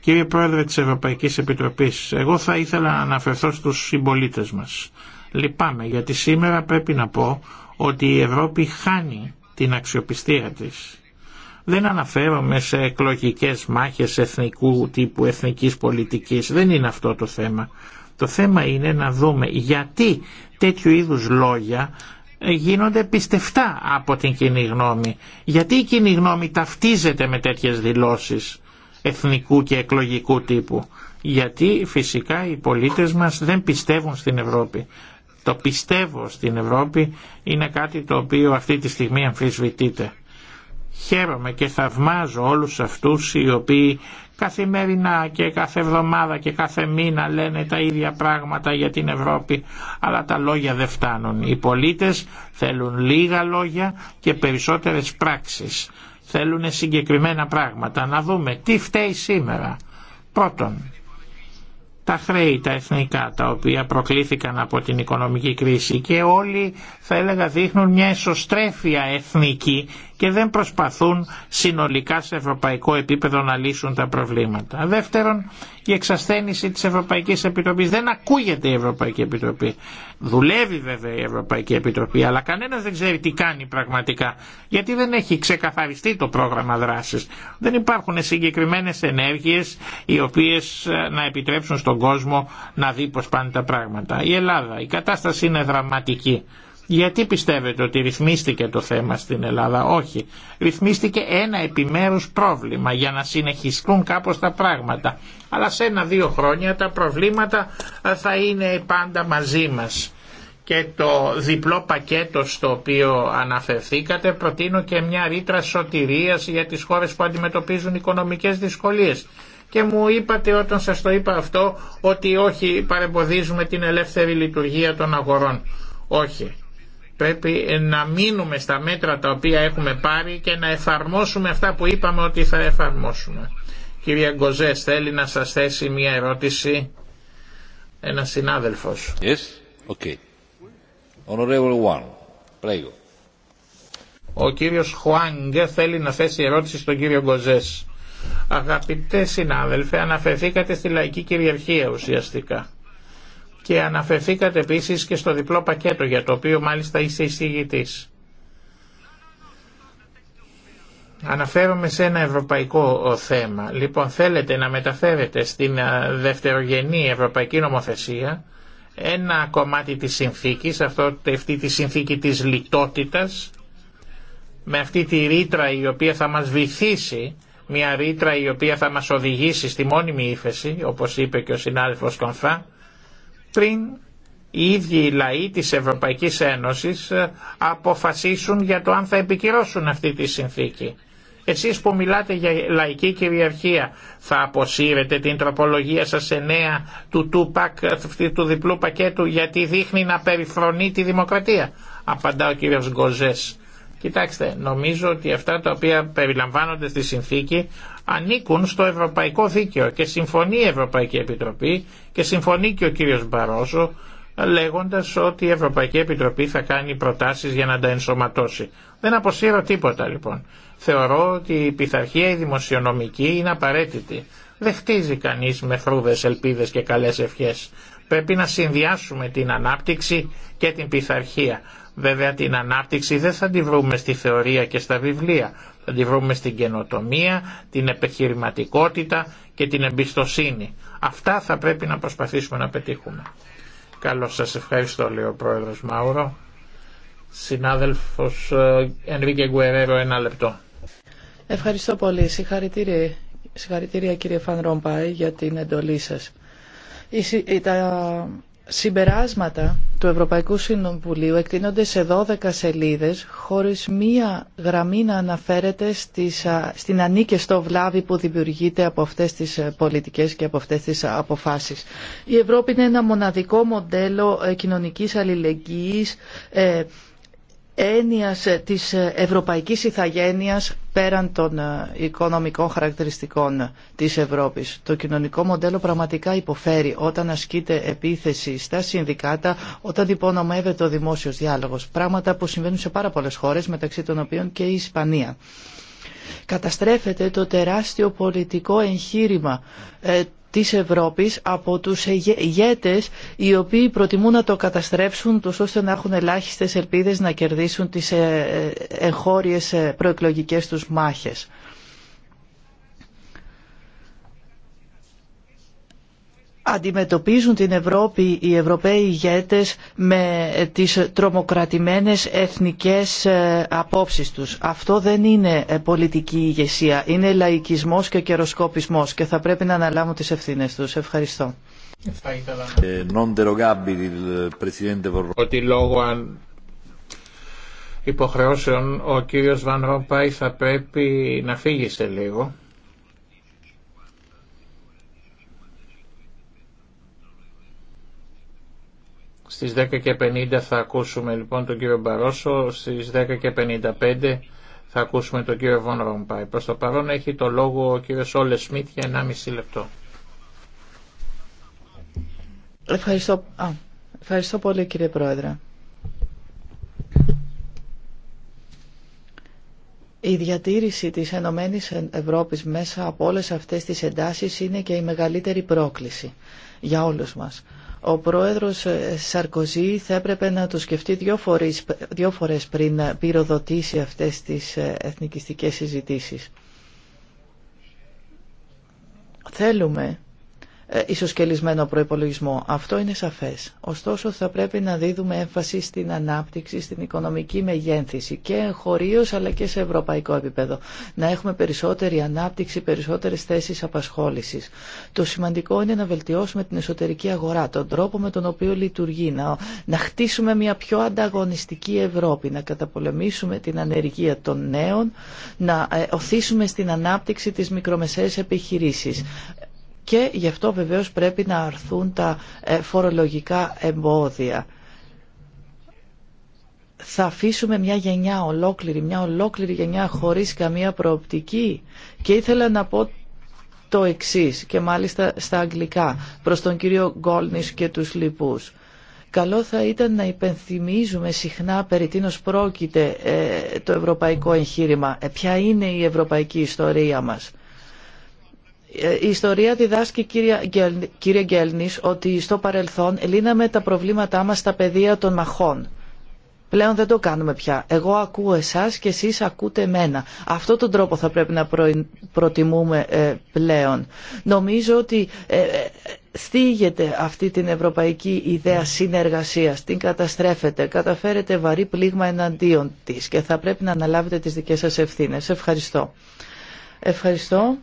Κύριε Πρόεδρε της Ευρωπαϊκής Επιτροπής, εγώ θα ήθελα να αναφερθώ στους συμπολίτες μας. Λυπάμαι γιατί σήμερα πρέπει να πω ότι η Ευρώπη χάνει την αξιοπιστία της. Δεν αναφέρομαι σε εκλογικές μάχες εθνικού τύπου, εθνικής πολιτικής. Δεν είναι αυτό το θέμα. Το θέμα είναι να δούμε γιατί τέτοιου είδους λόγια ε, γίνονται πιστευτά από την κοινή γνώμη. Γιατί η κοινή γνώμη ταυτίζεται με τέτοιες δηλώσεις εθνικού και εκλογικού τύπου. Γιατί φυσικά οι πολίτες μας δεν πιστεύουν στην Ευρώπη. Το πιστεύω στην Ευρώπη είναι κάτι το οποίο αυτή τη στιγμή αμφισβητείται. Χαίρομαι και θαυμάζω όλους αυτούς οι οποίοι Καθημερινά και κάθε εβδομάδα και κάθε μήνα λένε τα ίδια πράγματα για την Ευρώπη, αλλά τα λόγια δεν φτάνουν. Οι πολίτες θέλουν λίγα λόγια και περισσότερες πράξεις. Θέλουν συγκεκριμένα πράγματα. Να δούμε τι φταίει σήμερα. Πρώτον, τα χρέη τα εθνικά τα οποία προκλήθηκαν από την οικονομική κρίση και όλοι θα έλεγα δείχνουν μια εσωστρέφεια εθνική και δεν προσπαθούν συνολικά σε ευρωπαϊκό επίπεδο να λύσουν τα προβλήματα. Δεύτερον, η εξασθένηση της Ευρωπαϊκής Επιτροπής. Δεν ακούγεται η Ευρωπαϊκή Επιτροπή. Δουλεύει βέβαια η Ευρωπαϊκή Επιτροπή, αλλά κανένας δεν ξέρει τι κάνει πραγματικά, γιατί δεν έχει ξεκαθαριστεί το πρόγραμμα δράσης. Δεν υπάρχουν συγκεκριμένες ενέργειες οι οποίες ε, να επιτρέψουν στον κόσμο να δει πώς πάνε τα πράγματα. Η Ελλάδα, η κατάσταση είναι δραματική. Γιατί πιστεύετε ότι ρυθμίστηκε το θέμα στην Ελλάδα. Όχι. Ρυθμίστηκε ένα επιμέρους πρόβλημα για να συνεχιστούν κάπως τα πράγματα. Αλλά σε ένα-δύο χρόνια τα προβλήματα ε, θα είναι πάντα μαζί μας. Και το διπλό πακέτο στο οποίο αναφερθήκατε προτείνω και μια ρήτρα σωτηρίας για τις χώρες που αντιμετωπίζουν οικονομικές δυσκολίες και μου είπατε όταν σας το είπα αυτό ότι όχι παρεμποδίζουμε την ελεύθερη λειτουργία των αγορών. Όχι. Πρέπει να μείνουμε στα μέτρα τα οποία έχουμε πάρει και να εφαρμόσουμε αυτά που είπαμε ότι θα εφαρμόσουμε. Κύριε Γκοζές, θέλει να σας θέσει μια ερώτηση ένα συνάδελφος. Yes, okay. Honorable one, prego. Ο κύριος Χουάνγκε θέλει να θέσει ερώτηση στον κύριο Γκοζές. Αγαπητέ συνάδελφε, αναφερθήκατε στη λαϊκή κυριαρχία ουσιαστικά και αναφερθήκατε επίσης και στο διπλό πακέτο για το οποίο μάλιστα είστε εισηγητής. Αναφέρομαι σε ένα ευρωπαϊκό θέμα. Λοιπόν, θέλετε να μεταφέρετε στην δευτερογενή ευρωπαϊκή νομοθεσία ένα κομμάτι της συνθήκης, αυτό, αυτή τη συνθήκη της λιτότητας, με αυτή τη ρήτρα η οποία θα μας βυθίσει, μια ρήτρα η οποία θα μας οδηγήσει στη μόνιμη ύφεση, όπως είπε και ο συνάδελφος Κονφά, πριν οι ίδιοι οι λαοί της Ευρωπαϊκής Ένωσης ε, αποφασίσουν για το αν θα επικυρώσουν αυτή τη συνθήκη. Εσείς που μιλάτε για λαϊκή κυριαρχία θα αποσύρετε την τροπολογία σας εννέα του, του, πακ, του διπλού πακέτου γιατί δείχνει να περιφρονεί τη δημοκρατία. Απαντά ο κύριος Γκοζές. Κοιτάξτε, νομίζω ότι αυτά τα οποία περιλαμβάνονται στη συνθήκη ανήκουν στο ευρωπαϊκό δίκαιο και συμφωνεί η Ευρωπαϊκή Επιτροπή και συμφωνεί και ο κύριος Μπαρόζο λέγοντας ότι η Ευρωπαϊκή Επιτροπή θα κάνει προτάσεις για να τα ενσωματώσει. Δεν αποσύρω τίποτα λοιπόν. Θεωρώ ότι η πειθαρχία η δημοσιονομική είναι απαραίτητη. Δεν χτίζει κανείς με φρούδες, ελπίδες και καλές ευχές. Πρέπει να συνδυάσουμε την ανάπτυξη και την πειθαρχία. Βέβαια την ανάπτυξη δεν θα τη βρούμε στη θεωρία και στα βιβλία, θα τη βρούμε στην καινοτομία, την επιχειρηματικότητα και την εμπιστοσύνη. Αυτά θα πρέπει να προσπαθήσουμε να πετύχουμε. Καλώς σας ευχαριστώ λέει ο πρόεδρος Μάουρο. Συνάδελφος ε, Ενρίκε Γκουερέρο ένα λεπτό. Ευχαριστώ πολύ. Συγχαρητήρια, συγχαρητήρια κύριε Φαν για την εντολή σας. Η, τα συμπεράσματα του Ευρωπαϊκού Συνομπουλίου εκτείνονται σε 12 σελίδες χωρίς μία γραμμή να αναφέρεται στις, στην ανίκεστο βλάβη που δημιουργείται από αυτές τις ε, πολιτικές και από αυτές τις ε, αποφάσεις. Η Ευρώπη είναι ένα μοναδικό μοντέλο ε, κοινωνικής αλληλεγγύης, έννοιας της ευρωπαϊκής ηθαγένειας πέραν των ε, οικονομικών χαρακτηριστικών της Ευρώπης. Το κοινωνικό μοντέλο πραγματικά υποφέρει όταν ασκείται επίθεση στα συνδικάτα, όταν υπονομεύεται ο δημόσιος διάλογος. Πράγματα που συμβαίνουν σε πάρα πολλές χώρες, μεταξύ των οποίων και η Ισπανία. Καταστρέφεται το τεράστιο πολιτικό εγχείρημα ε, της Ευρώπης από τους ηγέτες οι οποίοι προτιμούν να το καταστρέψουν τους ώστε να έχουν ελάχιστες ελπίδες να κερδίσουν τις ε, ε, εγχώριες ε, προεκλογικές τους μάχες. αντιμετωπίζουν την Ευρώπη οι Ευρωπαίοι ηγέτες με τις τρομοκρατημένες εθνικές ε, απόψεις τους. Αυτό δεν είναι ε, πολιτική ηγεσία, είναι λαϊκισμός και καιροσκοπισμός και θα πρέπει να αναλάβουν τις ευθύνες τους. Ευχαριστώ. Ε, Ότι λόγω αν υποχρεώσεων ο κύριος Βαν Ρομπάι θα πρέπει να φύγει σε λίγο. Στις 10.50 θα ακούσουμε λοιπόν τον κύριο Μπαρόσο, στις 10.55 θα ακούσουμε τον κύριο Βον Ρομπάι. Προς το παρόν έχει το λόγο ο κύριος Όλε Σμίτ για 1,5 λεπτό. Ευχαριστώ. Α, ευχαριστώ πολύ κύριε Πρόεδρε. Η διατήρηση της Ενωμένης Ευρώπης μέσα από όλες αυτές τις εντάσεις είναι και η μεγαλύτερη πρόκληση για όλους μας. Ο πρόεδρος ε, Σαρκοζή θα έπρεπε να το σκεφτεί δύο φορές, πριν να πυροδοτήσει αυτές τις ε, εθνικιστικές συζητήσεις. Θέλουμε ε, ισοσκελισμένο προϋπολογισμό. Αυτό είναι σαφές. Ωστόσο θα πρέπει να δίδουμε έμφαση στην ανάπτυξη, στην οικονομική μεγένθηση και χωρίως αλλά και σε ευρωπαϊκό επίπεδο. Να έχουμε περισσότερη ανάπτυξη, περισσότερες θέσεις απασχόλησης. Το σημαντικό είναι να βελτιώσουμε την εσωτερική αγορά, τον τρόπο με τον οποίο λειτουργεί, να, να χτίσουμε μια πιο ανταγωνιστική Ευρώπη, να καταπολεμήσουμε την ανεργία των νέων, να ε, οθήσουμε στην ανάπτυξη τις μικρομεσαίες επιχειρήσεις και γι' αυτό βεβαίως πρέπει να αρθούν τα ε, φορολογικά εμπόδια. Θα αφήσουμε μια γενιά ολόκληρη, μια ολόκληρη γενιά χωρίς καμία προοπτική. Και ήθελα να πω το εξής και μάλιστα στα αγγλικά προς τον κύριο Γκόλνης και τους λοιπούς. Καλό θα ήταν να υπενθυμίζουμε συχνά περί τίνος πρόκειται ε, το ευρωπαϊκό εγχείρημα, ε, ποια είναι η ευρωπαϊκή ιστορία μας. Ε, η ιστορία διδάσκει κύριε Γκέλνης ότι στο παρελθόν λύναμε τα προβλήματά μας στα πεδία των μαχών. Πλέον δεν το κάνουμε πια. Εγώ ακούω εσάς και εσείς ακούτε εμένα. Αυτό τον τρόπο θα πρέπει να προτιμούμε ε, πλέον. Νομίζω ότι στίγεται ε, αυτή την ευρωπαϊκή ιδέα συνεργασίας, την καταστρέφεται, καταφέρετε βαρύ πλήγμα εναντίον της και θα πρέπει να αναλάβετε τις δικές σας ευθύνες. Ευχαριστώ. Ευχαριστώ.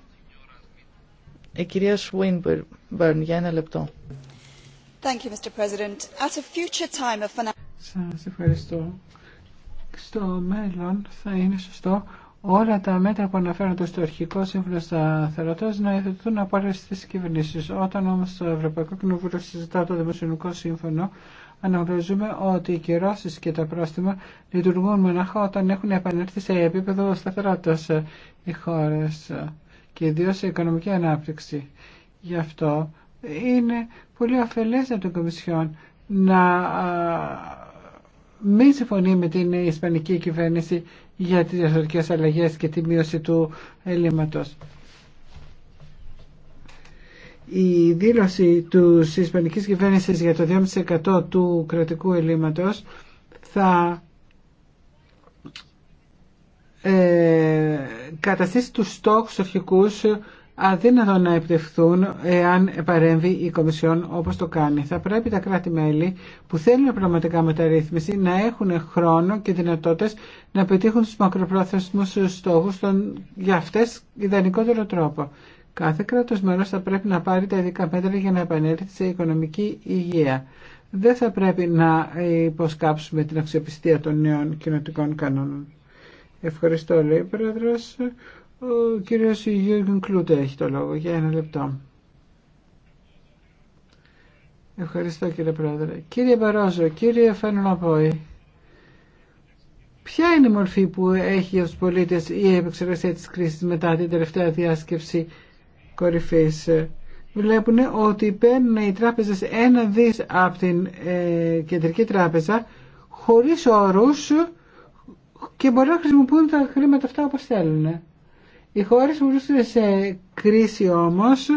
Η ε, κυρία Σουίνμπερν, για ένα λεπτό. Σας ευχαριστώ. Στο μέλλον θα είναι σωστό όλα τα μέτρα που αναφέρονται στο αρχικό σύμφωνο σταθερότητα να υιοθετηθούν από όλε τι κυβερνήσει. Όταν όμω το Ευρωπαϊκό Κοινοβούλιο συζητά το Δημοσιονομικό Σύμφωνο, αναγνωρίζουμε ότι οι κυρώσει και τα πρόστιμα λειτουργούν μονάχα όταν έχουν επανέλθει σε επίπεδο σταθερότητα οι χώρε και ιδίως σε οικονομική ανάπτυξη. Γι' αυτό είναι πολύ αφελές από τον Κομισιόν να μην συμφωνεί με την Ισπανική κυβέρνηση για τις διαστορικές αλλαγές και τη μείωση του ελλείμματος. Η δήλωση του Ισπανικής κυβέρνησης για το 2% του κρατικού ελλείμματος θα ε, καταστήσει τους στόχους αρχικούς αδύνατο να επιτευχθούν εάν παρέμβει η Κομισιόν όπως το κάνει. Θα πρέπει τα κράτη-μέλη που θέλουν πραγματικά μεταρρύθμιση να έχουν χρόνο και δυνατότητες να πετύχουν τους μακροπρόθεσμους στόχους των, για αυτές ιδανικότερο τρόπο. Κάθε κράτος μέλος θα πρέπει να πάρει τα ειδικά μέτρα για να επανέλθει σε οικονομική υγεία. Δεν θα πρέπει να υποσκάψουμε την αξιοπιστία των νέων κοινοτικών κανόνων. Ευχαριστώ, λέει πρόεδρος. Ο κύριος Γιώργιν Κλούτε έχει το λόγο για ένα λεπτό. Ευχαριστώ κύριε Πρόεδρε. Κύριε Παρόζο, κύριε Φανουλαπόη, ποια είναι η μορφή που έχει για τους πολίτες η επεξεργασία της κρίσης μετά την τελευταία διάσκεψη κορυφής. Βλέπουν ότι παίρνουν οι τράπεζες ένα δις από την ε, κεντρική τράπεζα χωρίς όρους και μπορούν να χρησιμοποιούν τα χρήματα αυτά όπως θέλουν. Οι χώρες που βρίσκονται σε κρίση όμως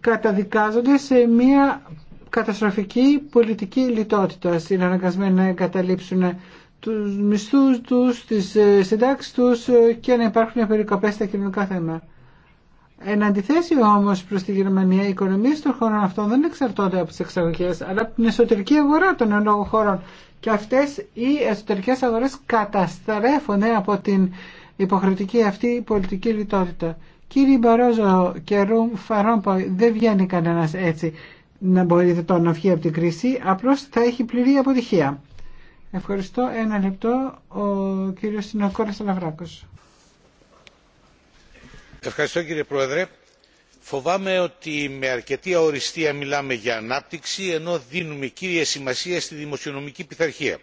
καταδικάζονται σε μια καταστροφική πολιτική λιτότητα. Είναι αναγκασμένη να εγκαταλείψουν τους μισθούς τους, τις ε, συντάξεις τους ε, και να υπάρχουν περικοπές στα κοινωνικά θέματα. Εν αντιθέσει όμω προ τη Γερμανία, οι οικονομίε των χωρών αυτών δεν εξαρτώνται από τι εξαγωγέ, αλλά από την εσωτερική αγορά των εν χωρών. Και αυτέ οι εσωτερικέ αγορέ καταστρέφονται από την υποχρεωτική αυτή πολιτική λιτότητα. Κύριε Μπαρόζο και Ρουμ Φαρόμπα, δεν βγαίνει κανένα έτσι να μπορεί το να βγει από την κρίση, απλώ θα έχει πληρή αποτυχία. Ευχαριστώ. Ένα λεπτό. Ο κύριο Συνοκόρας Αλαβράκο κύριε πρόεδρε φοβάμαι ότι με αρκετή αοριστία μιλάμε για ανάπτυξη ενώ δίνουμε κύρια σημασία στη δημοσιονομική πειθαρχία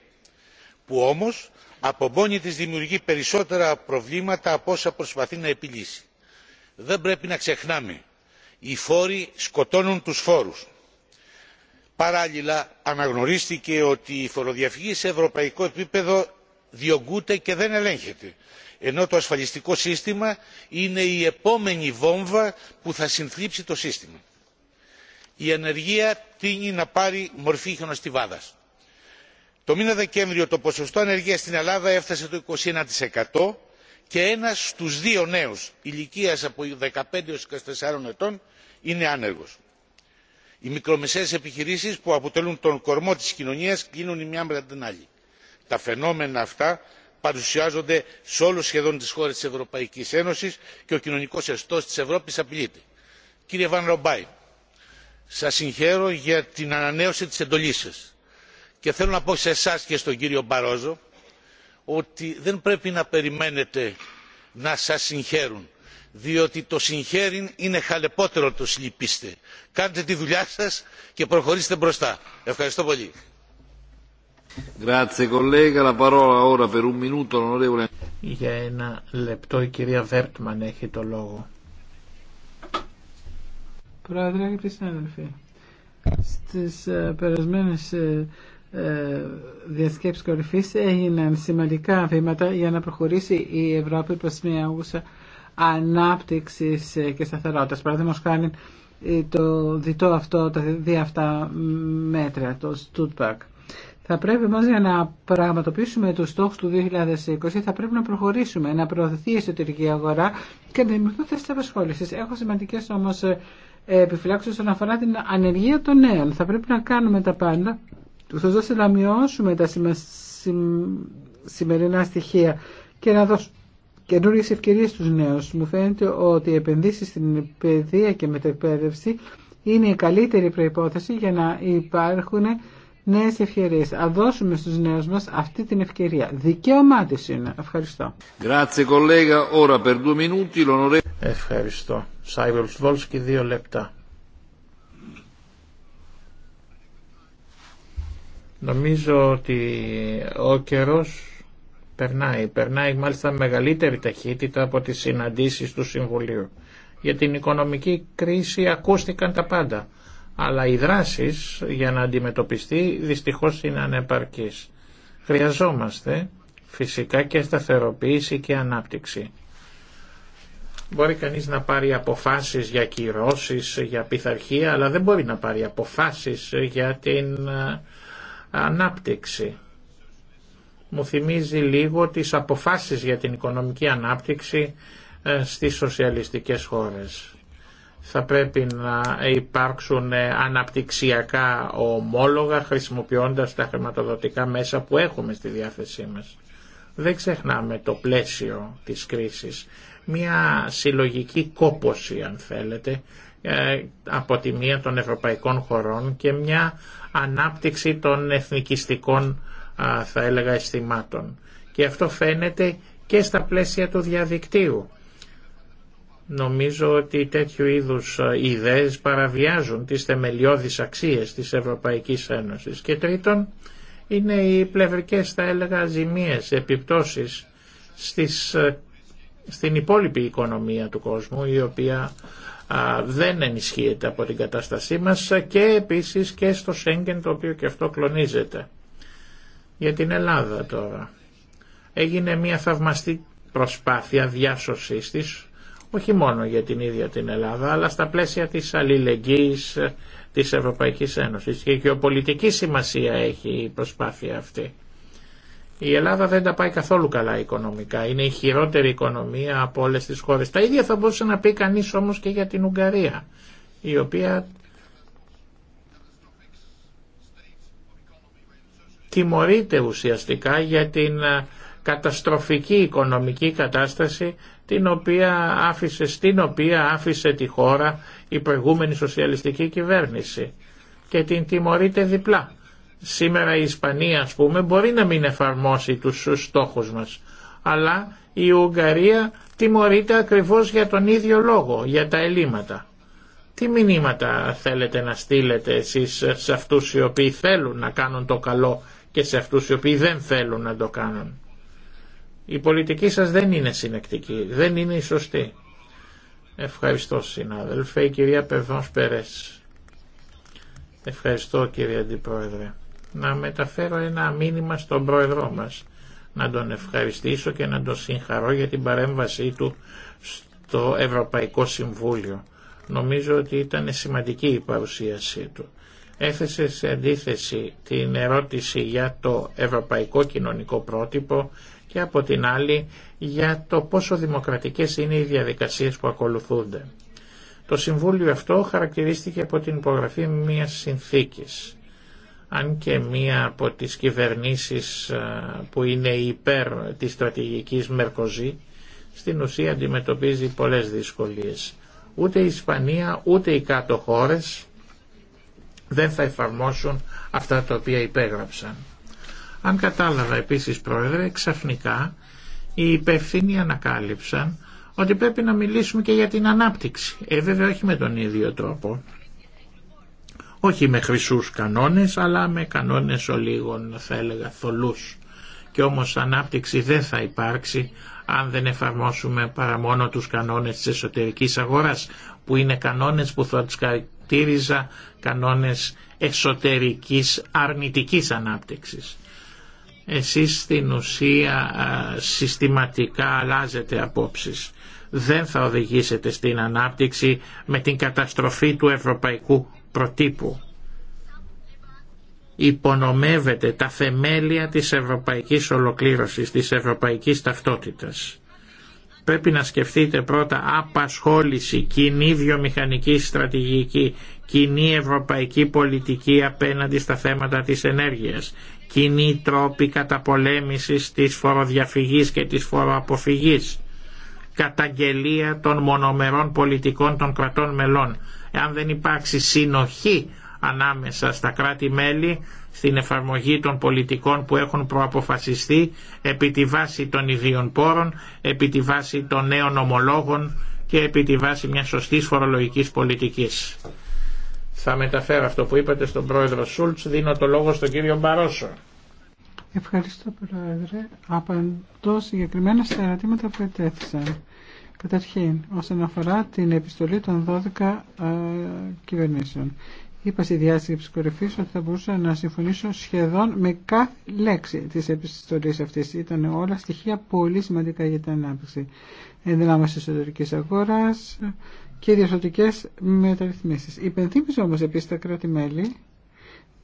που όμως από μόνη της δημιουργεί περισσότερα προβλήματα από όσα προσπαθεί να επιλύσει. δεν πρέπει να ξεχνάμε οι φόροι σκοτώνουν τους φόρους. παράλληλα αναγνωρίστηκε ότι η φοροδιαφυγή σε ευρωπαϊκό επίπεδο διωγγούται και δεν ελέγχεται ενώ το ασφαλιστικό σύστημα είναι η επόμενη βόμβα που θα συνθλίψει το σύστημα. η ανεργία τίνει να πάρει μορφή χιονοστιβάδας. το μήνα δεκέμβριο το ποσοστό ανεργίας στην ελλάδα έφτασε το 21% και ένας στους δύο νέους ηλικίας από 15 έως 24 ετών είναι άνεργος. οι μικρομεσαίες επιχειρήσεις που αποτελούν τον κορμό της κοινωνίας κλείνουν η μία μετά την άλλη. τα φαινόμενα αυτά παρουσιάζονται σε όλες σχεδόν τις χώρες της ευρωπαϊκής ένωσης και ο κοινωνικός εστός της ευρώπης απειλείται. κύριε βαν ρομπάι σας συγχαίρω για την ανανέωση της εντολής σας και θέλω να πω σε εσά και στον κύριο μπαρόζο ότι δεν πρέπει να περιμένετε να σας συγχαίρουν διότι το συγχαίριν είναι χαλεπότερο το συλληπίστε. κάντε τη δουλειά σας και προχωρήστε μπροστά. ευχαριστώ πολύ. Για ένα λεπτό η κυρία Βέρτμαν έχει το λόγο. Πρόεδρε, αγαπητοί συνάδελφοι, στις ε, περασμένες ε, ε, διασκέψεις κορυφής έγιναν σημαντικά βήματα για να προχωρήσει η Ευρώπη προς μια άγουσα ανάπτυξης ε, και σταθερότητας. Παραδείγματος χάρη ε, το διτό αυτό, τα δύο αυτά μέτρα, το Stuttgart θα πρέπει μας για να πραγματοποιήσουμε τους στόχους του 2020 θα πρέπει να προχωρήσουμε, να προωθηθεί η εσωτερική αγορά και να δημιουργηθούν θέσει απασχόληση. Έχω σημαντικέ όμω ε, επιφυλάξεις όσον αφορά την ανεργία των νέων. Θα πρέπει να κάνουμε τα πάντα, του δώσει να μειώσουμε τα σημα... σημερινά στοιχεία και να δώσουμε καινούριε ευκαιρίε στους νέου. Μου φαίνεται ότι οι επενδύσει στην παιδεία και μετεκπαίδευση είναι η καλύτερη προπόθεση για να υπάρχουν Νέε ευκαιρίε. Α δώσουμε στους νέου μα αυτή την ευκαιρία. Δικαίωμά τη είναι. Ευχαριστώ. Ευχαριστώ. Σάιβελ Βόλσκι, δύο λεπτά. Νομίζω ότι ο καιρό περνάει. Περνάει μάλιστα μεγαλύτερη ταχύτητα από τις συναντήσεις του Συμβουλίου. Για την οικονομική κρίση ακούστηκαν τα πάντα αλλά οι δράσεις για να αντιμετωπιστεί δυστυχώς είναι ανεπαρκής. Χρειαζόμαστε φυσικά και σταθεροποίηση και ανάπτυξη. Μπορεί κανείς να πάρει αποφάσεις για κυρώσεις, για πειθαρχία, αλλά δεν μπορεί να πάρει αποφάσεις για την ε, ανάπτυξη. Μου θυμίζει λίγο τις αποφάσεις για την οικονομική ανάπτυξη ε, στις σοσιαλιστικές χώρες θα πρέπει να υπάρξουν αναπτυξιακά ομόλογα χρησιμοποιώντας τα χρηματοδοτικά μέσα που έχουμε στη διάθεσή μας. Δεν ξεχνάμε το πλαίσιο της κρίσης. Μια συλλογική κόποση αν θέλετε ε, από τη μία των ευρωπαϊκών χωρών και μια ανάπτυξη των εθνικιστικών θα έλεγα αισθημάτων. Και αυτό φαίνεται και στα πλαίσια του διαδικτύου Νομίζω ότι τέτοιου είδους ε, ιδέες παραβιάζουν τις θεμελιώδεις αξίες της Ευρωπαϊκής Ένωσης. Και τρίτον, είναι οι πλευρικές θα έλεγα ζημίες, επιπτώσεις στις, ε, στην υπόλοιπη οικονομία του κόσμου η οποία δεν ενισχύεται από την κατάστασή μας και επίσης και στο Σέγγεν το οποίο και αυτό κλονίζεται. Για την Ελλάδα τώρα. Έγινε μια θαυμαστή προσπάθεια διάσωσης της όχι μόνο για την ίδια την Ελλάδα, αλλά στα πλαίσια της αλληλεγγύης ε, της Ευρωπαϊκής Ένωσης. Και πολιτική σημασία έχει η προσπάθεια αυτή. Η Ελλάδα δεν τα πάει καθόλου καλά οικονομικά. Είναι η χειρότερη οικονομία από όλες τις χώρες. Τα ίδια θα μπορούσε να πει κανείς όμως και για την Ουγγαρία, η οποία τιμωρείται ουσιαστικά για την ε, καταστροφική οικονομική κατάσταση την οποία άφησε, στην οποία άφησε τη χώρα η προηγούμενη σοσιαλιστική κυβέρνηση και την τιμωρείται διπλά. Σήμερα η Ισπανία ας πούμε μπορεί να μην εφαρμόσει τους στόχους μας αλλά η Ουγγαρία τιμωρείται ακριβώς για τον ίδιο λόγο, για τα ελλείμματα. Τι μηνύματα θέλετε να στείλετε εσείς σε αυτούς οι οποίοι θέλουν να κάνουν το καλό και σε αυτούς οι οποίοι δεν θέλουν να το κάνουν. Η πολιτική σας δεν είναι συνεκτική, δεν είναι η σωστή. Ευχαριστώ συνάδελφε, η κυρία Περβάνς Περές. Ευχαριστώ κύριε Αντιπρόεδρε. Να μεταφέρω ένα μήνυμα στον πρόεδρό μας. Να τον ευχαριστήσω και να τον συγχαρώ για την παρέμβασή του στο Ευρωπαϊκό Συμβούλιο. Νομίζω ότι ήταν σημαντική η παρουσίασή του. Έθεσε σε αντίθεση την ερώτηση για το Ευρωπαϊκό Κοινωνικό Πρότυπο και από την άλλη για το πόσο δημοκρατικές είναι οι διαδικασίες που ακολουθούνται. Το Συμβούλιο αυτό χαρακτηρίστηκε από την υπογραφή μιας συνθήκης. Αν και μία από τις κυβερνήσεις που είναι υπέρ της στρατηγικής Μερκοζή, στην ουσία αντιμετωπίζει πολλές δυσκολίες. Ούτε η Ισπανία ούτε οι κάτω χώρες δεν θα εφαρμόσουν αυτά τα οποία υπέγραψαν. Αν κατάλαβα επίσης πρόεδρε, ξαφνικά οι υπευθύνοι ανακάλυψαν ότι πρέπει να μιλήσουμε και για την ανάπτυξη. Ε, βέβαια όχι με τον ίδιο τρόπο. Όχι με χρυσούς κανόνες, αλλά με κανόνες ολίγων, θα έλεγα, θολούς. Και όμως ανάπτυξη δεν θα υπάρξει αν δεν εφαρμόσουμε παρά μόνο τους κανόνες της εσωτερικής αγοράς, που είναι κανόνες που θα τους κατήριζα κανόνες εσωτερικής αρνητικής ανάπτυξης. Εσείς στην ουσία συστηματικά αλλάζετε απόψεις. Δεν θα οδηγήσετε στην ανάπτυξη με την καταστροφή του ευρωπαϊκού προτύπου. Υπονομεύετε τα θεμέλια της ευρωπαϊκής ολοκλήρωσης, της ευρωπαϊκής ταυτότητας. Πρέπει να σκεφτείτε πρώτα απασχόληση, κοινή βιομηχανική στρατηγική, κοινή ευρωπαϊκή πολιτική απέναντι στα θέματα της ενέργειας, κοινοί τρόποι καταπολέμησης της φοροδιαφυγής και της φοροαποφυγής, καταγγελία των μονομερών πολιτικών των κρατών μελών. Εάν δεν υπάρξει συνοχή ανάμεσα στα κράτη-μέλη στην εφαρμογή των πολιτικών που έχουν προαποφασιστεί επί τη βάση των ιδίων πόρων, επί τη βάση των νέων ομολόγων και επί τη βάση μιας σωστής φορολογικής πολιτικής. Θα μεταφέρω αυτό που είπατε στον πρόεδρο Σούλτς. Δίνω το λόγο στον κύριο Μπαρόσο. Ευχαριστώ πρόεδρε. Απαντώ συγκεκριμένα στα ερωτήματα που ετέθησαν. Καταρχήν, όσον αφορά την επιστολή των 12 ε, κυβερνήσεων. Είπα στη διάσκεψη κορυφή ότι θα μπορούσα να συμφωνήσω σχεδόν με κάθε λέξη τη επιστολή αυτή. Ήταν όλα στοιχεία πολύ σημαντικά για την ανάπτυξη. Ενδυνάμωση της εσωτερική αγορά, και διορθωτικές μεταρρυθμίσει. Υπενθύμιζε όμως επίση τα κράτη-μέλη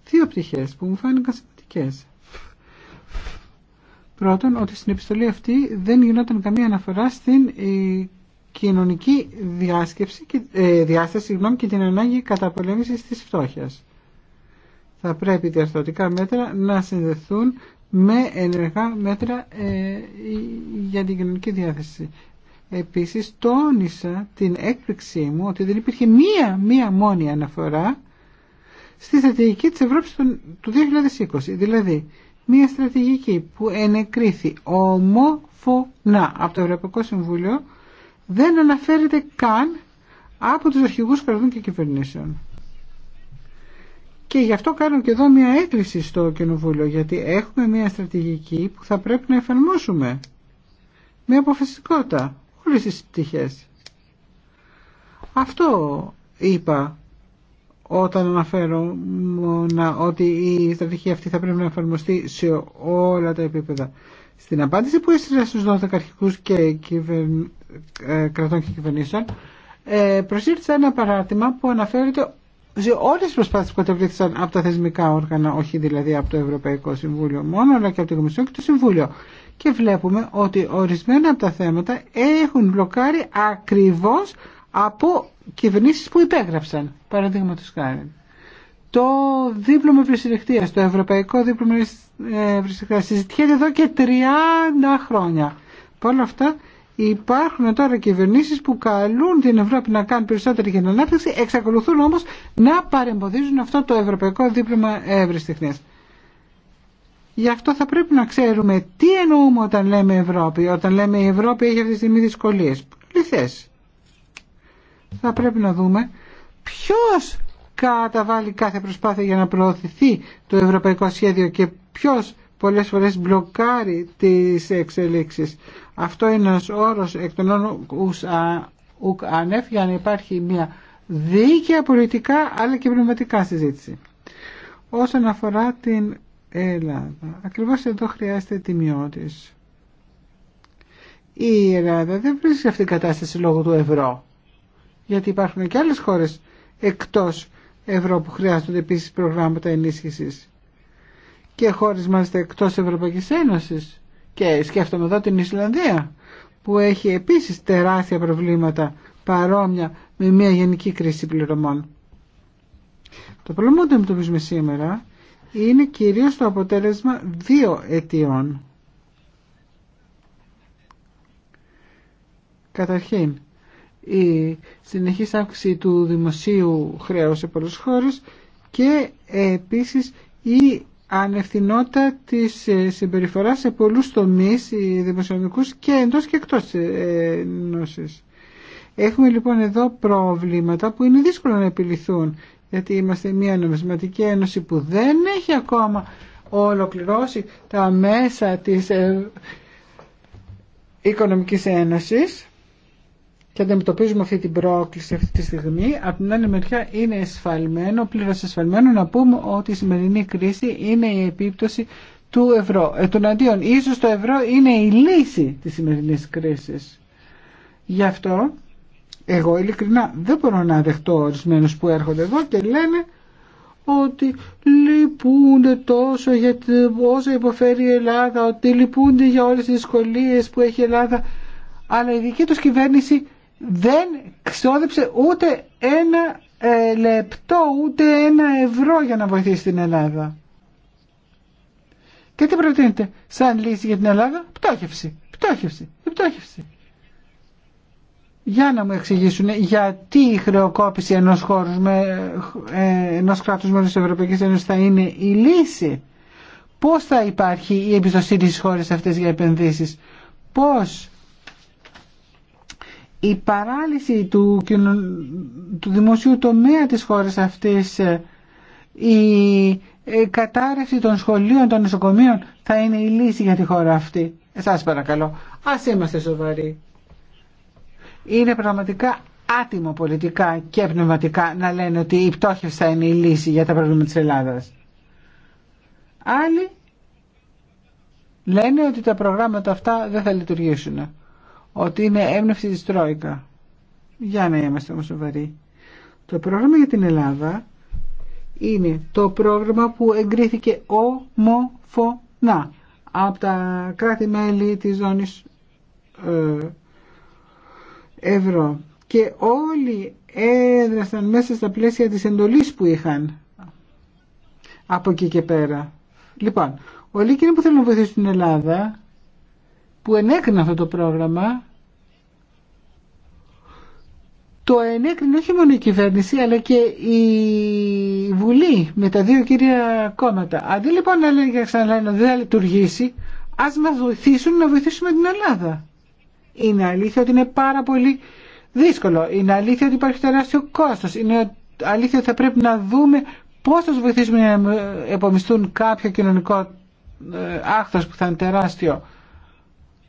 δύο πτυχέ που μου φάνηκαν σημαντικέ. Πρώτον, ότι στην επιστολή αυτή δεν γινόταν καμία αναφορά στην ε, κοινωνική διάσκεψη, ε, διάσταση και την ανάγκη καταπολέμηση της φτώχειας. Θα πρέπει διαρθρωτικά μέτρα να συνδεθούν με ενεργά μέτρα ε, για την κοινωνική διάθεση. Επίσης τόνισα την έκπληξή μου ότι δεν υπήρχε μία, μία μόνη αναφορά στη στρατηγική της Ευρώπης του 2020. Δηλαδή, μία στρατηγική που ενεκρίθη ομοφωνά από το Ευρωπαϊκό Συμβούλιο δεν αναφέρεται καν από τους αρχηγούς κρατών και κυβερνήσεων. Και γι' αυτό κάνω και εδώ μια έκκληση στο Κοινοβούλιο, γιατί έχουμε μια στρατηγική που θα πρέπει να εφαρμόσουμε. με αποφασιστικότητα όλες τις πτυχές. Αυτό είπα όταν αναφέρω ότι η στρατηγική αυτή θα πρέπει να εφαρμοστεί σε όλα τα επίπεδα. Στην απάντηση που έστειλα στους 12 αρχικούς και κυβερν... Ε, κρατών και κυβερνήσεων ε, ένα παράρτημα που αναφέρεται σε όλες τι προσπάθειε που κατεβλήθησαν από τα θεσμικά όργανα, όχι δηλαδή από το Ευρωπαϊκό Συμβούλιο μόνο, αλλά και από το Κομισιόν και το Συμβούλιο και βλέπουμε ότι ορισμένα από τα θέματα έχουν μπλοκάρει ακριβώς από κυβερνήσει που υπέγραψαν. Παραδείγματο χάρη. Το δίπλωμα ευρεσυλλεκτία, το ευρωπαϊκό δίπλωμα ευρεσυλλεκτία συζητιέται εδώ και 30 χρόνια. Παρ' όλα αυτά υπάρχουν τώρα κυβερνήσει που καλούν την Ευρώπη να κάνει περισσότερη για την ανάπτυξη, εξακολουθούν όμω να παρεμποδίζουν αυτό το ευρωπαϊκό δίπλωμα ευρεσυλλεκτία. Γι' αυτό θα πρέπει να ξέρουμε τι εννοούμε όταν λέμε Ευρώπη. Όταν λέμε η Ευρώπη έχει αυτή τη στιγμή δυσκολίες. Λυθέ. Θα πρέπει να δούμε ποιο καταβάλει κάθε προσπάθεια για να προωθηθεί το ευρωπαϊκό σχέδιο και ποιο πολλές φορές μπλοκάρει τις εξελίξει, Αυτό είναι ένας όρο εκ των ανεφ για να υπάρχει μια δίκαια πολιτικά αλλά και πνευματικά συζήτηση. Όσον αφορά την Ελλάδα. Ακριβώς εδώ χρειάζεται τιμιώτης. Η Ελλάδα δεν βρίσκεται σε αυτήν την κατάσταση λόγω του ευρώ. Γιατί υπάρχουν και άλλες χώρες εκτός ευρώ που χρειάζονται επίσης προγράμματα ενίσχυσης. Και χώρες μάλιστα εκτός Ευρωπαϊκής Ένωσης. Και σκέφτομαι εδώ την Ισλανδία που έχει επίσης τεράστια προβλήματα παρόμοια με μια γενική κρίση πληρωμών. Το πρόβλημα που αντιμετωπίζουμε σήμερα είναι κυρίως το αποτέλεσμα δύο αιτιών. Καταρχήν, η συνεχής αύξηση του δημοσίου χρέους σε πολλούς χώρους και επίσης η ανευθυνότητα της ε, συμπεριφοράς σε πολλούς τομείς ε, δημοσιονομικούς και εντός και εκτός ε, ενώσεις. Έχουμε λοιπόν εδώ προβλήματα που είναι δύσκολο να επιληθούν γιατί είμαστε μια νομισματική ένωση που δεν έχει ακόμα ολοκληρώσει τα μέσα της ε, Οικονομικής Ένωσης και αντιμετωπίζουμε αυτή την πρόκληση αυτή τη στιγμή. Από την άλλη μεριά είναι εσφαλμένο, πλήρως εσφαλμένο να πούμε ότι η σημερινή κρίση είναι η επίπτωση του ευρώ. Ε, των αντίον, ίσως το ευρώ είναι η λύση της σημερινής κρίσης. Γι' αυτό εγώ ειλικρινά δεν μπορώ να δεχτώ ορισμένους που έρχονται εδώ και λένε ότι λυπούνται τόσο για όσα υποφέρει η Ελλάδα, ότι λυπούνται για όλες τις δυσκολίες που έχει η Ελλάδα, αλλά η δική τους κυβέρνηση δεν ξόδεψε ούτε ένα ε, λεπτό, ούτε ένα ευρώ για να βοηθήσει την Ελλάδα. Και τι προτείνετε σαν λύση για την Ελλάδα, πτώχευση, πτώχευση, πτώχευση για να μου εξηγήσουν γιατί η χρεοκόπηση ενός, χώρου, ε, ενός κράτους μέλους της Ευρωπαϊκής Ένωσης θα είναι η λύση. Πώς θα υπάρχει η εμπιστοσύνη στις χώρες αυτές για επενδύσεις. Πώς η παράλυση του, του δημοσίου τομέα της χώρας αυτής, ε, η ε, κατάρρευση των σχολείων, των νοσοκομείων θα είναι η λύση για τη χώρα αυτή. Σας παρακαλώ, ας είμαστε σοβαροί είναι πραγματικά άτιμο πολιτικά και πνευματικά να λένε ότι η πτώχευση είναι η λύση για τα προβλήματα της Ελλάδας. Άλλοι λένε ότι τα προγράμματα αυτά δεν θα λειτουργήσουν. Ότι είναι έμπνευση της Τρόικα. Για να είμαστε όμως σοβαροί. Το πρόγραμμα για την Ελλάδα είναι το πρόγραμμα που εγκρίθηκε ομοφωνά από τα κράτη-μέλη της ζώνης ε, ευρώ και όλοι έδρασαν μέσα στα πλαίσια της εντολής που είχαν από εκεί και πέρα. Λοιπόν, όλοι εκείνοι που θέλουν να βοηθήσουν την Ελλάδα που ενέκρινε αυτό το πρόγραμμα το ενέκρινε όχι μόνο η κυβέρνηση αλλά και η Βουλή με τα δύο κύρια κόμματα. Αντί λοιπόν να λένε να δεν θα λειτουργήσει, ας μας βοηθήσουν να βοηθήσουμε την Ελλάδα. Είναι αλήθεια ότι είναι πάρα πολύ δύσκολο. Είναι αλήθεια ότι υπάρχει τεράστιο κόστο. Είναι αλήθεια ότι θα πρέπει να δούμε πώς θα του βοηθήσουμε να επομιστούν κάποιο κοινωνικό ε, άκτο που θα είναι τεράστιο.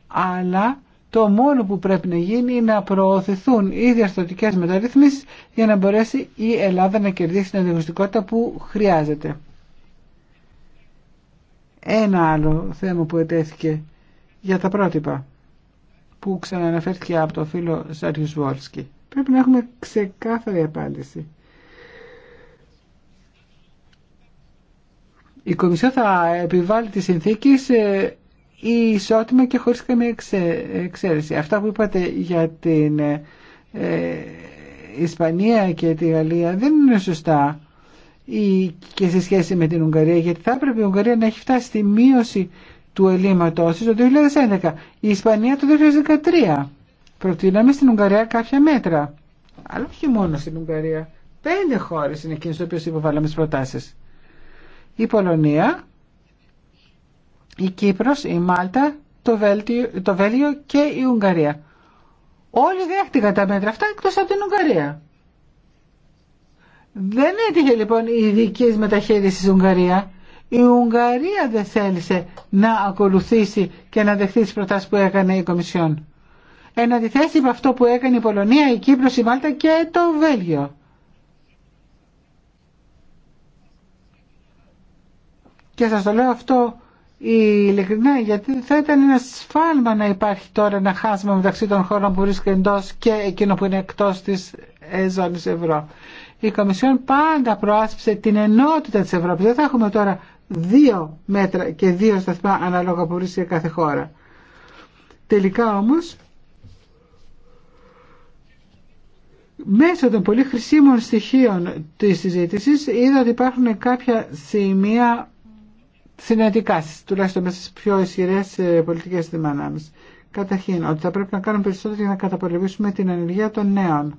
Αλλά το μόνο που πρέπει να γίνει είναι να προωθηθούν οι διαστατικέ μεταρρυθμίσει για να μπορέσει η Ελλάδα να κερδίσει την ανταγωνιστικότητα που χρειάζεται. Ένα άλλο θέμα που ετέθηκε για τα πρότυπα που ξαναναφέρθηκε από το φίλο Σάριου Πρέπει να έχουμε ξεκάθαρη απάντηση. Η Κομισιό θα επιβάλλει τις συνθήκες ή ε, ισότιμα και χωρίς καμία εξαίρεση. Αυτά που είπατε για την ε, ε, Ισπανία και τη Γαλλία δεν είναι σωστά ή και σε σχέση με την Ουγγαρία γιατί θα έπρεπε η Ουγγαρία να έχει φτάσει στη μείωση του ελλείμματος το 2011. Η Ισπανία το 2013. Προτείναμε στην Ουγγαρία κάποια μέτρα. Αλλά όχι μόνο στην Ουγγαρία. Πέντε χώρες είναι εκείνες στι οποίε υποβάλαμε τι προτάσεις. Η Πολωνία, η Κύπρος, η Μάλτα, το, Βέλτιο, το Βέλγιο και η Ουγγαρία. Όλοι δέχτηκαν τα μέτρα αυτά εκτό από την Ουγγαρία. Δεν έτυχε λοιπόν η ειδική μεταχείριση στην Ουγγαρία η Ουγγαρία δεν θέλησε να ακολουθήσει και να δεχθεί τις προτάσεις που έκανε η Κομισιόν. Εν αντιθέσει με αυτό που έκανε η Πολωνία, η Κύπρος, η Μάλτα και το Βέλγιο. Και σας το λέω αυτό ειλικρινά γιατί θα ήταν ένα σφάλμα να υπάρχει τώρα ένα χάσμα μεταξύ των χώρων που βρίσκεται εντό και εκείνο που είναι εκτός της ε, ζώνης ευρώ. Η Κομισιόν πάντα προάσπισε την ενότητα της Ευρώπης. Δεν θα έχουμε τώρα δύο μέτρα και δύο σταθμά ανάλογα που βρίσκεται κάθε χώρα. Τελικά όμως, μέσω των πολύ χρησίμων στοιχείων της συζήτηση είδα ότι υπάρχουν κάποια σημεία συναντικά, τουλάχιστον μέσα στις πιο ισχυρέ ε, πολιτικές δυνάμεις. Καταρχήν, ότι θα πρέπει να κάνουμε περισσότερο για να καταπολεμήσουμε την ανεργία των νέων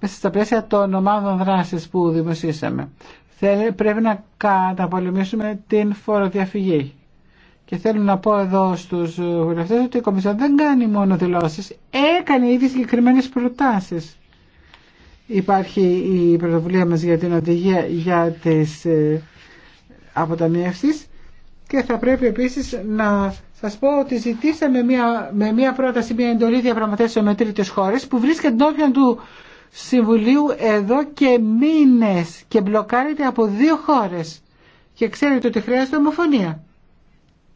μέσα στα πλαίσια των ομάδων δράσης που δημοσίσαμε θέλει, πρέπει να καταπολεμήσουμε την φοροδιαφυγή. Και θέλω να πω εδώ στους βουλευτές ότι η Κομισιόν δεν κάνει μόνο δηλώσεις, έκανε ήδη συγκεκριμένε προτάσεις. Υπάρχει η πρωτοβουλία μας για την οδηγία για τις ε, αποταμιεύσεις και θα πρέπει επίσης να σας πω ότι ζητήσαμε μια, με μια πρόταση μια εντολή διαπραγματεύσεων με τρίτες χώρες που βρίσκεται ενώπιον του Συμβουλίου εδώ και μήνες και μπλοκάρεται από δύο χώρες. Και ξέρετε ότι χρειάζεται ομοφωνία.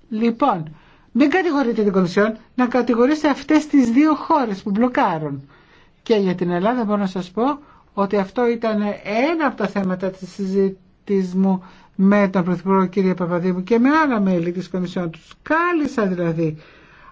Λοιπόν, μην κατηγορείτε την Κομισιόν να κατηγορήσετε αυτές τις δύο χώρες που μπλοκάρουν. Και για την Ελλάδα μπορώ να σας πω ότι αυτό ήταν ένα από τα θέματα της συζήτησης μου με τον Πρωθυπουργό κ. Παπαδήμου και με άλλα μέλη της Κομισιόν. Τους κάλεσα δηλαδή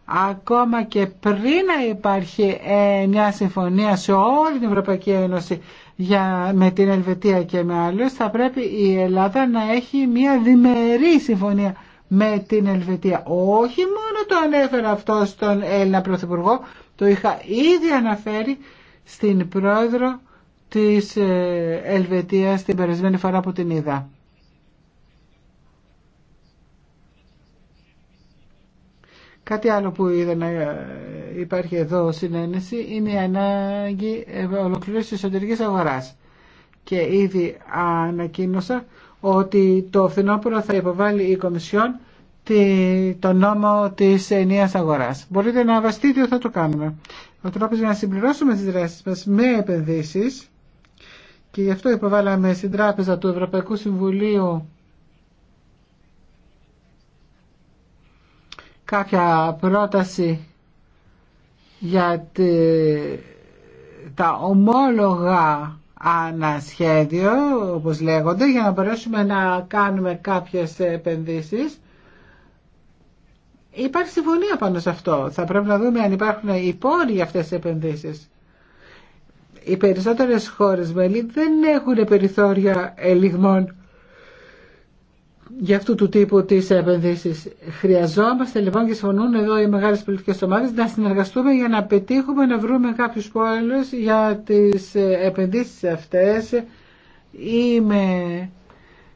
ακόμα και πριν να υπάρχει ε, μια συμφωνία σε όλη την Ευρωπαϊκή Ένωση για, με την Ελβετία και με άλλους θα πρέπει η Ελλάδα να έχει μια διμερή συμφωνία με την Ελβετία. Όχι μόνο το ανέφερα αυτό στον Έλληνα Πρωθυπουργό, το είχα ήδη αναφέρει στην πρόεδρο της ε, Ελβετίας την περασμένη φορά που την είδα. Κάτι άλλο που είδα να ε, υπάρχει εδώ συνένεση είναι η ανάγκη ε, ολοκλήρωση τη εσωτερική αγορά. Και ήδη ανακοίνωσα ότι το φθινόπωρο θα υποβάλει η Κομισιόν το νόμο της ενιαίας αγοράς. Μπορείτε να βαστείτε ότι θα το κάνουμε. Ο τρόπος για να συμπληρώσουμε τις δράσεις μας με επενδύσεις και γι' αυτό υποβάλαμε στην Τράπεζα του Ευρωπαϊκού Συμβουλίου κάποια πρόταση για τα ομόλογα ανασχέδιο, όπως λέγονται, για να μπορέσουμε να κάνουμε κάποιες επενδύσεις. Υπάρχει συμφωνία πάνω σε αυτό. Θα πρέπει να δούμε αν υπάρχουν οι πόροι για αυτές τις επενδύσεις. Οι περισσότερες χώρες μελή δεν έχουν περιθώρια ελιγμών για αυτού του τύπου τη επενδύσει. Χρειαζόμαστε λοιπόν και συμφωνούν εδώ οι μεγάλε πολιτικέ ομάδε να συνεργαστούμε για να πετύχουμε να βρούμε κάποιου πόλου για τι επενδύσει αυτέ ή με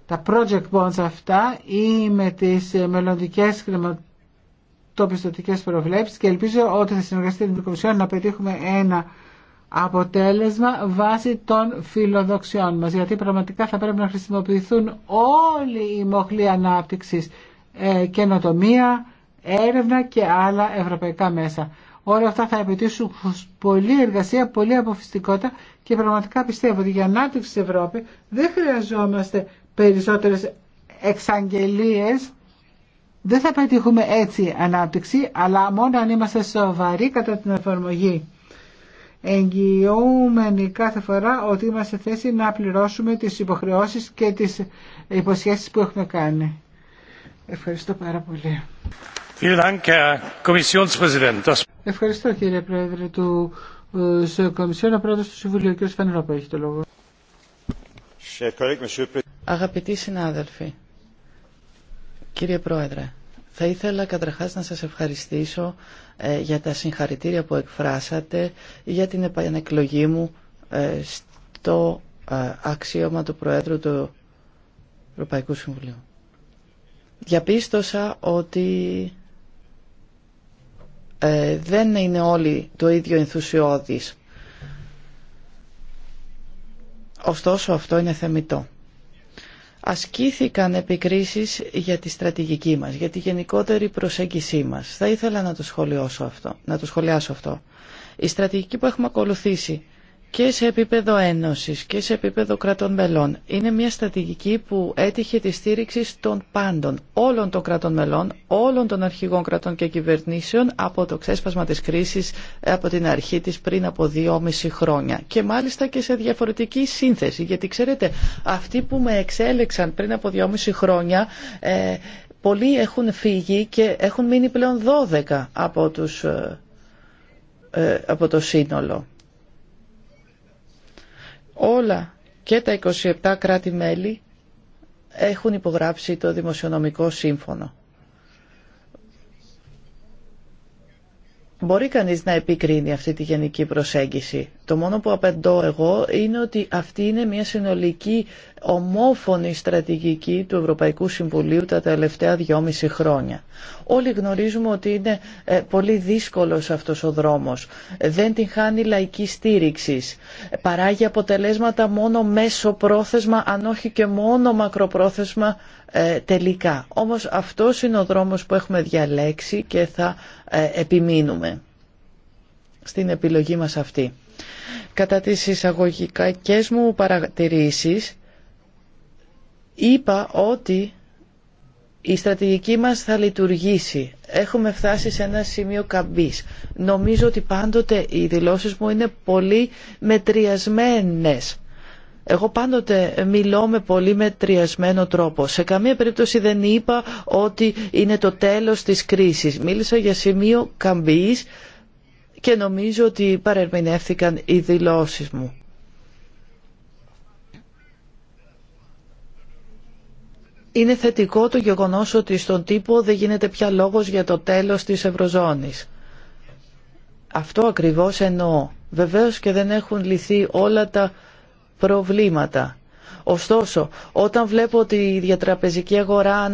τα project bonds αυτά ή με τι μελλοντικέ χρηματοπιστωτικέ προβλέψει και ελπίζω ότι θα συνεργαστεί η την Κομισιόν να πετύχουμε ένα αποτέλεσμα βάσει των φιλοδοξιών μας γιατί πραγματικά θα πρέπει να χρησιμοποιηθούν όλοι οι μοχλοί ανάπτυξης ε, καινοτομία, έρευνα και άλλα ευρωπαϊκά μέσα. Όλα αυτά θα επιτύσσουν πολλή εργασία, πολλή αποφυστικότητα και πραγματικά πιστεύω ότι για ανάπτυξη της Ευρώπη δεν χρειαζόμαστε περισσότερες εξαγγελίες δεν θα πετύχουμε έτσι ανάπτυξη, αλλά μόνο αν είμαστε σοβαροί κατά την εφαρμογή εγγυούμενοι κάθε φορά ότι είμαστε θέση να πληρώσουμε τις υποχρεώσεις και τις υποσχέσεις που έχουμε κάνει. Ευχαριστώ πάρα πολύ. Ευχαριστώ κύριε Πρόεδρε του ε, Κομισιόν, πρόεδρος του Συμβουλίου. Κύριος Φανερόπα έχει το λόγο. Αγαπητοί συνάδελφοι, κύριε Πρόεδρε, θα ήθελα καταρχάς να σας ευχαριστήσω ε, για τα συγχαρητήρια που εκφράσατε για την επανεκλογή μου ε, στο ε, αξίωμα του Προέδρου του Ευρωπαϊκού Συμβουλίου. Διαπίστωσα ότι δεν είναι όλοι το ίδιο ενθουσιώδης. Ωστόσο αυτό είναι θεμητό ασκήθηκαν επικρίσεις για τη στρατηγική μας, για τη γενικότερη προσέγγισή μας. Θα ήθελα να το, σχολιάσω αυτό, να το σχολιάσω αυτό. Η στρατηγική που έχουμε ακολουθήσει και σε επίπεδο ένωσης και σε επίπεδο κρατών μελών. Είναι μια στρατηγική που έτυχε τη στήριξη των πάντων, όλων των κρατών μελών, όλων των αρχηγών κρατών και κυβερνήσεων από το ξέσπασμα της κρίσης από την αρχή της πριν από δυόμιση χρόνια. Και μάλιστα και σε διαφορετική σύνθεση, γιατί ξέρετε αυτοί που με εξέλεξαν πριν από δυόμιση χρόνια ε, πολλοί έχουν φύγει και έχουν μείνει πλέον 12 από, τους, ε, ε, από το σύνολο όλα και τα 27 κράτη-μέλη έχουν υπογράψει το Δημοσιονομικό Σύμφωνο. Μπορεί κανείς να επικρίνει αυτή τη γενική προσέγγιση, το μόνο που απαντώ εγώ είναι ότι αυτή είναι μια συνολική ομόφωνη στρατηγική του Ευρωπαϊκού Συμβουλίου τα τελευταία δυόμιση χρόνια. Όλοι γνωρίζουμε ότι είναι ε, πολύ δύσκολος αυτός ο δρόμος. Δεν την χάνει λαϊκή στήριξη. Παράγει αποτελέσματα μόνο μέσω πρόθεσμα, αν όχι και μόνο μακροπρόθεσμα ε, τελικά. Όμως αυτός είναι ο δρόμος που έχουμε διαλέξει και θα ε, επιμείνουμε στην επιλογή μας αυτή. Κατά τις εισαγωγικές μου παρατηρήσεις είπα ότι η στρατηγική μας θα λειτουργήσει. Έχουμε φτάσει σε ένα σημείο καμπής. Νομίζω ότι πάντοτε οι δηλώσεις μου είναι πολύ μετριασμένες. Εγώ πάντοτε μιλώ με πολύ μετριασμένο τρόπο. Σε καμία περίπτωση δεν είπα ότι είναι το τέλος της κρίσης. Μίλησα για σημείο καμπής και νομίζω ότι παρερμηνεύθηκαν οι δηλώσεις μου. Είναι θετικό το γεγονός ότι στον τύπο δεν γίνεται πια λόγος για το τέλος της Ευρωζώνης. Αυτό ακριβώς εννοώ. Βεβαίως και δεν έχουν λυθεί όλα τα προβλήματα. Ωστόσο, όταν βλέπω ότι η διατραπεζική αγορά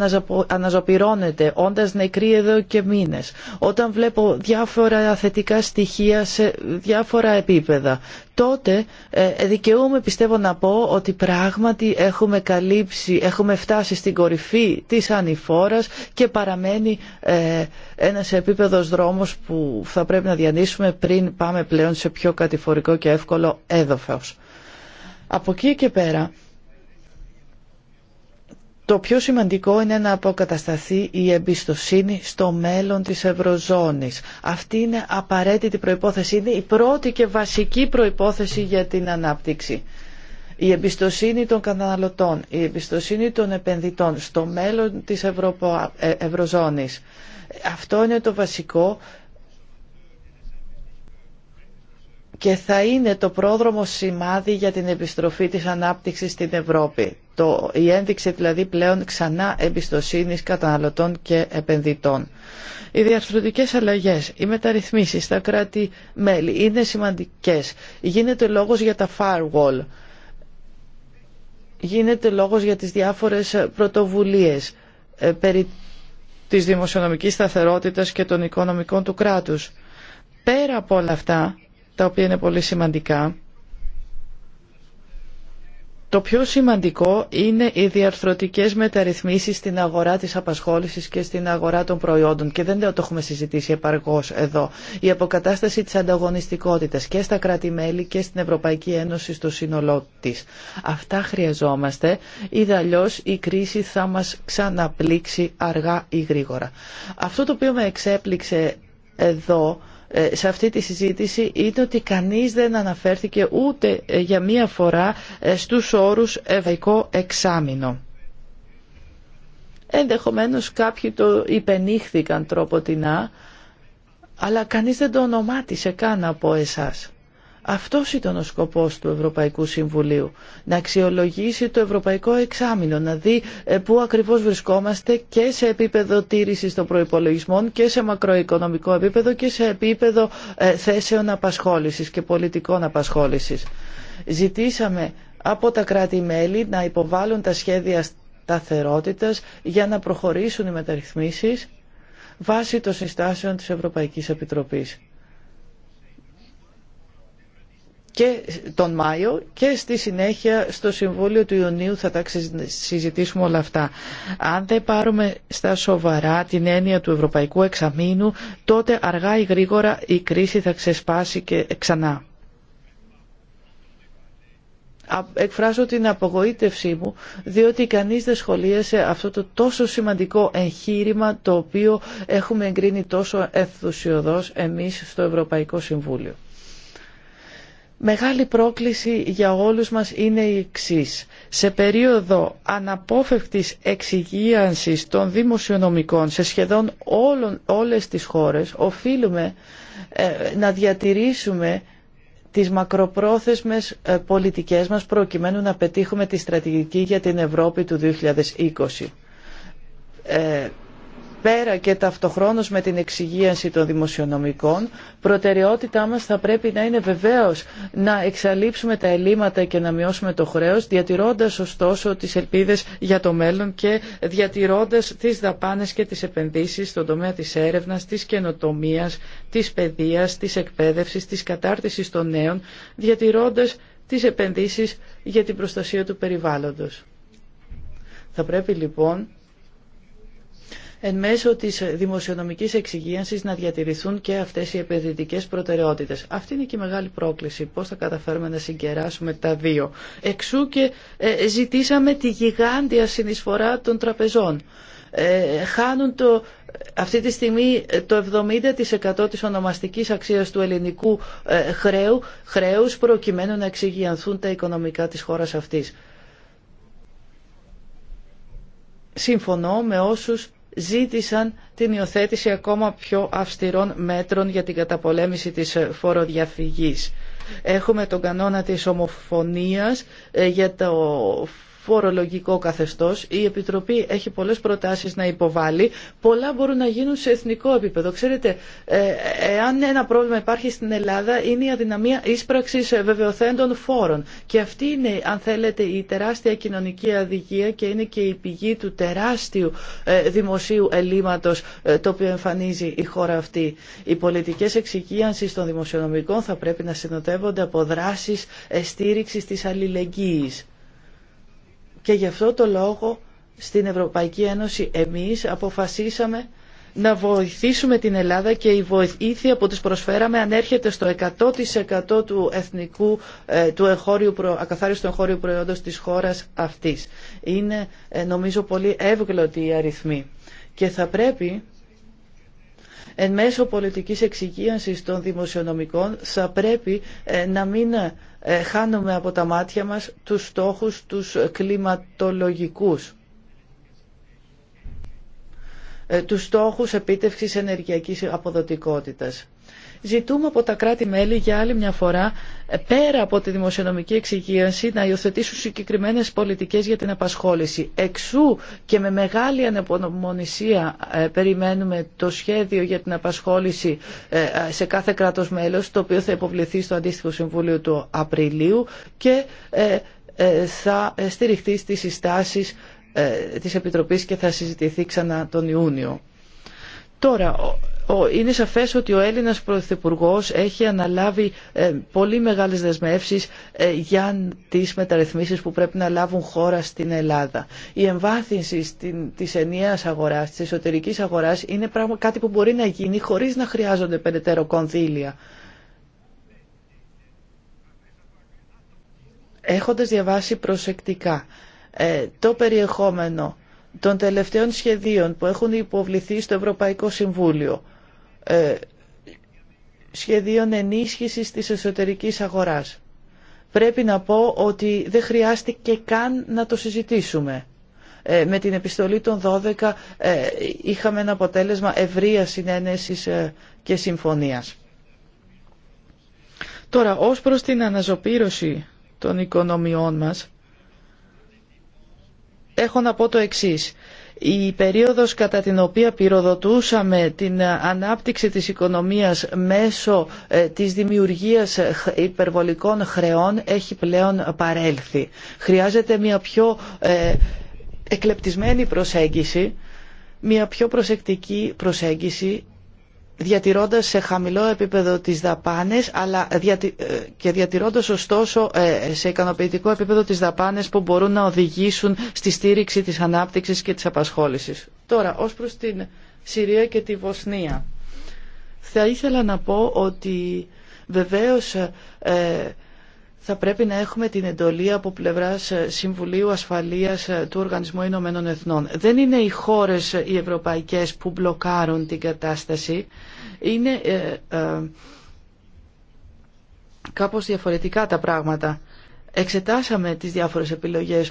αναζωπυρώνεται, όντας νεκρή εδώ και μήνες, όταν βλέπω διάφορα θετικά στοιχεία σε διάφορα επίπεδα, τότε ε, δικαιούμαι πιστεύω να πω ότι πράγματι έχουμε καλύψει, έχουμε φτάσει στην κορυφή της ανηφόρας και παραμένει ε, ένας επίπεδος δρόμος που θα πρέπει να διανύσουμε πριν πάμε πλέον σε πιο κατηφορικό και εύκολο έδαφος. Από εκεί και πέρα το πιο σημαντικό είναι να αποκατασταθεί η εμπιστοσύνη στο μέλλον της Ευρωζώνης. Αυτή είναι απαραίτητη προϋπόθεση, είναι η πρώτη και βασική προϋπόθεση για την ανάπτυξη. Η εμπιστοσύνη των καταναλωτών, η εμπιστοσύνη των επενδυτών στο μέλλον της Ευρωπο... Ε, Ευρωζώνης. Αυτό είναι το βασικό και θα είναι το πρόδρομο σημάδι για την επιστροφή της ανάπτυξης στην Ευρώπη. Το, η ένδειξη δηλαδή πλέον ξανά εμπιστοσύνης καταναλωτών και επενδυτών. Οι διαρθρωτικές αλλαγές, οι μεταρρυθμίσεις στα κράτη-μέλη είναι σημαντικές. Γίνεται λόγος για τα firewall, γίνεται λόγος για τις διάφορες πρωτοβουλίες ε, περί της δημοσιονομικής σταθερότητας και των οικονομικών του κράτους. Πέρα από όλα αυτά, τα οποία είναι πολύ σημαντικά. Το πιο σημαντικό είναι οι διαρθρωτικές μεταρρυθμίσεις στην αγορά της απασχόλησης και στην αγορά των προϊόντων και δεν το έχουμε συζητήσει επαρκώς εδώ. Η αποκατάσταση της ανταγωνιστικότητας και στα κράτη-μέλη και στην Ευρωπαϊκή Ένωση στο σύνολό της. Αυτά χρειαζόμαστε, αλλιω η κρίση θα μας ξαναπλήξει αργά ή γρήγορα. Αυτό το οποίο με εξέπληξε εδώ ε, σε αυτή τη συζήτηση είναι ότι κανείς δεν αναφέρθηκε ούτε ε, για μία φορά ε, στους όρους ευαικό εξάμεινο. Ενδεχομένως κάποιοι το υπενήχθηκαν τρόποτινά, αλλά κανείς δεν το ονομάτισε καν από εσάς. Αυτός ήταν ο σκοπός του Ευρωπαϊκού Συμβουλίου, να αξιολογήσει το Ευρωπαϊκό Εξάμεινο, να δει ε, πού ακριβώς βρισκόμαστε και σε επίπεδο τήρησης των προϋπολογισμών και σε μακροοικονομικό επίπεδο και σε επίπεδο ε, θέσεων απασχόλησης και πολιτικών απασχόλησης. Ζητήσαμε από τα κράτη-μέλη να υποβάλουν τα σχέδια σταθερότητας για να προχωρήσουν οι μεταρρυθμίσεις βάσει των συστάσεων της Ευρωπαϊκής Επιτροπής. και τον Μάιο και στη συνέχεια στο Συμβούλιο του Ιουνίου θα τα συζητήσουμε όλα αυτά. Αν δεν πάρουμε στα σοβαρά την έννοια του Ευρωπαϊκού Εξαμήνου, τότε αργά ή γρήγορα η κρίση θα ξεσπάσει και ξανά. Εκφράζω την απογοήτευσή μου, διότι κανείς δεν σχολίασε αυτό το τόσο σημαντικό εγχείρημα το οποίο έχουμε εγκρίνει τόσο ενθουσιοδός εμείς στο Ευρωπαϊκό Συμβούλιο. Μεγάλη πρόκληση για όλους μας είναι η εξή. Σε περίοδο αναπόφευκτης εξυγίανσης των δημοσιονομικών σε σχεδόν όλων, όλες τις χώρες οφείλουμε ε, να διατηρήσουμε τις μακροπρόθεσμες ε, πολιτικές μας προκειμένου να πετύχουμε τη στρατηγική για την Ευρώπη του 2020 πέρα και ταυτοχρόνως με την εξυγίανση των δημοσιονομικών, προτεραιότητά μας θα πρέπει να είναι βεβαίως να εξαλείψουμε τα ελλείμματα και να μειώσουμε το χρέος, διατηρώντας ωστόσο τις ελπίδες για το μέλλον και διατηρώντας τις δαπάνες και τις επενδύσεις στον τομέα της έρευνας, της καινοτομίας, της παιδείας, της εκπαίδευσης, της κατάρτισης των νέων, διατηρώντας τις επενδύσεις για την προστασία του περιβάλλοντος. Θα πρέπει λοιπόν εν μέσω της δημοσιονομικής εξυγίανση να διατηρηθούν και αυτές οι επενδυτικές προτεραιότητες. Αυτή είναι και η μεγάλη πρόκληση, πώ θα καταφέρουμε να συγκεράσουμε τα δύο. Εξού και ε, ζητήσαμε τη γιγάντια συνεισφορά των τραπεζών. Ε, χάνουν το, αυτή τη στιγμή ε, το 70% της ονομαστικής αξίας του ελληνικού χρέου, χρέους προκειμένου να εξυγιανθούν τα οικονομικά της χώρας αυτής. Συμφωνώ με όσους ζήτησαν την υιοθέτηση ακόμα πιο αυστηρών μέτρων για την καταπολέμηση της φοροδιαφυγής. Έχουμε τον κανόνα της ομοφωνίας ε, για το φορολογικό καθεστώς. Η Επιτροπή έχει πολλές προτάσεις να υποβάλει. Πολλά μπορούν να γίνουν σε εθνικό επίπεδο. Ξέρετε, ε, ε, εάν ένα πρόβλημα υπάρχει στην Ελλάδα είναι η αδυναμία ίσπραξης ε, βεβαιωθέντων φόρων. Και αυτή είναι, αν θέλετε, η τεράστια κοινωνική αδικία και είναι και η πηγή του τεράστιου δημοσίου ελλείμματος το οποίο εμφανίζει η χώρα αυτή. Οι πολιτικές εξοικίανσεις των δημοσιονομικών θα πρέπει να συνοδεύονται από δράσει στήριξη τη αλληλεγγύη. Και γι' αυτό το λόγο στην Ευρωπαϊκή Ένωση εμείς αποφασίσαμε να βοηθήσουμε την Ελλάδα και η βοήθεια που της προσφέραμε ανέρχεται στο 100% του εθνικού ε, του εγχώριου, ακαθάριστου εγχώριου προϊόντος της χώρας αυτής. Είναι ε, νομίζω πολύ εύγλωτοι η αριθμοί. και θα πρέπει εν μέσω πολιτικής εξοικείανσης των δημοσιονομικών θα πρέπει ε, να μην ε, χάνουμε από τα μάτια μας τους στόχους τους κλιματολογικούς ε, τους στόχους επίτευξης ενεργειακής αποδοτικότητας. Ζητούμε από τα κράτη-μέλη για άλλη μια φορά, ε, πέρα από τη δημοσιονομική εξυγίανση, να υιοθετήσουν συγκεκριμένε πολιτικέ για την απασχόληση. Εξού και με μεγάλη ανεπομονησία ε, περιμένουμε το σχέδιο για την απασχόληση ε, σε κάθε κράτο μέλο, το οποίο θα υποβληθεί στο αντίστοιχο Συμβούλιο του Απριλίου και θα στηριχθεί στις συστάσεις της Επιτροπής και θα συζητηθεί ξανά τον Ιούνιο. Τώρα, είναι σαφές ότι ο Έλληνας Πρωθυπουργό έχει αναλάβει ε, πολύ μεγάλες δεσμεύσεις ε, για τις μεταρρυθμίσεις που πρέπει να λάβουν χώρα στην Ελλάδα. Η εμβάθυνση στην, της αγορά, αγοράς, της εσωτερικής αγοράς είναι κάτι που μπορεί να γίνει χωρίς να χρειάζονται περαιτέρω κονδύλια. Έχοντας διαβάσει προσεκτικά ε, το περιεχόμενο των τελευταίων σχεδίων που έχουν υποβληθεί στο Ευρωπαϊκό Συμβούλιο ε, σχεδίων ενίσχυσης της εσωτερικής αγοράς. Πρέπει να πω ότι δεν χρειάστηκε καν να το συζητήσουμε. Ε, με την επιστολή των 12 ε, είχαμε ένα αποτέλεσμα ευρεία συνένεσης και συμφωνίας. Τώρα, ως προς την αναζωπήρωση των οικονομιών μας, έχω να πω το εξής η περίοδος κατά την οποία πυροδοτούσαμε την ανάπτυξη της οικονομίας μέσω ε, της δημιουργίας υπερβολικών χρεών έχει πλέον παρέλθει. Χρειάζεται μια πιο ε, εκλεπτισμένη προσέγγιση, μια πιο προσεκτική προσέγγιση διατηρώντας σε χαμηλό επίπεδο τις δαπάνες αλλά ε, και διατηρώντας ωστόσο ε, σε ικανοποιητικό επίπεδο τις δαπάνες που μπορούν να οδηγήσουν στη στήριξη της ανάπτυξης και της απασχόλησης. Τώρα, ως προς την Συρία και τη Βοσνία. Θα ήθελα να πω ότι βεβαίως ε, θα πρέπει να έχουμε την εντολή από πλευράς ε, Συμβουλίου Ασφαλείας ε, του Οργανισμού Ηνωμένων Εθνών. Δεν είναι οι χώρες ε, οι ευρωπαϊκές που μπλοκάρουν την κατάσταση. Είναι κάπως διαφορετικά τα πράγματα. Εξετάσαμε τις διάφορες επιλογές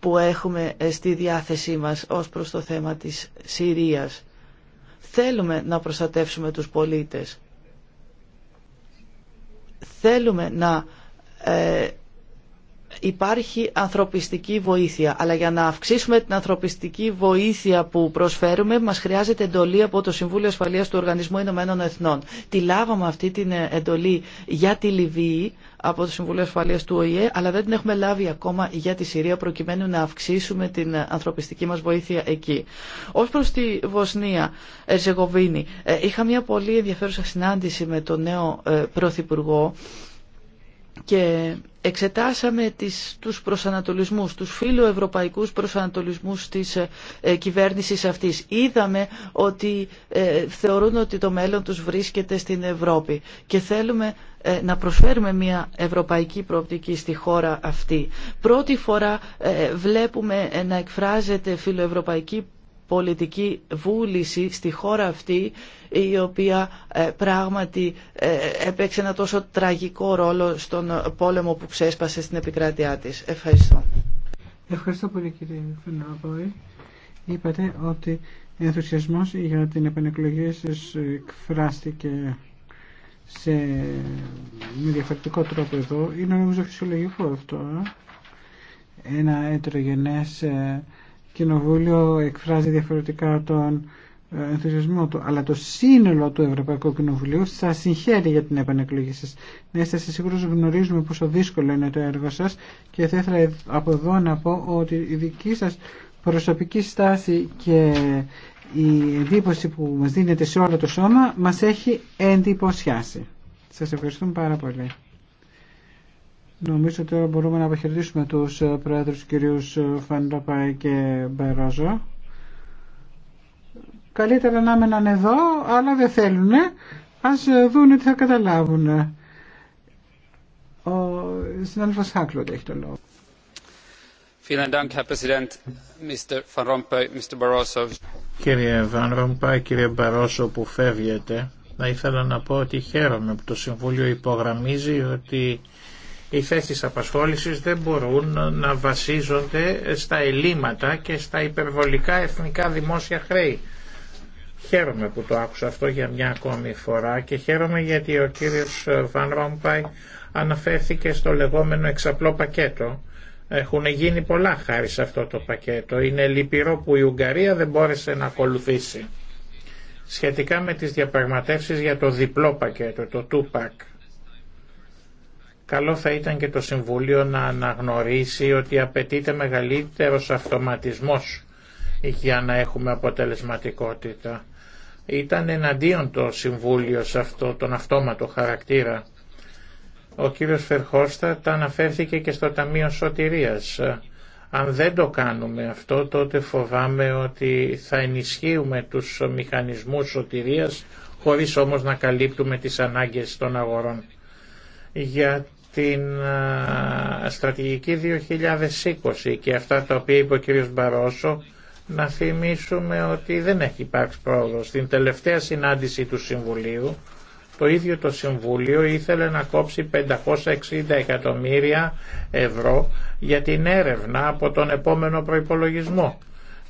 που έχουμε στη διάθεσή μας ως προς το θέμα της Συρίας. Θέλουμε να προστατεύσουμε τους πολίτες. Θέλουμε να ε, υπάρχει ανθρωπιστική βοήθεια, αλλά για να αυξήσουμε την ανθρωπιστική βοήθεια που προσφέρουμε μας χρειάζεται εντολή από το Συμβούλιο Ασφαλείας του Οργανισμού Ηνωμένων Εθνών. Τη λάβαμε αυτή την ε, εντολή για τη Λιβύη, από το Συμβούλιο Ασφαλείας του ΟΗΕ, αλλά δεν την έχουμε λάβει ακόμα για τη Συρία προκειμένου να αυξήσουμε την ανθρωπιστική μας βοήθεια εκεί. Ως προς τη Βοσνία, Ερζεγοβίνη, ε, είχα μια πολύ ενδιαφέρουσα συνάντηση με τον νέο ε, Πρωθυπουργό και εξετάσαμε τις, τους προσανατολισμούς, τους φιλοευρωπαϊκούς προσανατολισμούς της ε, ε κυβέρνησης αυτής. Είδαμε ότι θεωρούν ότι το μέλλον τους βρίσκεται στην Ευρώπη και θέλουμε ε, να προσφέρουμε μια ευρωπαϊκή προοπτική στη χώρα αυτή. Πρώτη φορά ε, βλέπουμε ε, να εκφράζεται φιλοευρωπαϊκή πολιτική βούληση στη χώρα αυτή η οποία πράγματι έπαιξε ένα τόσο τραγικό ρόλο στον πόλεμο που ξέσπασε στην επικράτειά της. Ευχαριστώ. Ευχαριστώ πολύ κύριε Φενροπόη. Είπατε ότι ενθουσιασμός για την επανεκλογή σας εκφράστηκε σε, με διαφορετικό τρόπο εδώ είναι νομίζω φυσιολογικό αυτό. Ε. Ένα ετερογενές ε, κοινοβούλιο εκφράζει διαφορετικά τον ε, ενθουσιασμό του, αλλά το σύνολο του Ευρωπαϊκού Κοινοβουλίου σα συγχαίρει για την επανεκλογή σα. Να είστε σίγουροι ότι γνωρίζουμε πόσο δύσκολο είναι το έργο σα και θα ήθελα από εδώ να πω ότι η δική σα προσωπική στάση και η εντύπωση που μας δίνεται σε όλο το σώμα μας έχει εντυπωσιάσει. Σας ευχαριστούμε πάρα πολύ. Νομίζω τώρα μπορούμε να αποχαιρετήσουμε τους ε, πρόεδρους κυρίους ε, Φανταπάη και Μπερόζο. Καλύτερα να έμεναν εδώ, αλλά δεν θέλουν. Ας ε, δουν τι θα καταλάβουν. Ο συνάδελφος Χάκλοντ έχει το λόγο. Κύριε Βαν Ρομπά, κύριε Μπαρόσο που φεύγετε, θα ήθελα να πω ότι χαίρομαι που το Συμβούλιο υπογραμμίζει ότι οι θέσεις απασχόλησης δεν μπορούν να βασίζονται στα ελλείμματα και στα υπερβολικά εθνικά δημόσια χρέη. Χαίρομαι που το άκουσα αυτό για μια ακόμη φορά και χαίρομαι γιατί ο κύριος Βαν Ρομπάι αναφέρθηκε στο λεγόμενο εξαπλό πακέτο έχουν γίνει πολλά χάρη σε αυτό το πακέτο. Είναι λυπηρό που η Ουγγαρία δεν μπόρεσε να ακολουθήσει. Σχετικά με τις διαπραγματεύσεις για το διπλό πακέτο, το 2-pack, καλό θα ήταν και το Συμβούλιο να αναγνωρίσει ότι απαιτείται μεγαλύτερος αυτοματισμός για να έχουμε αποτελεσματικότητα. Ήταν εναντίον το Συμβούλιο σε αυτό τον αυτόματο χαρακτήρα ο κύριος Φερχώστα τα αναφέρθηκε και στο Ταμείο Σωτηρίας. Αν δεν το κάνουμε αυτό τότε φοβάμαι ότι θα ενισχύουμε τους μηχανισμούς σωτηρίας χωρίς όμως να καλύπτουμε τις ανάγκες των αγορών. Για την στρατηγική 2020 και αυτά τα οποία είπε ο κ. Μπαρόσο να θυμίσουμε ότι δεν έχει υπάρξει πρόοδος. Στην τελευταία συνάντηση του Συμβουλίου το ίδιο το Συμβούλιο ήθελε να κόψει 560 εκατομμύρια ευρώ για την έρευνα από τον επόμενο προϋπολογισμό.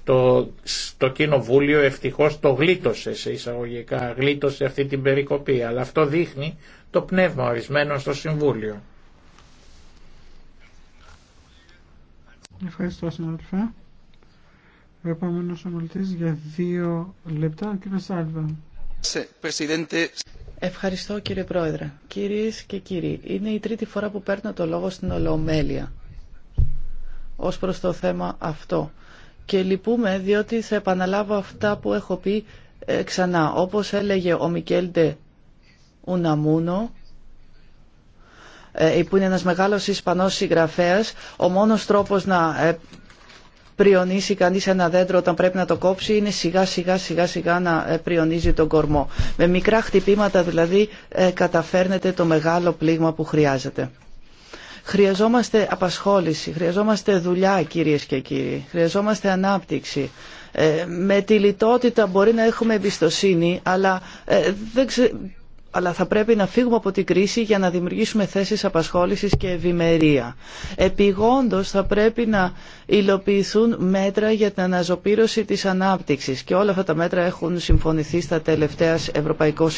Το, το Κοινοβούλιο ευτυχώς το γλίτωσε σε εισαγωγικά, γλίτωσε αυτή την περικοπή, αλλά αυτό δείχνει το πνεύμα ορισμένο στο Συμβούλιο. Ευχαριστώ επόμενος για δύο λεπτά, Presidente. Ευχαριστώ κύριε Πρόεδρε. Κυρίες και κύριοι, είναι η τρίτη φορά που παίρνω το λόγο στην Ολομέλεια ως προς το θέμα αυτό. Και λυπούμε διότι θα επαναλάβω αυτά που έχω πει ε, ξανά. Όπως έλεγε ο Μικέλντε Ουναμούνο, ε, που είναι ένας μεγάλος Ισπανός συγγραφέας, ο μόνος τρόπος να ε, πριονίσει κανεί ένα δέντρο όταν πρέπει να το κόψει είναι σιγά σιγά σιγά σιγά να ε, πριονίζει τον κορμό. Με μικρά χτυπήματα δηλαδή ε, καταφέρνετε το μεγάλο πλήγμα που χρειάζεται. Χρειαζόμαστε απασχόληση, χρειαζόμαστε δουλειά κυρίες και κύριοι, χρειαζόμαστε ανάπτυξη. Ε, με τη λιτότητα μπορεί να έχουμε εμπιστοσύνη, αλλά δεν, ξε, αλλά θα πρέπει να φύγουμε από την κρίση για να δημιουργήσουμε θέσεις απασχόλησης και ευημερία. Επιγόντως θα πρέπει να υλοποιηθούν μέτρα για την αναζωπήρωση της ανάπτυξης και όλα αυτά τα μέτρα έχουν συμφωνηθεί στα τελευταία Ευρωπαϊκό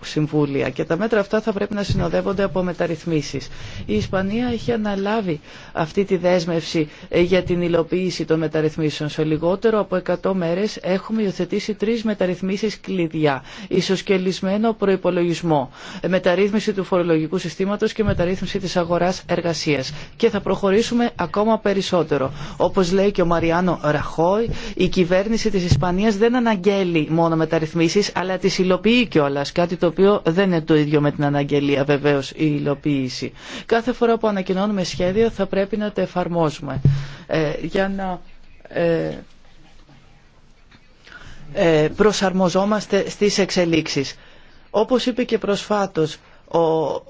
Συμβούλια και τα μέτρα αυτά θα πρέπει να συνοδεύονται από μεταρρυθμίσεις. Η Ισπανία έχει αναλάβει αυτή τη δέσμευση ε, για την υλοποίηση των μεταρρυθμίσεων. Σε λιγότερο από 100 μέρες έχουμε υιοθετήσει τρεις μεταρρυθμίσεις κλειδιά. Ισοσκελισμένο προϋπολογισμό μεταρρύθμιση του φορολογικού συστήματος και μεταρρύθμιση της αγοράς εργασίας. Και θα προχωρήσουμε ακόμα περισσότερο. Όπως λέει και ο Μαριάνο Ραχόη, η κυβέρνηση της Ισπανίας δεν αναγγέλει μόνο μεταρρυθμίσεις, αλλά τις υλοποιεί κιόλας, κάτι το οποίο δεν είναι το ίδιο με την αναγγελία βεβαίως η υλοποίηση. Κάθε φορά που ανακοινώνουμε σχέδιο θα πρέπει να τα εφαρμόζουμε. Ε, για να... Ε, ε, προσαρμοζόμαστε στις εξελίξεις. Όπως είπε και προσφάτως ο,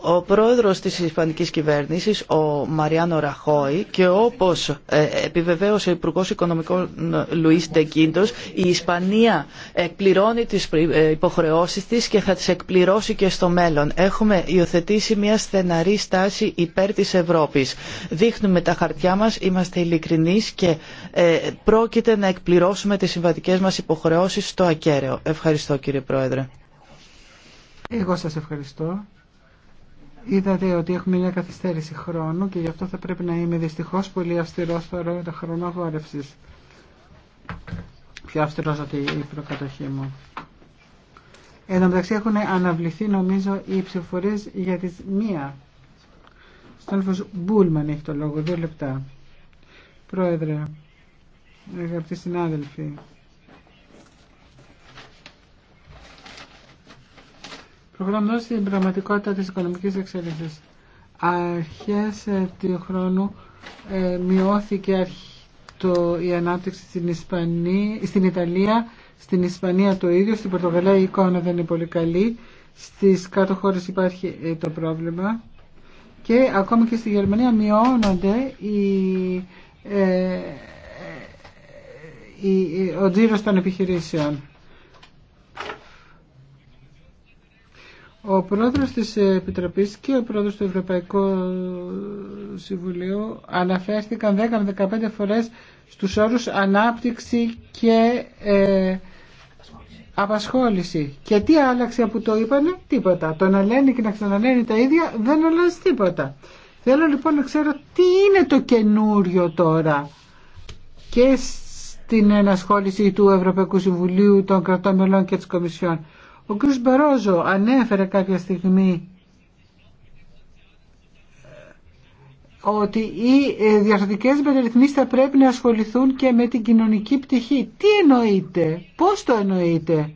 ο πρόεδρος της Ισπανικής κυβέρνησης, ο Μαριάνο Ραχώη και όπως ε, επιβεβαίωσε ο Υπουργός Οικονομικών Λουίς Ντεκίντος, η Ισπανία εκπληρώνει τις ε, υποχρεώσεις της και θα τις εκπληρώσει και στο μέλλον. Έχουμε υιοθετήσει μια στεναρή στάση υπέρ της Ευρώπης. Δείχνουμε τα χαρτιά μας, είμαστε ειλικρινείς και ε, πρόκειται να εκπληρώσουμε τις συμβατικές μας υποχρεώσεις στο ακέραιο. Ευχαριστώ κύριε Πρόεδρε. Εγώ σας ευχαριστώ. Είδατε ότι έχουμε μια καθυστέρηση χρόνου και γι' αυτό θα πρέπει να είμαι δυστυχώς πολύ αυστηρός στο τα χρονοβόρευσης. Πιο αυστηρός ότι η προκατοχή μου. Εν τω μεταξύ έχουν αναβληθεί νομίζω οι ψηφοφορίε για τις μία. Στόλφος Μπούλμαν έχει το λόγο, δύο λεπτά. Πρόεδρε, αγαπητοί συνάδελφοι, προγράμματος στην πραγματικότητα της οικονομικής εξέλιξης. Αρχές ε, του χρόνου ε, μειώθηκε το, η ανάπτυξη στην, Ισπανία, στην Ιταλία, στην Ισπανία το ίδιο, στην Πορτογαλία η εικόνα δεν είναι πολύ καλή, στις κάτω χώρες υπάρχει ε, το πρόβλημα και ακόμη και στη Γερμανία μειώνονται οι, ο τζίρος των επιχειρήσεων. Ο πρόεδρος της Επιτροπής και ο πρόεδρος του Ευρωπαϊκού Συμβουλίου αναφέρθηκαν 10 15 φορές στους όρους ανάπτυξη και ε, απασχόληση. Και τι άλλαξε από το είπανε, τίποτα. Το να λένε και να ξαναλένε τα ίδια δεν αλλάζει τίποτα. Θέλω λοιπόν να ξέρω τι είναι το καινούριο τώρα και στην ενασχόληση του Ευρωπαϊκού Συμβουλίου, των κρατών μελών και της Κομισιόν. Ο κ. Μπαρόζο ανέφερε κάποια στιγμή ε, ότι οι ε, διαρθρωτικές μεταρρυθμίσεις θα πρέπει να ασχοληθούν και με την κοινωνική πτυχή. Τι εννοείται, πώς το εννοείται.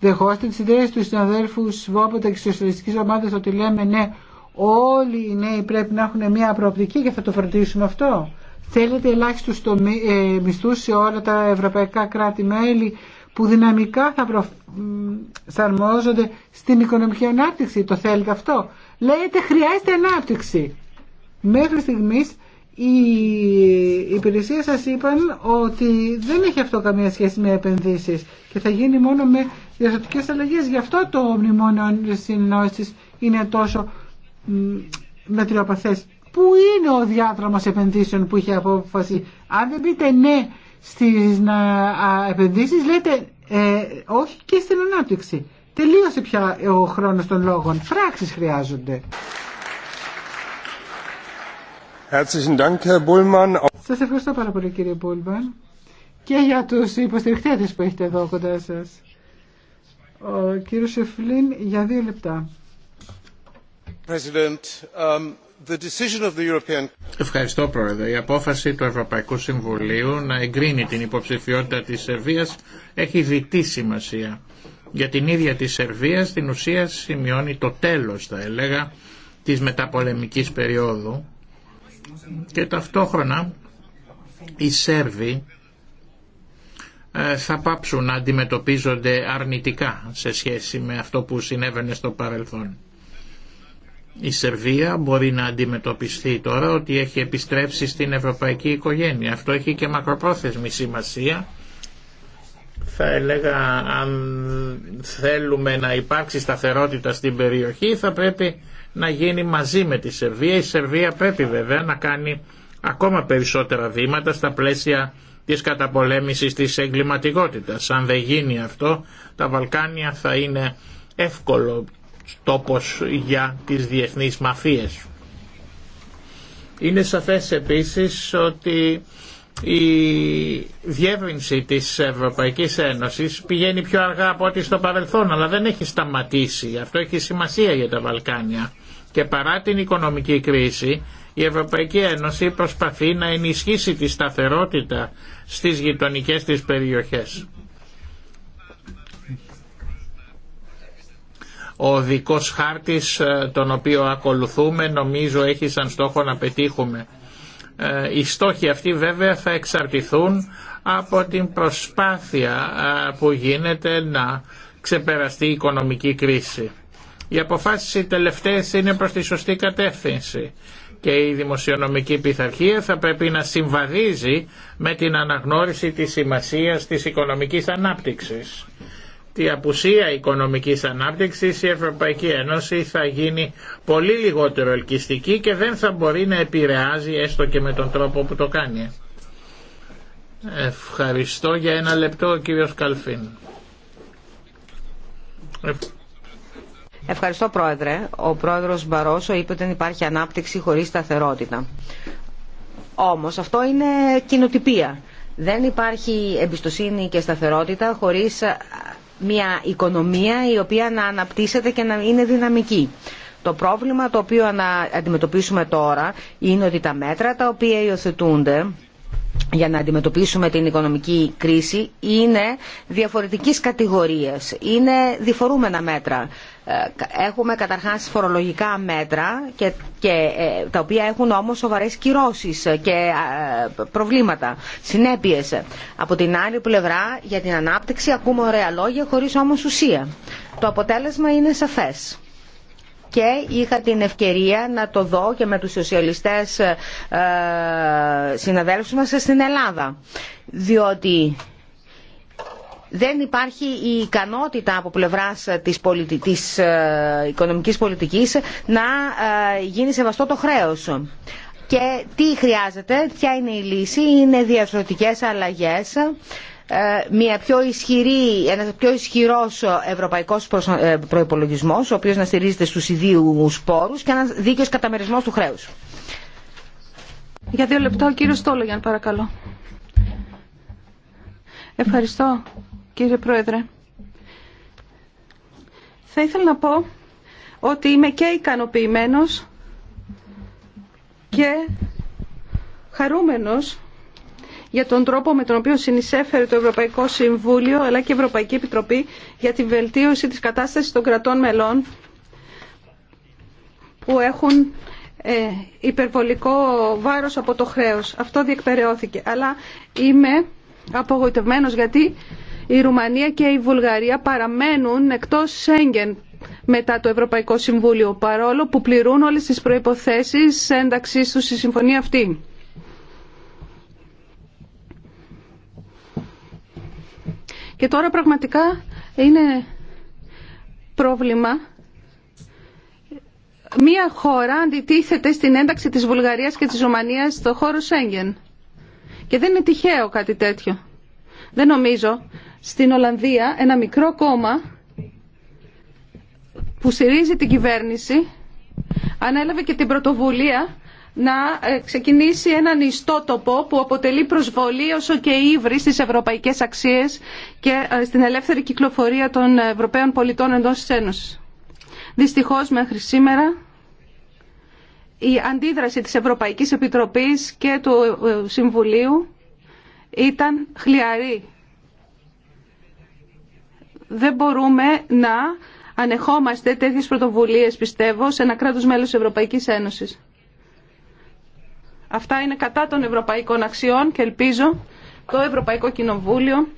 Δεχόστε τις ιδέες του συναδέλφου Σβόποτα και της Σοσιαλιστικής Ομάδας ότι λέμε ναι, όλοι οι νέοι πρέπει να έχουν μια προοπτική και θα το φροντίσουμε αυτό. Θέλετε ε, μισθού σε όλα τα ευρωπαϊκά κράτη-μέλη που δυναμικά θα προσαρμόζονται στην οικονομική ανάπτυξη. Το θέλετε αυτό. Λέτε χρειάζεται ανάπτυξη. Μέχρι στιγμής οι υπηρεσίε σας είπαν ότι δεν έχει αυτό καμία σχέση με επενδύσεις και θα γίνει μόνο με διαστατικές αλλαγές. Γι' αυτό το μνημόνιο συνεννόησης είναι τόσο μετριοπαθές. Πού είναι ο διάδρομος επενδύσεων που είχε απόφαση. Αν δεν πείτε ναι στις να, επενδύσεις λέτε ε, όχι και στην ανάπτυξη. Τελείωσε πια ο χρόνος των λόγων. Πράξεις χρειάζονται. Σας ευχαριστώ πάρα πολύ κύριε Μπούλμαν και για τους υποστηριχτές που έχετε εδώ κοντά σας. Ο κύριος Σεφλίν για δύο λεπτά. President, um... Ευχαριστώ Πρόεδρε. Η απόφαση του Ευρωπαϊκού Συμβουλίου να εγκρίνει την υποψηφιότητα της Σερβίας έχει διτή σημασία. Για την ίδια της Σερβίας την ουσία σημειώνει το τέλος θα έλεγα της μεταπολεμικής περίοδου και ταυτόχρονα οι Σέρβοι ε, θα πάψουν να αντιμετωπίζονται αρνητικά σε σχέση με αυτό που συνέβαινε στο παρελθόν. Η Σερβία μπορεί να αντιμετωπιστεί τώρα ότι έχει επιστρέψει στην ευρωπαϊκή οικογένεια. Αυτό έχει και μακροπρόθεσμη σημασία. Θα έλεγα αν θέλουμε να υπάρξει σταθερότητα στην περιοχή θα πρέπει να γίνει μαζί με τη Σερβία. Η Σερβία πρέπει βέβαια να κάνει ακόμα περισσότερα βήματα στα πλαίσια της καταπολέμησης της εγκληματικότητας. Αν δεν γίνει αυτό τα Βαλκάνια θα είναι εύκολο τόπος για τις διεθνείς μαφίες. Είναι σαφές επίσης ότι η διεύρυνση της Ευρωπαϊκής Ένωσης πηγαίνει πιο αργά από ό,τι στο παρελθόν, αλλά δεν έχει σταματήσει. Αυτό έχει σημασία για τα Βαλκάνια. Και παρά την οικονομική κρίση, η Ευρωπαϊκή Ένωση προσπαθεί να ενισχύσει τη σταθερότητα στις γειτονικές της περιοχές. Ο δικός χάρτης ε, τον οποίο ακολουθούμε νομίζω έχει σαν στόχο να πετύχουμε. Ε, οι στόχοι αυτοί βέβαια θα εξαρτηθούν από την προσπάθεια ε, που γίνεται να ξεπεραστεί η οικονομική κρίση. Οι αποφάσεις οι τελευταίες είναι προς τη σωστή κατεύθυνση και η δημοσιονομική πειθαρχία θα πρέπει να συμβαδίζει με την αναγνώριση της σημασίας της οικονομικής ανάπτυξης τη απουσία οικονομικής ανάπτυξης η Ευρωπαϊκή Ένωση θα γίνει πολύ λιγότερο ελκυστική και δεν θα μπορεί να επηρεάζει έστω και με τον τρόπο που το κάνει. Ευχαριστώ για ένα λεπτό ο κύριος Καλφίν. Ευχαριστώ πρόεδρε. Ο πρόεδρος Μπαρόσο είπε ότι δεν υπάρχει ανάπτυξη χωρίς σταθερότητα. Όμως αυτό είναι κοινοτυπία. Δεν υπάρχει εμπιστοσύνη και σταθερότητα χωρίς μια οικονομία η οποία να αναπτύσσεται και να είναι δυναμική. Το πρόβλημα το οποίο να αντιμετωπίσουμε τώρα είναι ότι τα μέτρα τα οποία υιοθετούνται για να αντιμετωπίσουμε την οικονομική κρίση είναι διαφορετικής κατηγορίας, είναι διφορούμενα μέτρα έχουμε καταρχάς φορολογικά μέτρα και, ε, τα οποία έχουν όμως σοβαρές κυρώσεις και ε, προβλήματα, συνέπειες. Από την άλλη πλευρά για την ανάπτυξη ακούμε ωραία λόγια χωρίς όμως ουσία. Το αποτέλεσμα είναι σαφές και είχα την ευκαιρία να το δω και με τους σοσιαλιστές ε, συναδέλφους μας στην Ελλάδα. Διότι δεν υπάρχει η ικανότητα από πλευράς της, πολιτι... της ε, οικονομικής πολιτικής να ε, γίνει σεβαστό το χρέος. Και τι χρειάζεται, ποια είναι η λύση, είναι διαφορετικέ αλλαγές, ε, μια πιο ισχυρή, ένας πιο ισχυρός ευρωπαϊκός προϋπολογισμός, ο οποίος να στηρίζεται στους ιδίους πόρους και ένας δίκαιος καταμερισμός του χρέους. Για δύο λεπτά ο Στόλογιαν παρακαλώ. Ευχαριστώ κύριε Πρόεδρε. Θα ήθελα να πω ότι είμαι και ικανοποιημένος και χαρούμενος για τον τρόπο με τον οποίο συνεισέφερε το Ευρωπαϊκό Συμβούλιο αλλά και η Ευρωπαϊκή Επιτροπή για τη βελτίωση της κατάστασης των κρατών μελών που έχουν ε, υπερβολικό βάρος από το χρέος. Αυτό διεκπαιρεώθηκε. Αλλά είμαι απογοητευμένος γιατί η Ρουμανία και η Βουλγαρία παραμένουν εκτός Σέγγεν μετά το Ευρωπαϊκό Συμβούλιο, παρόλο που πληρούν όλες τις προϋποθέσεις ένταξη τους στη συμφωνία αυτή. Και τώρα πραγματικά είναι πρόβλημα μία χώρα αντιτίθεται στην ένταξη της Βουλγαρίας και της Ρουμανίας στο χώρο Σέγγεν. Και δεν είναι τυχαίο κάτι τέτοιο. Δεν νομίζω στην Ολλανδία ένα μικρό κόμμα που στηρίζει την κυβέρνηση ανέλαβε και την πρωτοβουλία να ε, ξεκινήσει έναν ιστότοπο που αποτελεί προσβολή όσο και ύβρι στις ευρωπαϊκές αξίες και ε, στην ελεύθερη κυκλοφορία των Ευρωπαίων πολιτών εντός της Ένωσης. Δυστυχώς μέχρι σήμερα η αντίδραση της Ευρωπαϊκής Επιτροπής και του ε, Συμβουλίου ήταν χλιαρή δεν μπορούμε να ανεχόμαστε τέτοιες πρωτοβουλίες, πιστεύω, σε ένα κράτος μέλος της Ευρωπαϊκής Ένωσης. Αυτά είναι κατά των ευρωπαϊκών αξιών και ελπίζω το Ευρωπαϊκό Κοινοβούλιο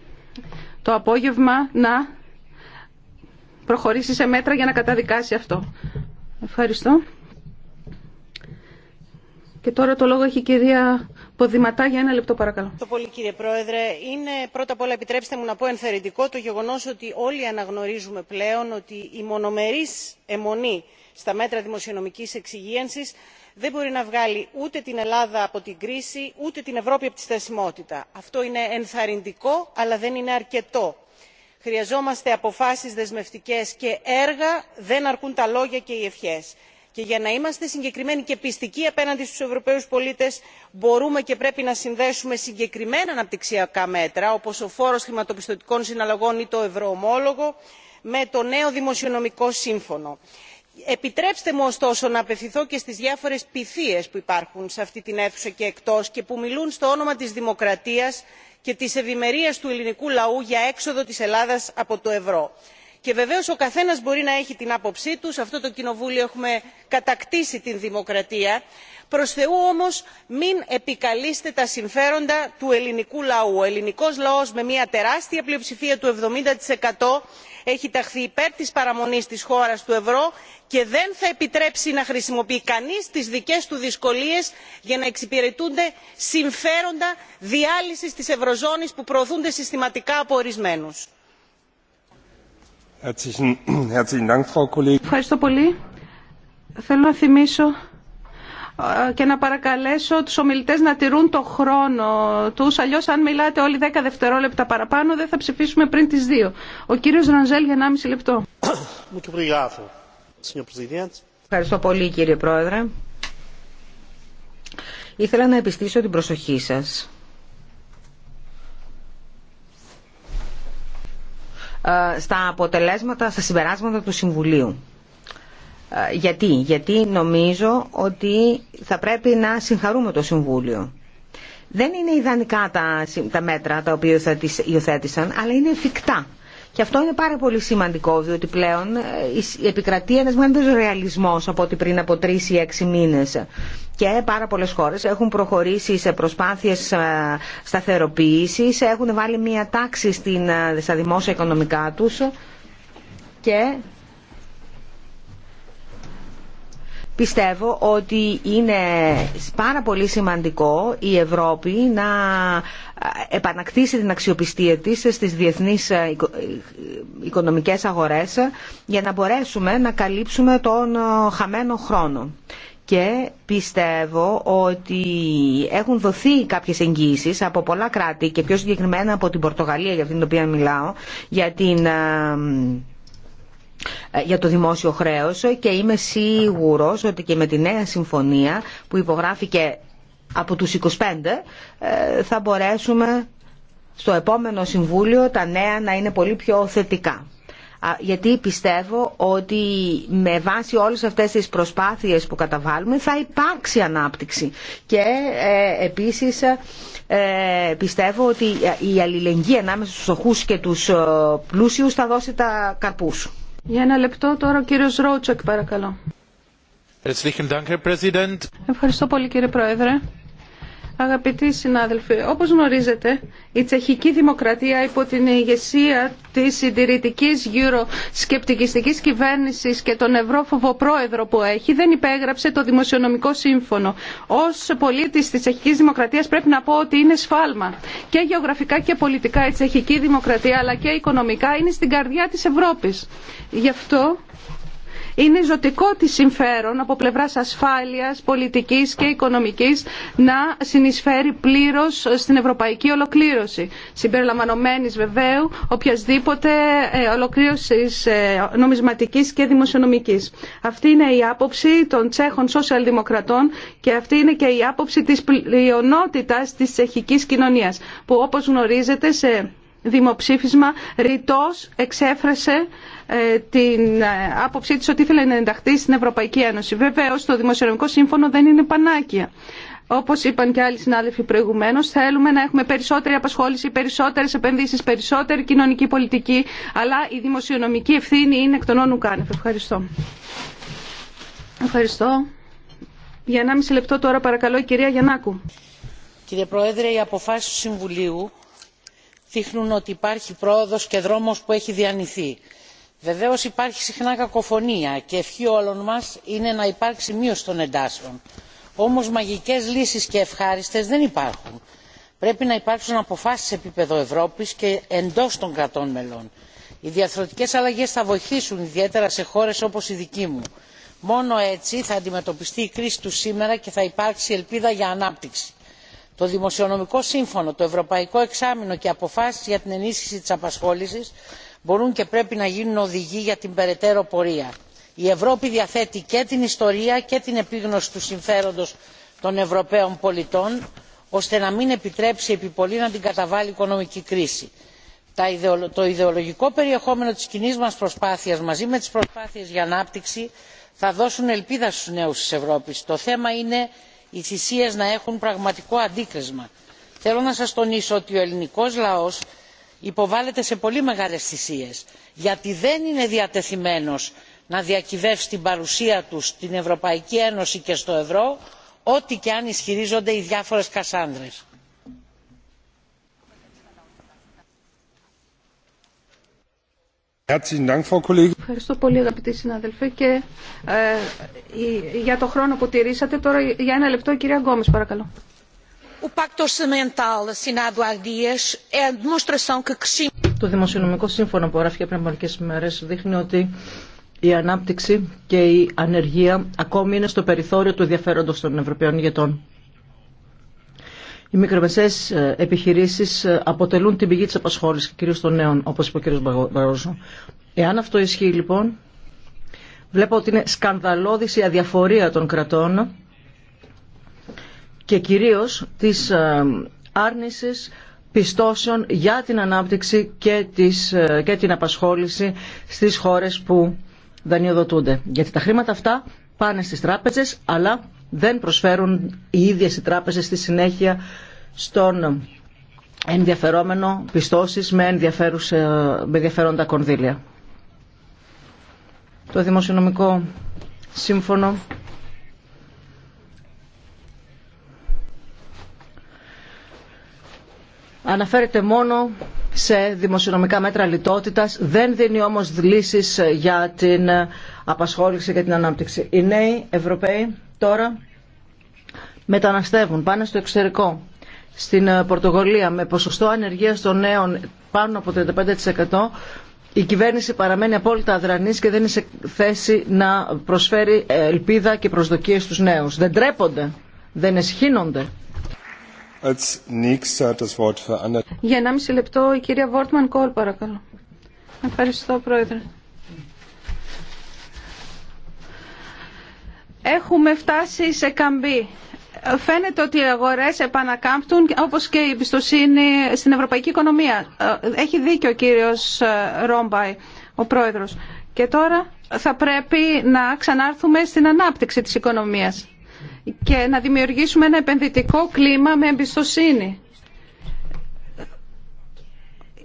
το απόγευμα να προχωρήσει σε μέτρα για να καταδικάσει αυτό. Ευχαριστώ. Και τώρα το λόγο έχει η κυρία Ποδηματά για ένα λεπτό παρακαλώ. Πολύ, κύριε Πρόεδρε. Είναι πρώτα απ' όλα επιτρέψτε μου να πω ενθαρρυντικό το γεγονό ότι όλοι αναγνωρίζουμε πλέον ότι η μονομερής αιμονή στα μέτρα δημοσιονομική εξυγίανση δεν μπορεί να βγάλει ούτε την Ελλάδα από την κρίση ούτε την Ευρώπη από τη στασιμότητα. Αυτό είναι ενθαρρυντικό αλλά δεν είναι αρκετό. Χρειαζόμαστε αποφάσεις δεσμευτικές και έργα, δεν αρκούν τα λόγια και οι ευχές και για να είμαστε συγκεκριμένοι και πιστικοί απέναντι στους ευρωπαίους πολίτες μπορούμε και πρέπει να συνδέσουμε συγκεκριμένα αναπτυξιακά μέτρα όπως ο φόρος χρηματοπιστωτικών συναλλαγών ή το ευρωομόλογο με το νέο δημοσιονομικό σύμφωνο. επιτρέψτε μου ωστόσο να απευθυνθώ και στις διάφορες πυθίε που υπάρχουν σε αυτή την αίθουσα και εκτός και που μιλούν στο όνομα της δημοκρατίας και της ευημερίας του ελληνικού λαού για έξοδο της ελλάδας από το ευρώ και βεβαίω ο καθένα μπορεί να έχει την άποψή του σε αυτό το κοινοβούλιο έχουμε κατακτήσει την δημοκρατία προ θεού όμω μην επικαλείστε τα συμφέροντα του ελληνικού λαού. ο ελληνικό λαό με μια τεράστια πλειοψηφία του 70% έχει ταχθεί υπέρ τη παραμονή τη χώρα του ευρώ και δεν θα επιτρέψει να χρησιμοποιεί κανεί τι δικέ του δυσκολίε για να εξυπηρετούνται συμφέροντα διάλυση τη ευρωζώνη που προωθούνται συστηματικά από ορισμένου. Ευχαριστώ πολύ. Θέλω να θυμίσω ε, και να παρακαλέσω τους ομιλητές να τηρούν το χρόνο τους. Αλλιώς αν μιλάτε όλοι 10 δευτερόλεπτα παραπάνω δεν θα ψηφίσουμε πριν τις 2. Ο κύριος Ρανζέλ για 1,5 λεπτό. Ευχαριστώ πολύ κύριε Πρόεδρε. Ήθελα να επιστήσω την προσοχή σας Ε, στα αποτελέσματα, στα συμπεράσματα του Συμβουλίου. Ε, γιατί, γιατί νομίζω ότι θα πρέπει να συγχαρούμε το Συμβούλιο. Δεν είναι ιδανικά τα, τα μέτρα τα οποία θα τις υιοθέτησαν, αλλά είναι εφικτά. Και αυτό είναι πάρα πολύ σημαντικό, διότι πλέον ε, η επικρατεί ένα μεγάλο ρεαλισμό από ότι πριν από τρει ή έξι μήνες. Και πάρα πολλέ χώρε έχουν προχωρήσει σε προσπάθειες ε, σταθεροποίηση, έχουν βάλει μια τάξη ε, στα δημόσια οικονομικά τους και Πιστεύω ότι είναι πάρα πολύ σημαντικό η Ευρώπη να επανακτήσει την αξιοπιστία της στις διεθνείς ε, ε, οικονομικές αγορές για να μπορέσουμε να καλύψουμε τον ε, χαμένο χρόνο. Και πιστεύω ότι έχουν δοθεί κάποιες εγγύησεις από πολλά κράτη και πιο συγκεκριμένα από την Πορτογαλία για την οποία μιλάω για την ε, για το δημόσιο χρέος και είμαι σίγουρος ότι και με τη νέα συμφωνία που υπογράφηκε από τους 25 ε, θα μπορέσουμε στο επόμενο Συμβούλιο τα νέα να είναι πολύ πιο θετικά. Γιατί πιστεύω ότι με βάση όλες αυτές τις προσπάθειες που καταβάλουμε θα υπάρξει ανάπτυξη. Και ε, επίσης πιστεύω ότι η αλληλεγγύη ανάμεσα στους οχούς και τους πλούσιους θα δώσει τα καρπούς. Για ένα λεπτό τώρα ο κύριος Ρότσεκ παρακαλώ. Ευχαριστώ πολύ κύριε Πρόεδρε. Αγαπητοί συνάδελφοι, όπως γνωρίζετε, η τσεχική δημοκρατία υπό την ηγεσία της γύρω, σκεπτικιστικής κυβέρνησης και τον ευρώφοβο πρόεδρο που έχει δεν υπέγραψε το δημοσιονομικό σύμφωνο. Ως πολίτης της τσεχικής δημοκρατίας πρέπει να πω ότι είναι σφάλμα. Και γεωγραφικά και πολιτικά η τσεχική δημοκρατία αλλά και οικονομικά είναι στην καρδιά της Ευρώπης. Γι' αυτό είναι ζωτικό τη συμφέρον από πλευρά ασφάλειας, πολιτικής και οικονομικής να συνεισφέρει πλήρω στην ευρωπαϊκή ολοκλήρωση. Συμπεριλαμβανομένης βεβαίω, οποιασδήποτε ε, ολοκλήρωσης ε, νομισματικής και δημοσιονομικής. Αυτή είναι η άποψη των Τσέχων σοσιαλδημοκρατών και αυτή είναι και η άποψη της πλειονότητα της τσεχική κοινωνία, που όπω γνωρίζετε σε δημοψήφισμα ρητός εξέφρασε ε, την ε, άποψή της ότι ήθελε να ενταχθεί στην Ευρωπαϊκή Ένωση. Βεβαίως το Δημοσιονομικό Σύμφωνο δεν είναι πανάκια. Όπω είπαν και άλλοι συνάδελφοι προηγουμένω, θέλουμε να έχουμε περισσότερη απασχόληση, περισσότερε επενδύσει, περισσότερη κοινωνική πολιτική. Αλλά η δημοσιονομική ευθύνη είναι εκ των όνου κάνευ. Ευχαριστώ. Ευχαριστώ. Για 1,5 λεπτό τώρα παρακαλώ η κυρία Γιαννάκου. Κύριε Πρόεδρε, οι αποφάσει του Συμβουλίου δείχνουν ότι υπάρχει πρόοδο και δρόμο που έχει διανυθεί Βεβαίω υπάρχει συχνά κακοφωνία και ευχή όλων μα είναι να υπάρξει μείωση των εντάσεων Όμω μαγικέ λύσει και ευχάριστε δεν υπάρχουν. πρέπει να υπάρξουν αποφάσει σε επίπεδο Ευρώπη και εντό των κρατών μελών. οι διαρθρωτικέ αλλαγέ θα βοηθήσουν ιδιαίτερα σε χώρε όπω η δική μου. μόνο έτσι θα αντιμετωπιστεί η κρίση του σήμερα και θα υπάρξει ελπίδα για ανάπτυξη. το δημοσιονομικό σύμφωνο το ευρωπαϊκό εξάμεινο και αποφάσει για την ενίσχυση τη απασχόληση μπορούν και πρέπει να γίνουν οδηγοί για την περαιτέρω πορεία. η ευρώπη διαθέτει και την ιστορία και την επίγνωση του συμφέροντος των ευρωπαίων πολιτών ώστε να μην επιτρέψει επί πολύ να την καταβάλει η οικονομική κρίση. το ιδεολογικό περιεχόμενο της κοινή μας προσπάθειας μαζί με τις προσπάθειες για ανάπτυξη θα δώσουν ελπίδα στους νέους της ευρώπης. το θέμα είναι οι θυσίες να έχουν πραγματικό αντίκρισμα. θέλω να σας τονίσω ότι ο ελληνικός λαός υποβάλλεται σε πολύ μεγάλες θυσίες γιατί δεν είναι διατεθειμένος να διακυβεύσει την παρουσία του στην ευρωπαϊκή ένωση και στο ευρώ ό,τι και αν ισχυρίζονται οι διάφορες κασάνδρες. Ευχαριστώ πολύ αγαπητοί συνάδελφοι και ε, για το χρόνο που τηρήσατε. Τώρα για ένα λεπτό η κυρία Γκόμες παρακαλώ. O pacto orçamental assinado há dias é a demonstração que Το δημοσιονομικό σύμφωνο που γράφηκε πριν από μερικέ μέρε δείχνει ότι η ανάπτυξη και η ανεργία ακόμη είναι στο περιθώριο του ενδιαφέροντο των Ευρωπαίων ηγετών. Οι μικρομεσαίε επιχειρήσει ε, αποτελούν την πηγή τη απασχόληση, και κυρίως των νέων, όπω είπε ο κ. Μπαρόζο. Εάν αυτό ισχύει λοιπόν, βλέπω ότι είναι σκανδαλώδηση η αδιαφορία των κρατών και κυρίως της ε, άρνησης πιστώσεων για την ανάπτυξη και, της, ε, και την απασχόληση στις χώρες που δανειοδοτούνται. Γιατί τα χρήματα αυτά πάνε στις τράπεζες αλλά δεν προσφέρουν οι ίδιες οι τράπεζες στη συνέχεια στον ενδιαφερόμενο πιστώσεις με, με ενδιαφέροντα κονδύλια. Το Δημοσιονομικό Σύμφωνο αναφέρεται μόνο σε δημοσιονομικά μέτρα λιτότητας, δεν δίνει όμως λύσεις για την απασχόληση και την ανάπτυξη. Οι νέοι Ευρωπαίοι τώρα μεταναστεύουν, πάνε στο εξωτερικό. Στην ε, Πορτογαλία με ποσοστό ανεργίας των νέων πάνω από 35% η κυβέρνηση παραμένει απόλυτα αδρανής και δεν είναι σε θέση να προσφέρει ε, ελπίδα και προσδοκίες στους νέους. Δεν τρέπονται, δεν εσχύνονται. Για 1,5 λεπτό η κυρία Βόρτμαν Κόλ παρακαλώ. Ευχαριστώ πρόεδρε. Έχουμε φτάσει σε καμπή. Φαίνεται ότι οι αγορές επανακάμπτουν όπως και η εμπιστοσύνη στην ευρωπαϊκή οικονομία. Ε, έχει δίκιο ο κύριος ε, Ρόμπαϊ, ο πρόεδρος. Και τώρα θα πρέπει να ξανάρθουμε στην ανάπτυξη της οικονομίας και να δημιουργήσουμε ένα επενδυτικό κλίμα με εμπιστοσύνη.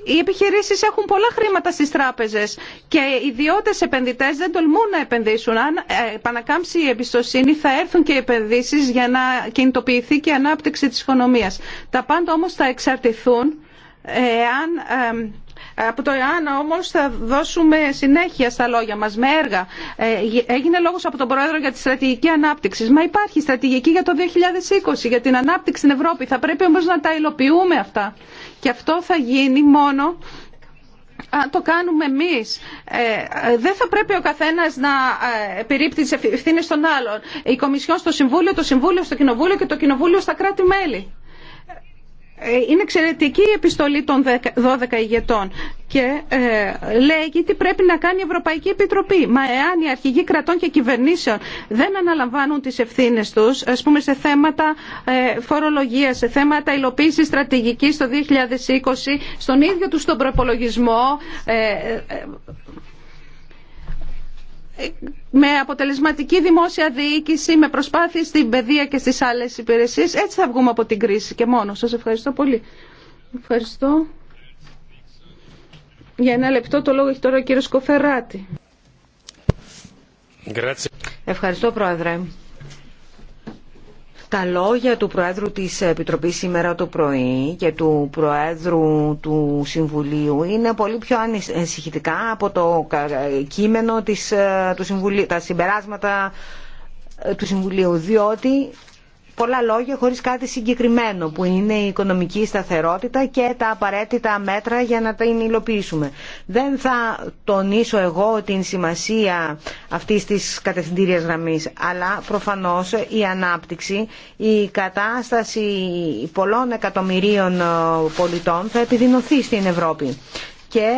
Οι επιχειρήσει έχουν πολλά χρήματα στι τράπεζε και οι ιδιώτε επενδυτέ δεν τολμούν να επενδύσουν. Αν ε, επανακάμψει η εμπιστοσύνη, θα έρθουν και οι επενδύσει για να κινητοποιηθεί και η ανάπτυξη τη οικονομία. Τα πάντα όμω θα εξαρτηθούν εάν ε, από το ΕΑΝ όμω θα δώσουμε συνέχεια στα λόγια μας με έργα. Ε, έγινε λόγος από τον Πρόεδρο για τη στρατηγική ανάπτυξη. Μα υπάρχει στρατηγική για το 2020, για την ανάπτυξη στην Ευρώπη. Θα πρέπει όμω να τα υλοποιούμε αυτά. Και αυτό θα γίνει μόνο αν το κάνουμε εμείς, ε, δεν θα πρέπει ο καθένας να ε, επιρρύπτει τι ευθύνε των άλλων. Η Κομισιόν στο Συμβούλιο, το Συμβούλιο στο Κοινοβούλιο και το Κοινοβούλιο στα κράτη-μέλη. Ε, είναι εξαιρετική η επιστολή των 12 ηγετών και ε, λέει τι πρέπει να κάνει η Ευρωπαϊκή Επιτροπή. Μα εάν οι αρχηγοί κρατών και κυβερνήσεων δεν αναλαμβάνουν τις ευθύνες τους, ας πούμε σε θέματα ε, φορολογίας, σε θέματα υλοποίησης στρατηγικής το 2020, στον ίδιο τους τον προπολογισμό, με αποτελεσματική δημόσια διοίκηση, με προσπάθειες στην παιδεία και στις άλλες υπηρεσίες. Έτσι θα βγούμε από την κρίση και μόνο. Σας ευχαριστώ πολύ. Ευχαριστώ. Για ένα λεπτό το λόγο έχει τώρα ο κύριος Κοφεράτη. Ευχαριστώ Πρόεδρε τα λόγια του Προέδρου της Επιτροπής σήμερα το πρωί και του Προέδρου του Συμβουλίου είναι πολύ πιο ανησυχητικά από το κείμενο της, ε, του Συμβουλίου, τα συμπεράσματα ε, του Συμβουλίου, διότι πολλά λόγια χωρίς κάτι συγκεκριμένο που είναι η οικονομική σταθερότητα και τα απαραίτητα μέτρα για να τα υλοποιήσουμε. Δεν θα τονίσω εγώ την σημασία αυτής της κατευθυντήριας γραμμής, αλλά προφανώς η ανάπτυξη, η κατάσταση πολλών εκατομμυρίων πολιτών θα επιδεινωθεί στην Ευρώπη και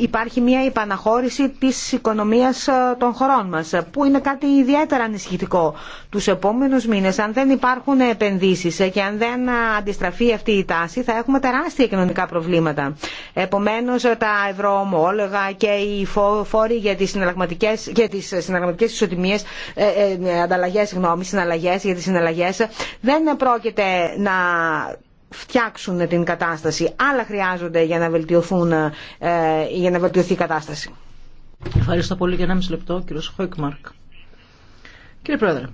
υπάρχει μια επαναχώρηση της οικονομίας ε, των χωρών μας ε, που είναι κάτι ιδιαίτερα ανησυχητικό τους επόμενους μήνες αν δεν υπάρχουν επενδύσεις ε, και αν δεν αντιστραφεί αυτή η τάση θα έχουμε τεράστια κοινωνικά προβλήματα επομένως τα ευρωομόλογα και οι φόροι για τις συναλλαγματικές, για τις συναλλαγματικές ισοτιμίες ανταλλαγές, συναλλαγές για τις συναλλαγές δεν πρόκειται να φτιάξουν την κατάσταση. Άλλα χρειάζονται για να, βελτιωθούν, ε, για να βελτιωθεί η κατάσταση. Ευχαριστώ πολύ για ένα μισό λεπτό, κύριος Χόικμαρκ. Κύριε Πρόεδρε,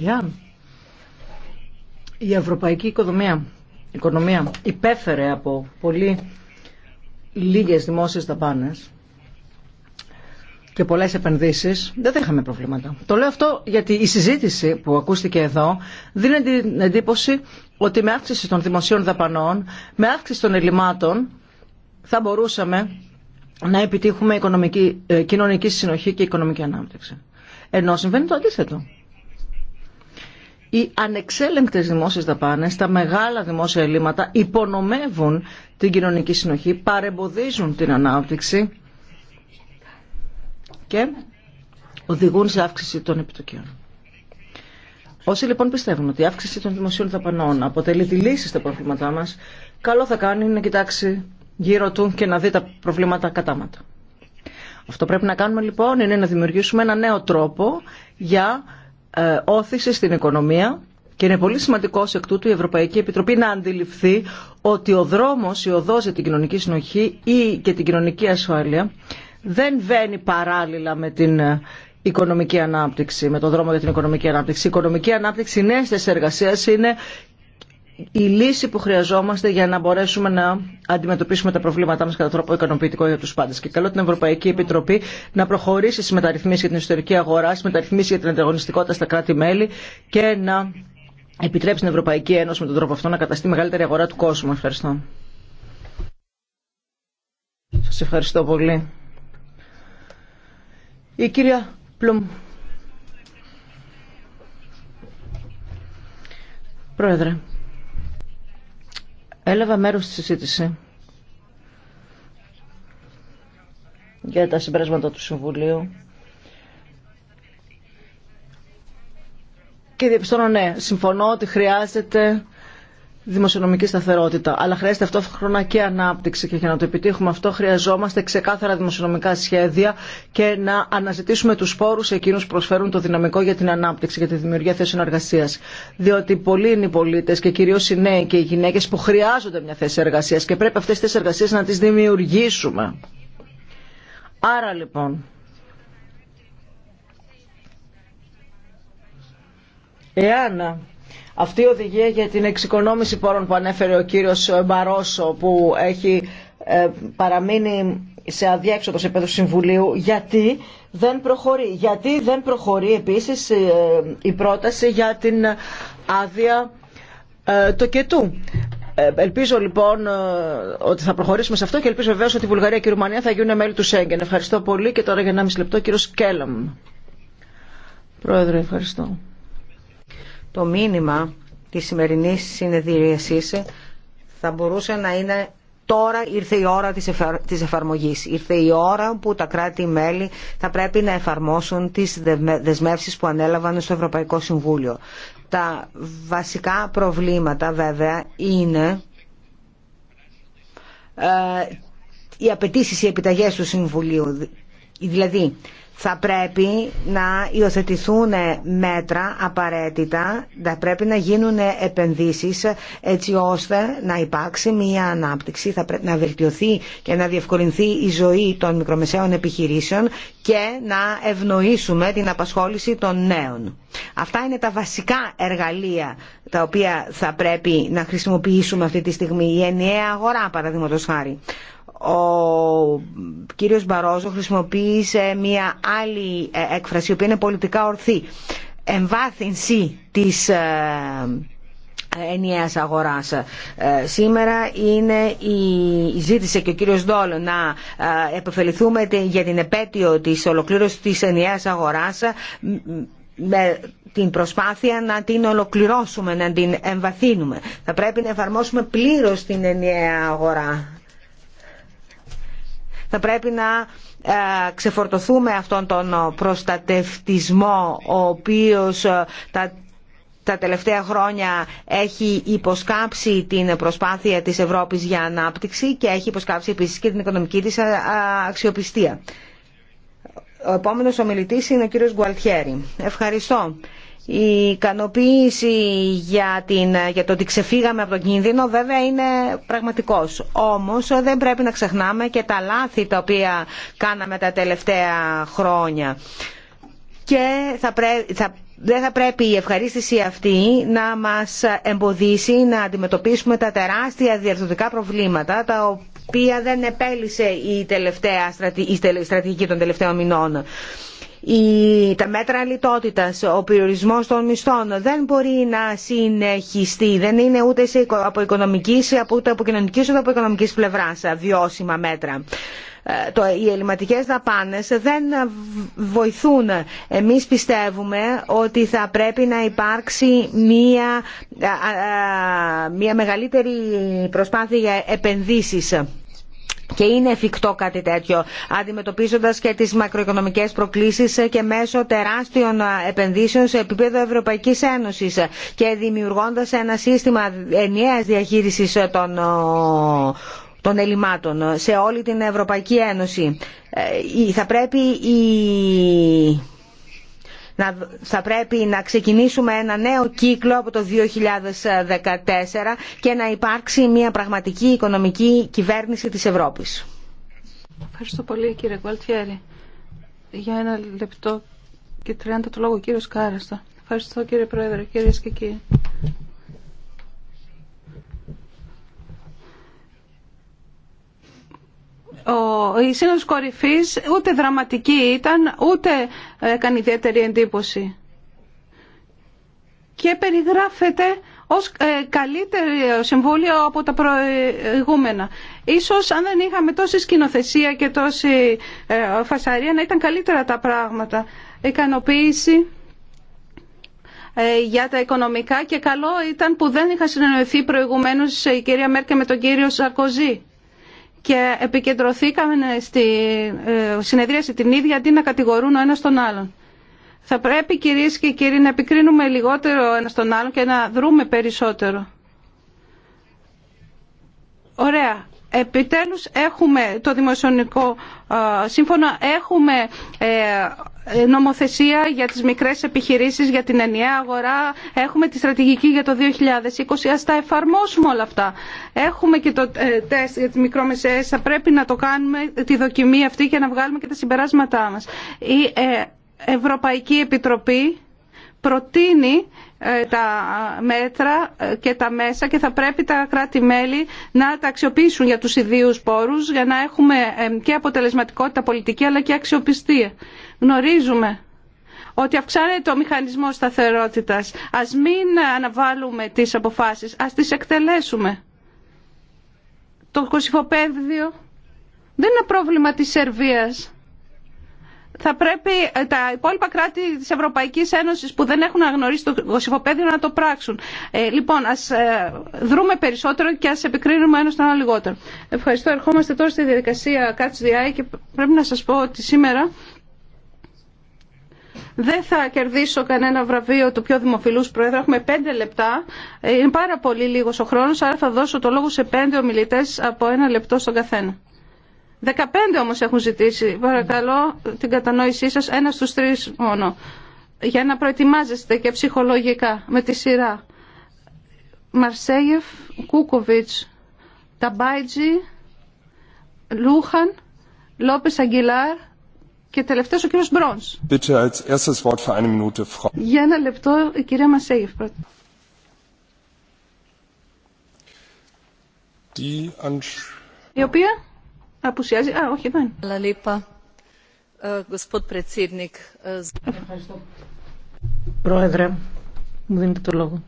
Yeah. η ευρωπαϊκή οικονομία, οικονομία υπέφερε από πολύ λίγες δημόσιες δαπάνες και πολλέ επενδύσει δεν θα είχαμε προβλήματα. Το λέω αυτό γιατί η συζήτηση που ακούστηκε εδώ δίνει την εντύπωση ότι με αύξηση των δημοσίων δαπανών, με αύξηση των ελλημάτων θα μπορούσαμε να επιτύχουμε οικονομική, ε, κοινωνική συνοχή και οικονομική ανάπτυξη. Ενώ συμβαίνει το αντίθετο. Οι ανεξέλεγκτε δημόσιε δαπάνε, τα μεγάλα δημόσια ελλείμματα υπονομεύουν την κοινωνική συνοχή, παρεμποδίζουν την ανάπτυξη και οδηγούν σε αύξηση των επιτοκίων. Όσοι λοιπόν πιστεύουν ότι η αύξηση των δημοσίων δαπανών αποτελεί τη λύση στα προβλήματά μας, καλό θα κάνει να κοιτάξει γύρω του και να δει τα προβλήματα κατάματα. Αυτό πρέπει να κάνουμε λοιπόν είναι να δημιουργήσουμε ένα νέο τρόπο για ε, όθηση στην οικονομία και είναι πολύ σημαντικό εκ τούτου η Ευρωπαϊκή Επιτροπή να αντιληφθεί ότι ο δρόμος, η οδός για την κοινωνική συνοχή ή και την κοινωνική ασφάλεια δεν βαίνει παράλληλα με την ε, οικονομική ανάπτυξη, με τον δρόμο για την οικονομική ανάπτυξη. Η οικονομική ανάπτυξη, οι νέες θέσεις εργασίας είναι η λύση που χρειαζόμαστε για να μπορέσουμε να αντιμετωπίσουμε τα προβλήματά μας κατά τρόπο ικανοποιητικό για τους πάντες. Και καλό την Ευρωπαϊκή Επιτροπή να προχωρήσει στις μεταρρυθμίσεις για την ιστορική αγορά, στις μεταρρυθμίσεις για την ανταγωνιστικότητα στα κράτη-μέλη και να επιτρέψει την Ευρωπαϊκή Ένωση με τον τρόπο αυτό να καταστεί μεγαλύτερη αγορά του κόσμου. Ευχαριστώ. Σας ευχαριστώ πολύ. Η κυρία Πλουμ. Πρόεδρε, έλαβα μέρος στη συζήτηση για τα συμπέρασματα του Συμβουλίου και διαπιστώνω, ναι, συμφωνώ ότι χρειάζεται δημοσιονομική σταθερότητα. Αλλά χρειάζεται ταυτόχρονα και ανάπτυξη και για να το επιτύχουμε αυτό χρειαζόμαστε ξεκάθαρα δημοσιονομικά σχέδια και να αναζητήσουμε τους πόρους εκείνους που προσφέρουν το δυναμικό για την ανάπτυξη, για τη δημιουργία θέσεων εργασία. Διότι πολλοί είναι οι πολίτες και κυρίως οι νέοι και οι γυναίκες που χρειάζονται μια θέση εργασίας και πρέπει αυτές τις θέσεις να τις δημιουργήσουμε. Άρα λοιπόν... Εάν αυτή η οδηγία για την εξοικονόμηση πόρων που ανέφερε ο κύριος Μπαρόσο που έχει ε, παραμείνει σε αδιέξοδο επίπεδο Συμβουλίου γιατί δεν προχωρεί. Γιατί δεν προχωρεί επίσης ε, η πρόταση για την άδεια ε, τοκετού. Ελπίζω λοιπόν ότι θα προχωρήσουμε σε αυτό και ελπίζω βεβαίω ότι η Βουλγαρία και η Ρουμανία θα γίνουν μέλη του Σέγγεν. Ευχαριστώ πολύ και τώρα για μισή λεπτό κύριο Κέλαμ. Πρόεδρε, ευχαριστώ. Το μήνυμα της σημερινής συνεδρίασης θα μπορούσε να είναι τώρα ήρθε η ώρα της, εφαρμογής. Ήρθε η ώρα που τα κράτη-μέλη θα πρέπει να εφαρμόσουν τις δεσμεύσεις που ανέλαβαν στο Ευρωπαϊκό Συμβούλιο. Τα βασικά προβλήματα βέβαια είναι ε, οι απαιτήσει οι επιταγές του Συμβουλίου. Δηλαδή, θα πρέπει να υιοθετηθούν μέτρα απαραίτητα, θα πρέπει να γίνουν επενδύσεις έτσι ώστε να υπάρξει μια ανάπτυξη, θα πρέπει να βελτιωθεί και να διευκολυνθεί η ζωή των μικρομεσαίων επιχειρήσεων και να ευνοήσουμε την απασχόληση των νέων. Αυτά είναι τα βασικά εργαλεία τα οποία θα πρέπει να χρησιμοποιήσουμε αυτή τη στιγμή, η ενιαία αγορά παραδείγματο χάρη. Ο κύριος Μπαρόζο χρησιμοποίησε μια άλλη ε, έκφραση, η οποία είναι πολιτικά ορθή. Εμβάθυνση της ε, ενιαίας αγοράς. Ε, σήμερα είναι η ζήτησε και ο κύριος Δόλο να επωφεληθούμε για την επέτειο της ολοκλήρωσης της ενιαίας αγοράς με την προσπάθεια να την ολοκληρώσουμε, να την εμβαθύνουμε. Θα πρέπει να εφαρμόσουμε πλήρως την ενιαία αγορά. Θα πρέπει να ε, ξεφορτωθούμε αυτόν τον προστατευτισμό ο οποίος ε, τα τα τελευταία χρόνια έχει υποσκάψει την προσπάθεια της Ευρώπης για ανάπτυξη και έχει υποσκάψει επίσης και την οικονομική της ε, αξιοπιστία. Ο επόμενος ομιλητής είναι ο κύριος Γκουαλτιέρη. Ευχαριστώ. Η ικανοποίηση για, την, για το ότι ξεφύγαμε από τον κίνδυνο βέβαια είναι πραγματικός. Όμως δεν πρέπει να ξεχνάμε και τα λάθη τα οποία κάναμε τα τελευταία χρόνια. Και θα δεν θα πρέπει η ευχαρίστηση αυτή να μας εμποδίσει να αντιμετωπίσουμε τα τεράστια διαρθρωτικά προβλήματα τα οποία δεν επέλυσε η, τελευταία, η στρατηγική των τελευταίων μηνών τα μέτρα λιτότητας, ο περιορισμός των μισθών δεν μπορεί να συνεχιστεί, δεν είναι ούτε από οικονομικής, ούτε από κοινωνικής, ούτε από οικονομικής πλευράς βιώσιμα μέτρα ε, οι ελληματικές δαπάνες δεν βοηθούν. Εμείς πιστεύουμε ότι θα πρέπει να υπάρξει μια, ε, ε, μια μεγαλύτερη προσπάθεια για επενδύσεις και είναι εφικτό κάτι τέτοιο αντιμετωπίζοντας και τις μακροοικονομικές προκλήσεις και μέσω τεράστιων επενδύσεων σε επίπεδο Ευρωπαϊκής Ένωσης και δημιουργώντα ένα σύστημα ενιαίας διαχείρισης των των ελλημάτων σε όλη την Ευρωπαϊκή Ένωση. Ε, θα πρέπει η να, θα πρέπει να ξεκινήσουμε ένα νέο κύκλο από το 2014 και να υπάρξει μια πραγματική οικονομική κυβέρνηση της Ευρώπης. Ευχαριστώ πολύ κύριε Γουαλτιέρη. Για ένα λεπτό και 30 το λόγο κύριος Κάραστα. Ευχαριστώ κύριε Πρόεδρε, κυρίες και κύριοι. ο, η σύνοδος κορυφής ούτε δραματική ήταν, ούτε έκανε ιδιαίτερη εντύπωση. Και περιγράφεται ως ε, καλύτερο συμβούλιο από τα προηγούμενα. Ίσως αν δεν είχαμε τόση σκηνοθεσία και τόση ε, φασαρία να ήταν καλύτερα τα πράγματα. Εκανοποίηση ε, για τα οικονομικά και καλό ήταν που δεν είχα συνεννοηθεί προηγουμένως η κυρία Μέρκε με τον κύριο Σαρκοζή και επικεντρωθήκαμε στη ε, συνεδρίαση την ίδια αντί να κατηγορούν ο ένας τον άλλον. Θα πρέπει κυρίε και κύριοι να επικρίνουμε λιγότερο ένα τον άλλον και να δρούμε περισσότερο. Ωραία επιτέλους έχουμε το δημοσιονομικό σύμφωνο, έχουμε ε, νομοθεσία για τις μικρές επιχειρήσεις, για την ενιαία αγορά, έχουμε τη στρατηγική για το 2020, ας τα εφαρμόσουμε όλα αυτά. Έχουμε και το ε, τεστ για τις μικρόμεσαίες, θα πρέπει να το κάνουμε τη δοκιμή αυτή και να βγάλουμε και τα συμπεράσματά μας. Η ε, Ευρωπαϊκή Επιτροπή προτείνει ε, τα μέτρα και τα μέσα και θα πρέπει τα κράτη-μέλη να τα αξιοποιήσουν για τους ιδίους πόρους για να έχουμε και αποτελεσματικότητα πολιτική αλλά και αξιοπιστία. Γνωρίζουμε ότι αυξάνεται ο μηχανισμό σταθερότητας. Ας μην αναβάλουμε τις αποφάσεις, ας τις εκτελέσουμε. Το κοσυφοπαίδιο δεν είναι πρόβλημα της Σερβίας θα πρέπει ε, τα υπόλοιπα κράτη της Ευρωπαϊκής Ένωσης που δεν έχουν αναγνωρίσει το γοσυφοπέδιο να το πράξουν. Ε, λοιπόν, ας ε, δρούμε περισσότερο και ας επικρίνουμε ένα τον άλλο λιγότερο. Ευχαριστώ. Ερχόμαστε τώρα στη διαδικασία Catch the και πρέπει να σας πω ότι σήμερα δεν θα κερδίσω κανένα βραβείο του πιο δημοφιλούς πρόεδρου. Έχουμε πέντε λεπτά. Είναι πάρα πολύ λίγος ο χρόνος, άρα θα δώσω το λόγο σε πέντε ομιλητές από ένα λεπτό στον καθένα. Δεκαπέντε όμως έχουν ζητήσει. Παρακαλώ την κατανόησή σας, ένα στους τρεις μόνο. Για να προετοιμάζεστε και ψυχολογικά με τη σειρά. Μαρσέγεφ, Κούκοβιτς, Ταμπάιτζη, Λούχαν, Λόπες Αγγιλάρ και τελευταίος ο κύριος Μπρόνς. Για ένα λεπτό η κυρία Μαρσέγεφ πρώτα. Η οποία Απουσιάζει. Α, όχι, δεν. Ε, ε, Ευχαριστώ. Πρόεδρε, μου δίνετε το λόγο.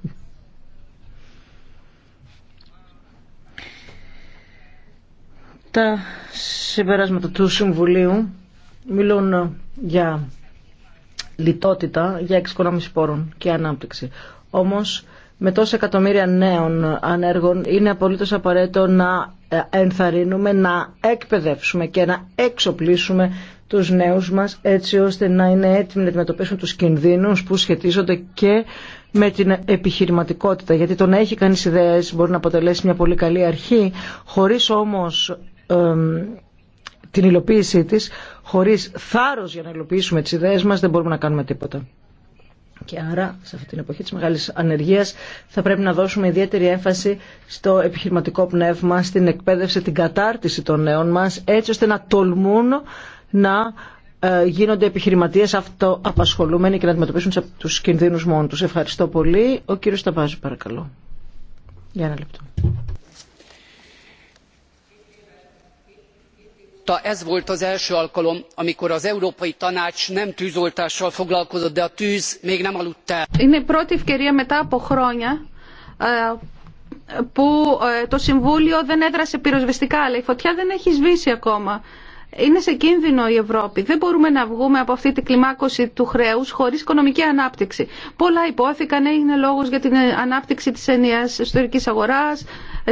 Τα συμπεράσματα του Συμβουλίου μιλούν για λιτότητα, για εξοικονόμηση πόρων και ανάπτυξη. Όμως με τόσα εκατομμύρια νέων ανέργων είναι απολύτως απαραίτητο να ε, ενθαρρύνουμε, να εκπαιδεύσουμε και να εξοπλίσουμε τους νέους μας έτσι ώστε να είναι έτοιμοι να αντιμετωπίσουν τους κινδύνους που σχετίζονται και με την επιχειρηματικότητα. Γιατί το να έχει κανείς ιδέες μπορεί να αποτελέσει μια πολύ καλή αρχή χωρίς όμως την υλοποίησή της, χωρίς θάρρος για να υλοποιήσουμε τις ιδέες μας δεν μπορούμε να κάνουμε τίποτα. Και άρα, σε αυτή την εποχή της μεγάλης ανεργίας, θα πρέπει να δώσουμε ιδιαίτερη έμφαση στο επιχειρηματικό πνεύμα, στην εκπαίδευση, την κατάρτιση των νέων μας, έτσι ώστε να τολμούν να ε, γίνονται επιχειρηματίες αυτοαπασχολούμενοι και να αντιμετωπίσουν τους κινδύνους μόνο. τους. Ευχαριστώ πολύ. Ο κύριος Σταμπάζου, παρακαλώ. Για ένα λεπτό. Είναι η πρώτη ευκαιρία μετά από χρόνια ε, που ε, το Συμβούλιο δεν έδρασε πυροσβεστικά, αλλά η φωτιά δεν έχει σβήσει ακόμα. Είναι σε κίνδυνο η Ευρώπη. Δεν μπορούμε να βγούμε από αυτή την κλιμάκωση του χρέους χωρίς οικονομική ανάπτυξη. Πολλά υπόθηκαν, έγινε λόγο για την ανάπτυξη της ενιαίας ιστορικής αγορά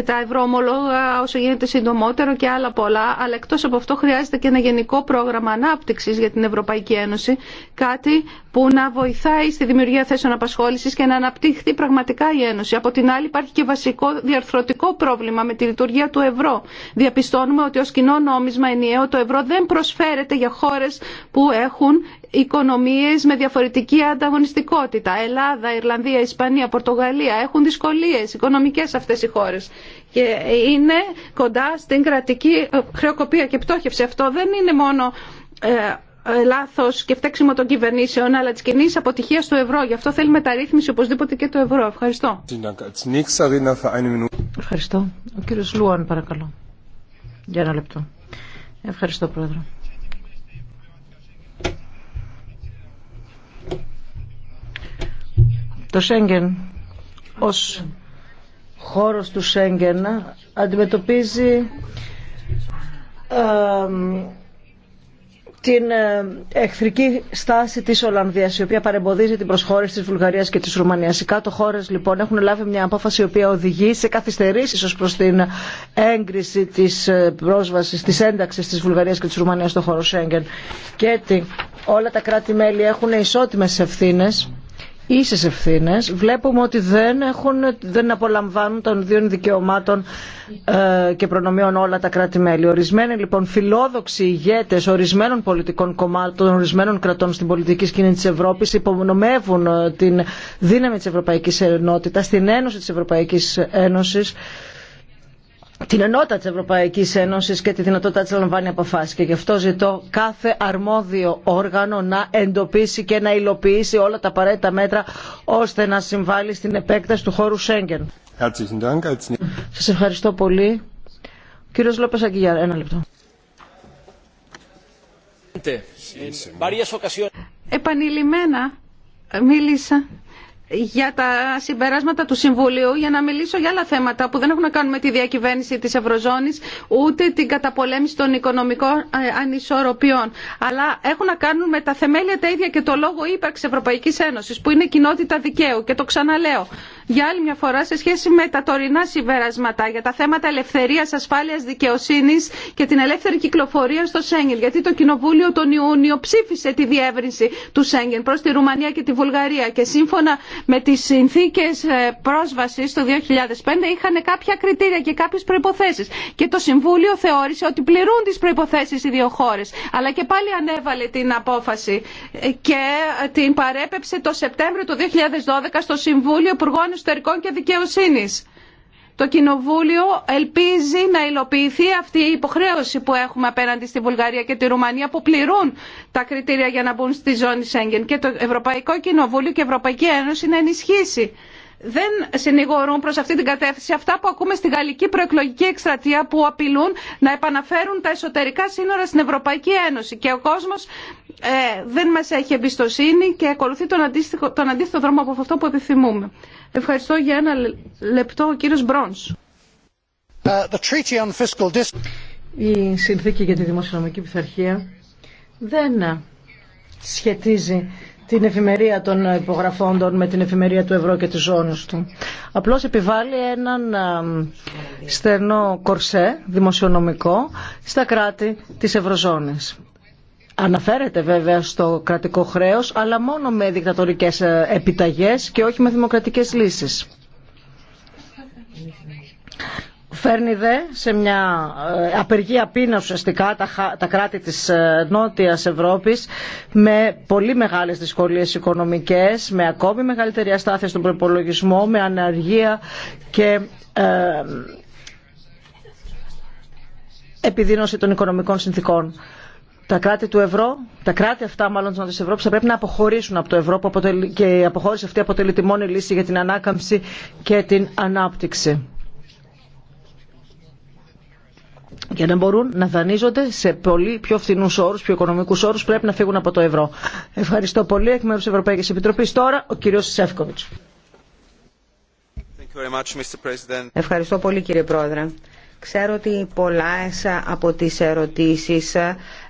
τα ευρωομολόγα όσο γίνεται συντομότερο και άλλα πολλά, αλλά εκτός από αυτό χρειάζεται και ένα γενικό πρόγραμμα ανάπτυξης για την Ευρωπαϊκή Ένωση, κάτι που να βοηθάει στη δημιουργία θέσεων απασχόλησης και να αναπτύχθει πραγματικά η Ένωση. Από την άλλη υπάρχει και βασικό διαρθρωτικό πρόβλημα με τη λειτουργία του ευρώ. Διαπιστώνουμε ότι ως κοινό νόμισμα ενιαίο το ευρώ δεν προσφέρεται για χώρες που έχουν οικονομίες με διαφορετική ανταγωνιστικότητα. Ελλάδα, Ιρλανδία, Ισπανία, Πορτογαλία έχουν δυσκολίες οικονομικές αυτές οι χώρες και είναι κοντά στην κρατική ε, χρεοκοπία και πτώχευση. Αυτό δεν είναι μόνο ε, ε, λάθο και φταίξιμο των κυβερνήσεων, αλλά τη κοινή αποτυχία του ευρώ. Γι' αυτό θέλει μεταρρύθμιση οπωσδήποτε και του ευρώ. Ευχαριστώ. Ευχαριστώ. Ο Λούαν, παρακαλώ. Για ένα λεπτό. Ευχαριστώ, Πρόεδρε. Το Σέγγεν ως χώρος του Σέγγεν αντιμετωπίζει την ε, εχθρική στάση της Ολλανδίας η οποία παρεμποδίζει την προσχώρηση της Βουλγαρίας και της Ρουμανίας. Οι κάτω χώρες λοιπόν έχουν λάβει μια απόφαση η οποία οδηγεί σε καθυστερήσεις ως προς την έγκριση της ε, πρόσβασης, της ένταξης της Βουλγαρίας και της Ρουμανίας στο χώρο Σέγγεν. Και έτσι όλα τα κράτη-μέλη έχουν ισότιμες ευθύνες ίσες ευθύνες βλέπουμε ότι δεν, έχουν, δεν απολαμβάνουν των δύο δικαιωμάτων ε, και προνομιών όλα τα κράτη-μέλη. Ορισμένοι λοιπόν φιλόδοξοι ηγέτες ορισμένων πολιτικών κομμάτων, ορισμένων κρατών στην πολιτική σκηνή της Ευρώπης υπονομεύουν ε, την δύναμη της Ευρωπαϊκής Ενότητας, την Ένωση της Ευρωπαϊκής Ένωσης την ενότητα της Ευρωπαϊκής Ένωσης και τη δυνατότητα της λαμβάνει αποφάσεις. Και γι' αυτό ζητώ κάθε αρμόδιο όργανο να εντοπίσει και να υλοποιήσει όλα τα απαραίτητα μέτρα ώστε να συμβάλλει στην επέκταση του χώρου Σέγγεν. Σας ευχαριστώ πολύ. κύριος Λόπες Αγγιγιάρ, ένα λεπτό. Επανειλημμένα μίλησα για τα συμπεράσματα του Συμβουλίου για να μιλήσω για άλλα θέματα που δεν έχουν να κάνουν με τη διακυβέρνηση της Ευρωζώνης ούτε την καταπολέμηση των οικονομικών ε, ανισορροπιών αλλά έχουν να κάνουν με τα θεμέλια τα ίδια και το λόγο ύπαρξη Ευρωπαϊκής Ένωσης που είναι κοινότητα δικαίου και το ξαναλέω για άλλη μια φορά σε σχέση με τα τωρινά συμπεράσματα για τα θέματα ελευθερίας, ασφάλειας, δικαιοσύνης και την ελεύθερη κυκλοφορία στο Σέγγεν. Γιατί το Κοινοβούλιο τον Ιούνιο ψήφισε τη διεύρυνση του Σέγγεν προς τη Ρουμανία και τη Βουλγαρία και σύμφωνα με τις συνθήκες ε, πρόσβασης το 2005 είχαν κάποια κριτήρια και κάποιες προϋποθέσεις. Και το Συμβούλιο θεώρησε ότι πληρούν τις προϋποθέσεις οι δύο χώρε, Αλλά και πάλι ανέβαλε την απόφαση και την παρέπεψε το Σεπτέμβριο του 2012 στο Συμβούλιο Υπουργών Εσωτερικών και Δικαιοσύνης. Το Κοινοβούλιο ελπίζει να υλοποιηθεί αυτή η υποχρέωση που έχουμε απέναντι στη Βουλγαρία και τη Ρουμανία που πληρούν τα κριτήρια για να μπουν στη ζώνη Σέγγεν και το Ευρωπαϊκό Κοινοβούλιο και η Ευρωπαϊκή Ένωση να ενισχύσει. Δεν συνηγορούν προς αυτή την κατεύθυνση αυτά που ακούμε στη γαλλική προεκλογική εκστρατεία που απειλούν να επαναφέρουν τα εσωτερικά σύνορα στην Ευρωπαϊκή Ένωση και ο κόσμος ε, δεν μας έχει εμπιστοσύνη και ακολουθεί τον αντίστοιχο, τον δρόμο από αυτό που επιθυμούμε. Ευχαριστώ για ένα λεπτό ο κύριος Μπρόνς. Ε, Η συνθήκη για τη δημοσιονομική πειθαρχία δεν σχετίζει την εφημερία των υπογραφώντων με την εφημερία του ευρώ και της ζώνης του. Απλώς επιβάλλει έναν ε, στενό κορσέ δημοσιονομικό στα κράτη της ευρωζώνης. Αναφέρεται βέβαια στο κρατικό χρέος, αλλά μόνο με δικτατορικές ε, επιταγές και όχι με δημοκρατικές λύσεις. Φέρνει δε σε μια ε, απεργία πείνα ουσιαστικά τα κράτη της ε, Νότιας Ευρώπης με πολύ μεγάλες δυσκολίες οικονομικές, με ακόμη μεγαλύτερη αστάθεια στον προπολογισμό, με αναργία και επιδείνωση των οικονομικών συνθήκων τα κράτη του ευρώ, τα κράτη αυτά μάλλον της Ευρώπη, θα πρέπει να αποχωρήσουν από το ευρώ και η αποχώρηση αυτή αποτελεί τη μόνη λύση για την ανάκαμψη και την ανάπτυξη. Για να μπορούν να δανείζονται σε πολύ πιο φθηνού όρου, πιο οικονομικού όρου, πρέπει να φύγουν από το ευρώ. Ευχαριστώ πολύ εκ μέρου τη Ευρωπαϊκή Επιτροπή. Τώρα ο κύριο Σεύκοβιτ. Ευχαριστώ πολύ κύριε Πρόεδρε. Ξέρω ότι πολλά από τις ερωτήσεις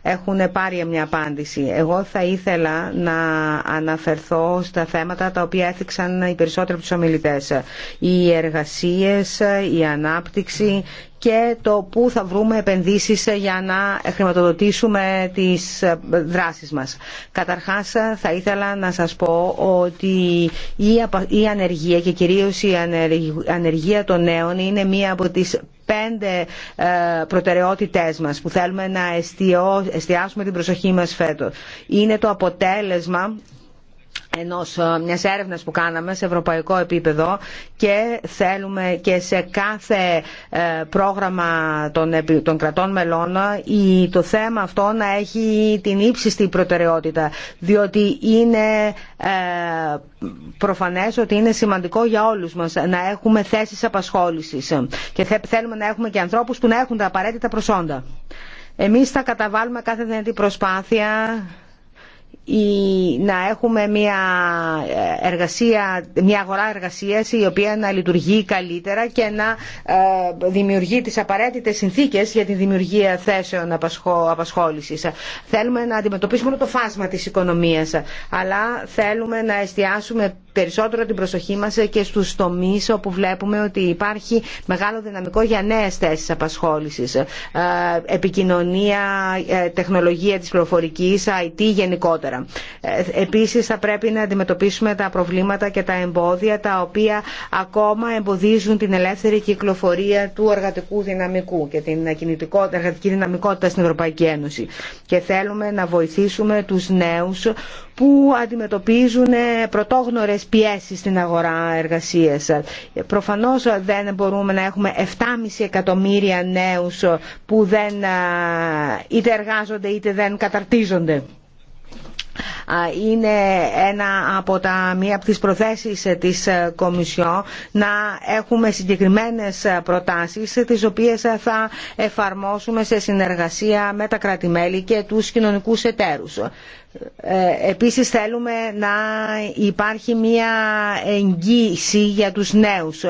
έχουν πάρει μια απάντηση. Εγώ θα ήθελα να αναφερθώ στα θέματα τα οποία έθιξαν οι περισσότεροι από τους ομιλητές. Οι εργασίες, η ανάπτυξη, και το πού θα βρούμε επενδύσεις για να χρηματοδοτήσουμε τις δράσεις μας. Καταρχάς θα ήθελα να σας πω ότι η ανεργία και κυρίως η ανεργία των νέων είναι μία από τις πέντε ε, προτεραιότητές μας που θέλουμε να εστιάσουμε την προσοχή μας φέτος. Είναι το αποτέλεσμα ενός, ε, μιας έρευνας που κάναμε σε ευρωπαϊκό επίπεδο και θέλουμε και σε κάθε ε, πρόγραμμα των, κρατών μελών το θέμα αυτό να έχει την ύψιστη προτεραιότητα διότι είναι ε, προφανές ότι είναι σημαντικό για όλους μας να έχουμε θέσεις απασχόλησης και θέλουμε να έχουμε και ανθρώπους που να έχουν τα απαραίτητα προσόντα. Εμείς θα καταβάλουμε κάθε δυνατή προσπάθεια να έχουμε μια, εργασία, μια αγορά εργασίας η οποία να λειτουργεί καλύτερα και να ε, δημιουργεί τις απαραίτητες συνθήκες για τη δημιουργία θέσεων απασχόλησης. Θέλουμε να αντιμετωπίσουμε το φάσμα της οικονομίας, αλλά θέλουμε να εστιάσουμε περισσότερο την προσοχή μας και στους τομείς όπου βλέπουμε ότι υπάρχει μεγάλο δυναμικό για νέες θέσεις απασχόλησης. Ε, επικοινωνία, ε, τεχνολογία της πληροφορικής, IT γενικότερα Επίση ε, Επίσης θα πρέπει να αντιμετωπίσουμε τα προβλήματα και τα εμπόδια τα οποία ακόμα εμποδίζουν την ελεύθερη κυκλοφορία του εργατικού δυναμικού και την εργατική δυναμικότητα στην Ευρωπαϊκή Ένωση. Και θέλουμε να βοηθήσουμε τους νέους που αντιμετωπίζουν πρωτόγνωρες πιέσεις στην αγορά εργασία. Προφανώς δεν μπορούμε να έχουμε 7,5 εκατομμύρια νέους που δεν είτε εργάζονται είτε δεν καταρτίζονται είναι ένα από μία από τις προθέσεις ε, της ε, Κομισιό να έχουμε συγκεκριμένες ε, προτάσεις τις οποίες θα εφαρμόσουμε σε συνεργασία με τα κράτη-μέλη και τους κοινωνικούς εταίρους. Επίσης θέλουμε να υπάρχει μία εγγύηση για τους νέους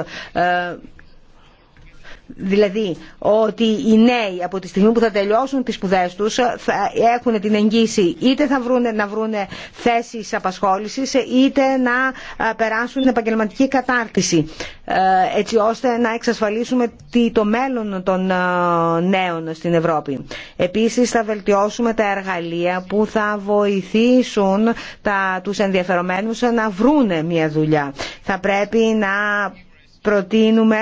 Δηλαδή ότι οι νέοι από τη στιγμή που θα τελειώσουν τις σπουδέ τους θα έχουν την εγγύηση είτε θα βρούνε, να βρουν θέσεις απασχόλησης είτε να περάσουν επαγγελματική κατάρτιση ε, έτσι ώστε να εξασφαλίσουμε το μέλλον των ε, νέων στην Ευρώπη. Επίσης θα βελτιώσουμε τα εργαλεία που θα βοηθήσουν τα, τους ενδιαφερομένους να βρούνε μια δουλειά. Θα πρέπει να προτείνουμε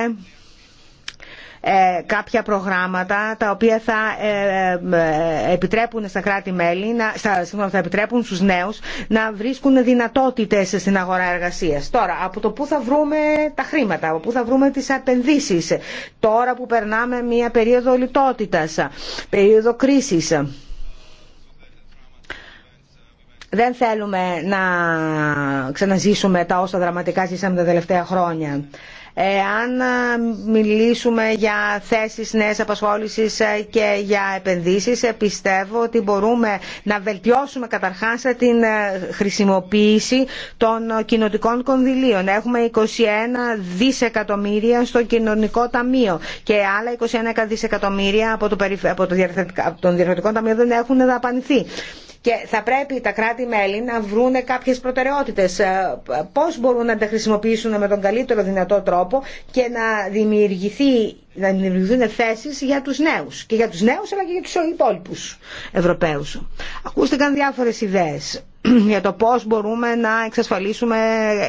ε, κάποια προγράμματα τα οποία θα ε, ε, επιτρέπουν στα κράτη-μέλη, θα επιτρέπουν στους νέους να βρίσκουν δυνατότητες στην αγορά εργασίας. Τώρα, από το πού θα βρούμε τα χρήματα, από πού θα βρούμε τις επενδύσεις, τώρα που περνάμε μια περίοδο λιτότητας, περίοδο κρίσης. Δεν θέλουμε να ξαναζήσουμε τα όσα δραματικά ζήσαμε τα τελευταία χρόνια. Αν ε, μιλήσουμε για θέσεις νέες απασχόλησης ε, και για επενδύσεις, ε, πιστεύω ότι μπορούμε να βελτιώσουμε καταρχάς την χρησιμοποίηση των κοινοτικών κονδυλίων. Έχουμε 21 δισεκατομμύρια στο κοινωνικό ταμείο και άλλα 21 δισεκατομμύρια από, το, από τον Διαρθρωτικό Ταμείο δεν έχουν δαπανηθεί. Και θα πρέπει τα κράτη-μέλη να βρούνε κάποιες προτεραιότητες. Ε, πώς μπορούν να τα χρησιμοποιήσουν με τον καλύτερο δυνατό τρόπο και να δημιουργηθεί να δημιουργηθούν θέσεις για τους νέους και για τους νέους αλλά και για τους υπόλοιπους Ευρωπαίους. Ακούστηκαν διάφορες ιδέες για το πώς μπορούμε να εξασφαλίσουμε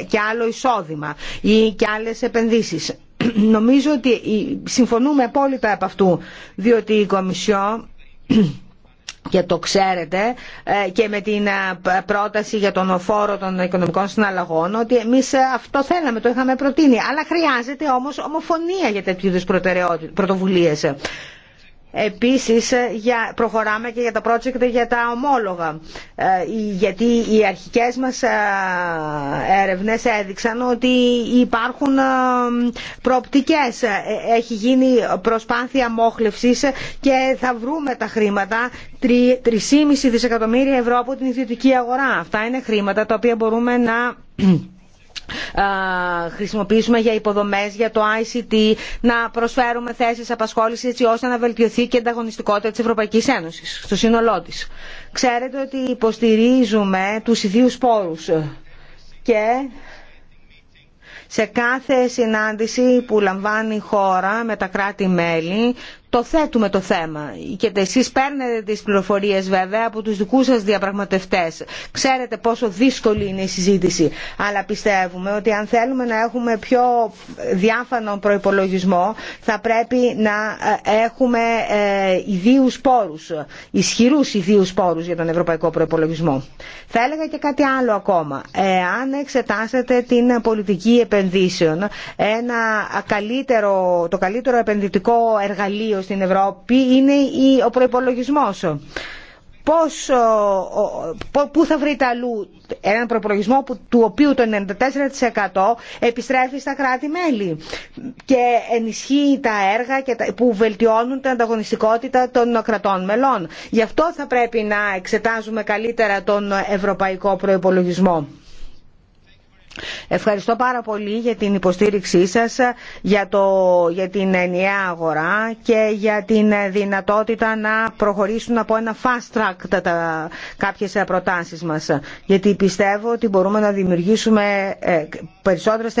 και άλλο εισόδημα ή και άλλες επενδύσεις. Νομίζω ότι ε, συμφωνούμε απόλυτα από αυτού, διότι η Κομισιό και το ξέρετε ε, και με την ε, πρόταση για τον φόρο των οικονομικών συναλλαγών ότι εμείς ε, αυτό θέλαμε, το είχαμε προτείνει. Αλλά χρειάζεται όμως ομοφωνία για τέτοιου είδους πρωτοβουλίες. Επίσης ε, για, προχωράμε και για τα project για τα ομόλογα ε, γιατί οι αρχικές μας ε, έρευνες έδειξαν ότι υπάρχουν προοπτικές. Έχει γίνει προσπάθεια μόχλευσης και θα βρούμε τα χρήματα 3,5 δισεκατομμύρια ευρώ από την ιδιωτική αγορά. Αυτά είναι χρήματα τα οποία μπορούμε να χρησιμοποιήσουμε για υποδομές, για το ICT, να προσφέρουμε θέσεις απασχόλησης έτσι ώστε να βελτιωθεί και η ανταγωνιστικότητα της Ευρωπαϊκής Ένωσης στο σύνολό της. Ξέρετε ότι υποστηρίζουμε τους ιδίους πόρους και σε κάθε συνάντηση που λαμβάνει η χώρα με τα κράτη-μέλη το θέτουμε το θέμα και εσείς παίρνετε τις πληροφορίες βέβαια από τους δικούς σας διαπραγματευτές. Ξέρετε πόσο δύσκολη είναι η συζήτηση. Αλλά πιστεύουμε ότι αν θέλουμε να έχουμε πιο διάφανο προϋπολογισμό θα πρέπει να ε, έχουμε ε, ιδίους πόρους, ισχυρούς ιδίους πόρους για τον ευρωπαϊκό προϋπολογισμό. Θα έλεγα και κάτι άλλο ακόμα. Ε, αν εξετάσετε την πολιτική επενδύσεων, ένα καλύτερο, το καλύτερο επενδυτικό εργαλείο στην Ευρώπη είναι ο προπολογισμό. πού θα βρείτε αλλού έναν προπολογισμό του οποίου το 94% επιστρέφει στα κράτη-μέλη και ενισχύει τα έργα και που βελτιώνουν την ανταγωνιστικότητα των κρατών μελών. Γι' αυτό θα πρέπει να εξετάζουμε καλύτερα τον ευρωπαϊκό προπολογισμό. Ευχαριστώ πάρα πολύ για την υποστήριξή σας, για, το, για την ενιαία αγορά και για την δυνατότητα να προχωρήσουν από ένα fast track τα, τα, κάποιες προτάσεις μας. Γιατί πιστεύω ότι μπορούμε να δημιουργήσουμε ε, περισσότερες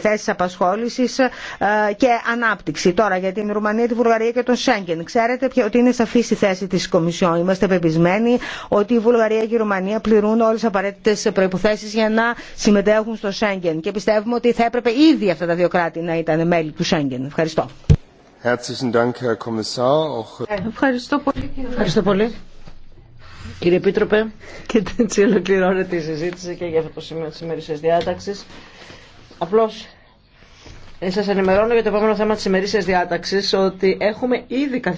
θέσεις απασχόλησης ε, και ανάπτυξη. Τώρα για την Ρουμανία, τη Βουλγαρία και τον Σέγγεν. Ξέρετε ότι είναι σαφή η θέση της Κομισιόν. Είμαστε πεπισμένοι ότι η Βουλγαρία και η Ρουμανία πληρούν όλες τις απαραίτητες προϋποθέσεις για να συμμετέχουν στο Σέγγεν και πιστεύουμε ότι θα έπρεπε ήδη αυτά τα δύο κράτη να ήταν μέλη του Σέγγεν. Ευχαριστώ. Ε, ευχαριστώ πολύ. Ευχαριστώ πολύ. Κύριε Επίτροπε, και έτσι ολοκληρώνεται η συζήτηση και για αυτό το σημείο τη ημερήσιας διάταξη. Απλώ ε, σα ενημερώνω για το επόμενο θέμα τη ημερήσιας διάταξη ότι έχουμε ήδη καθυστερήσει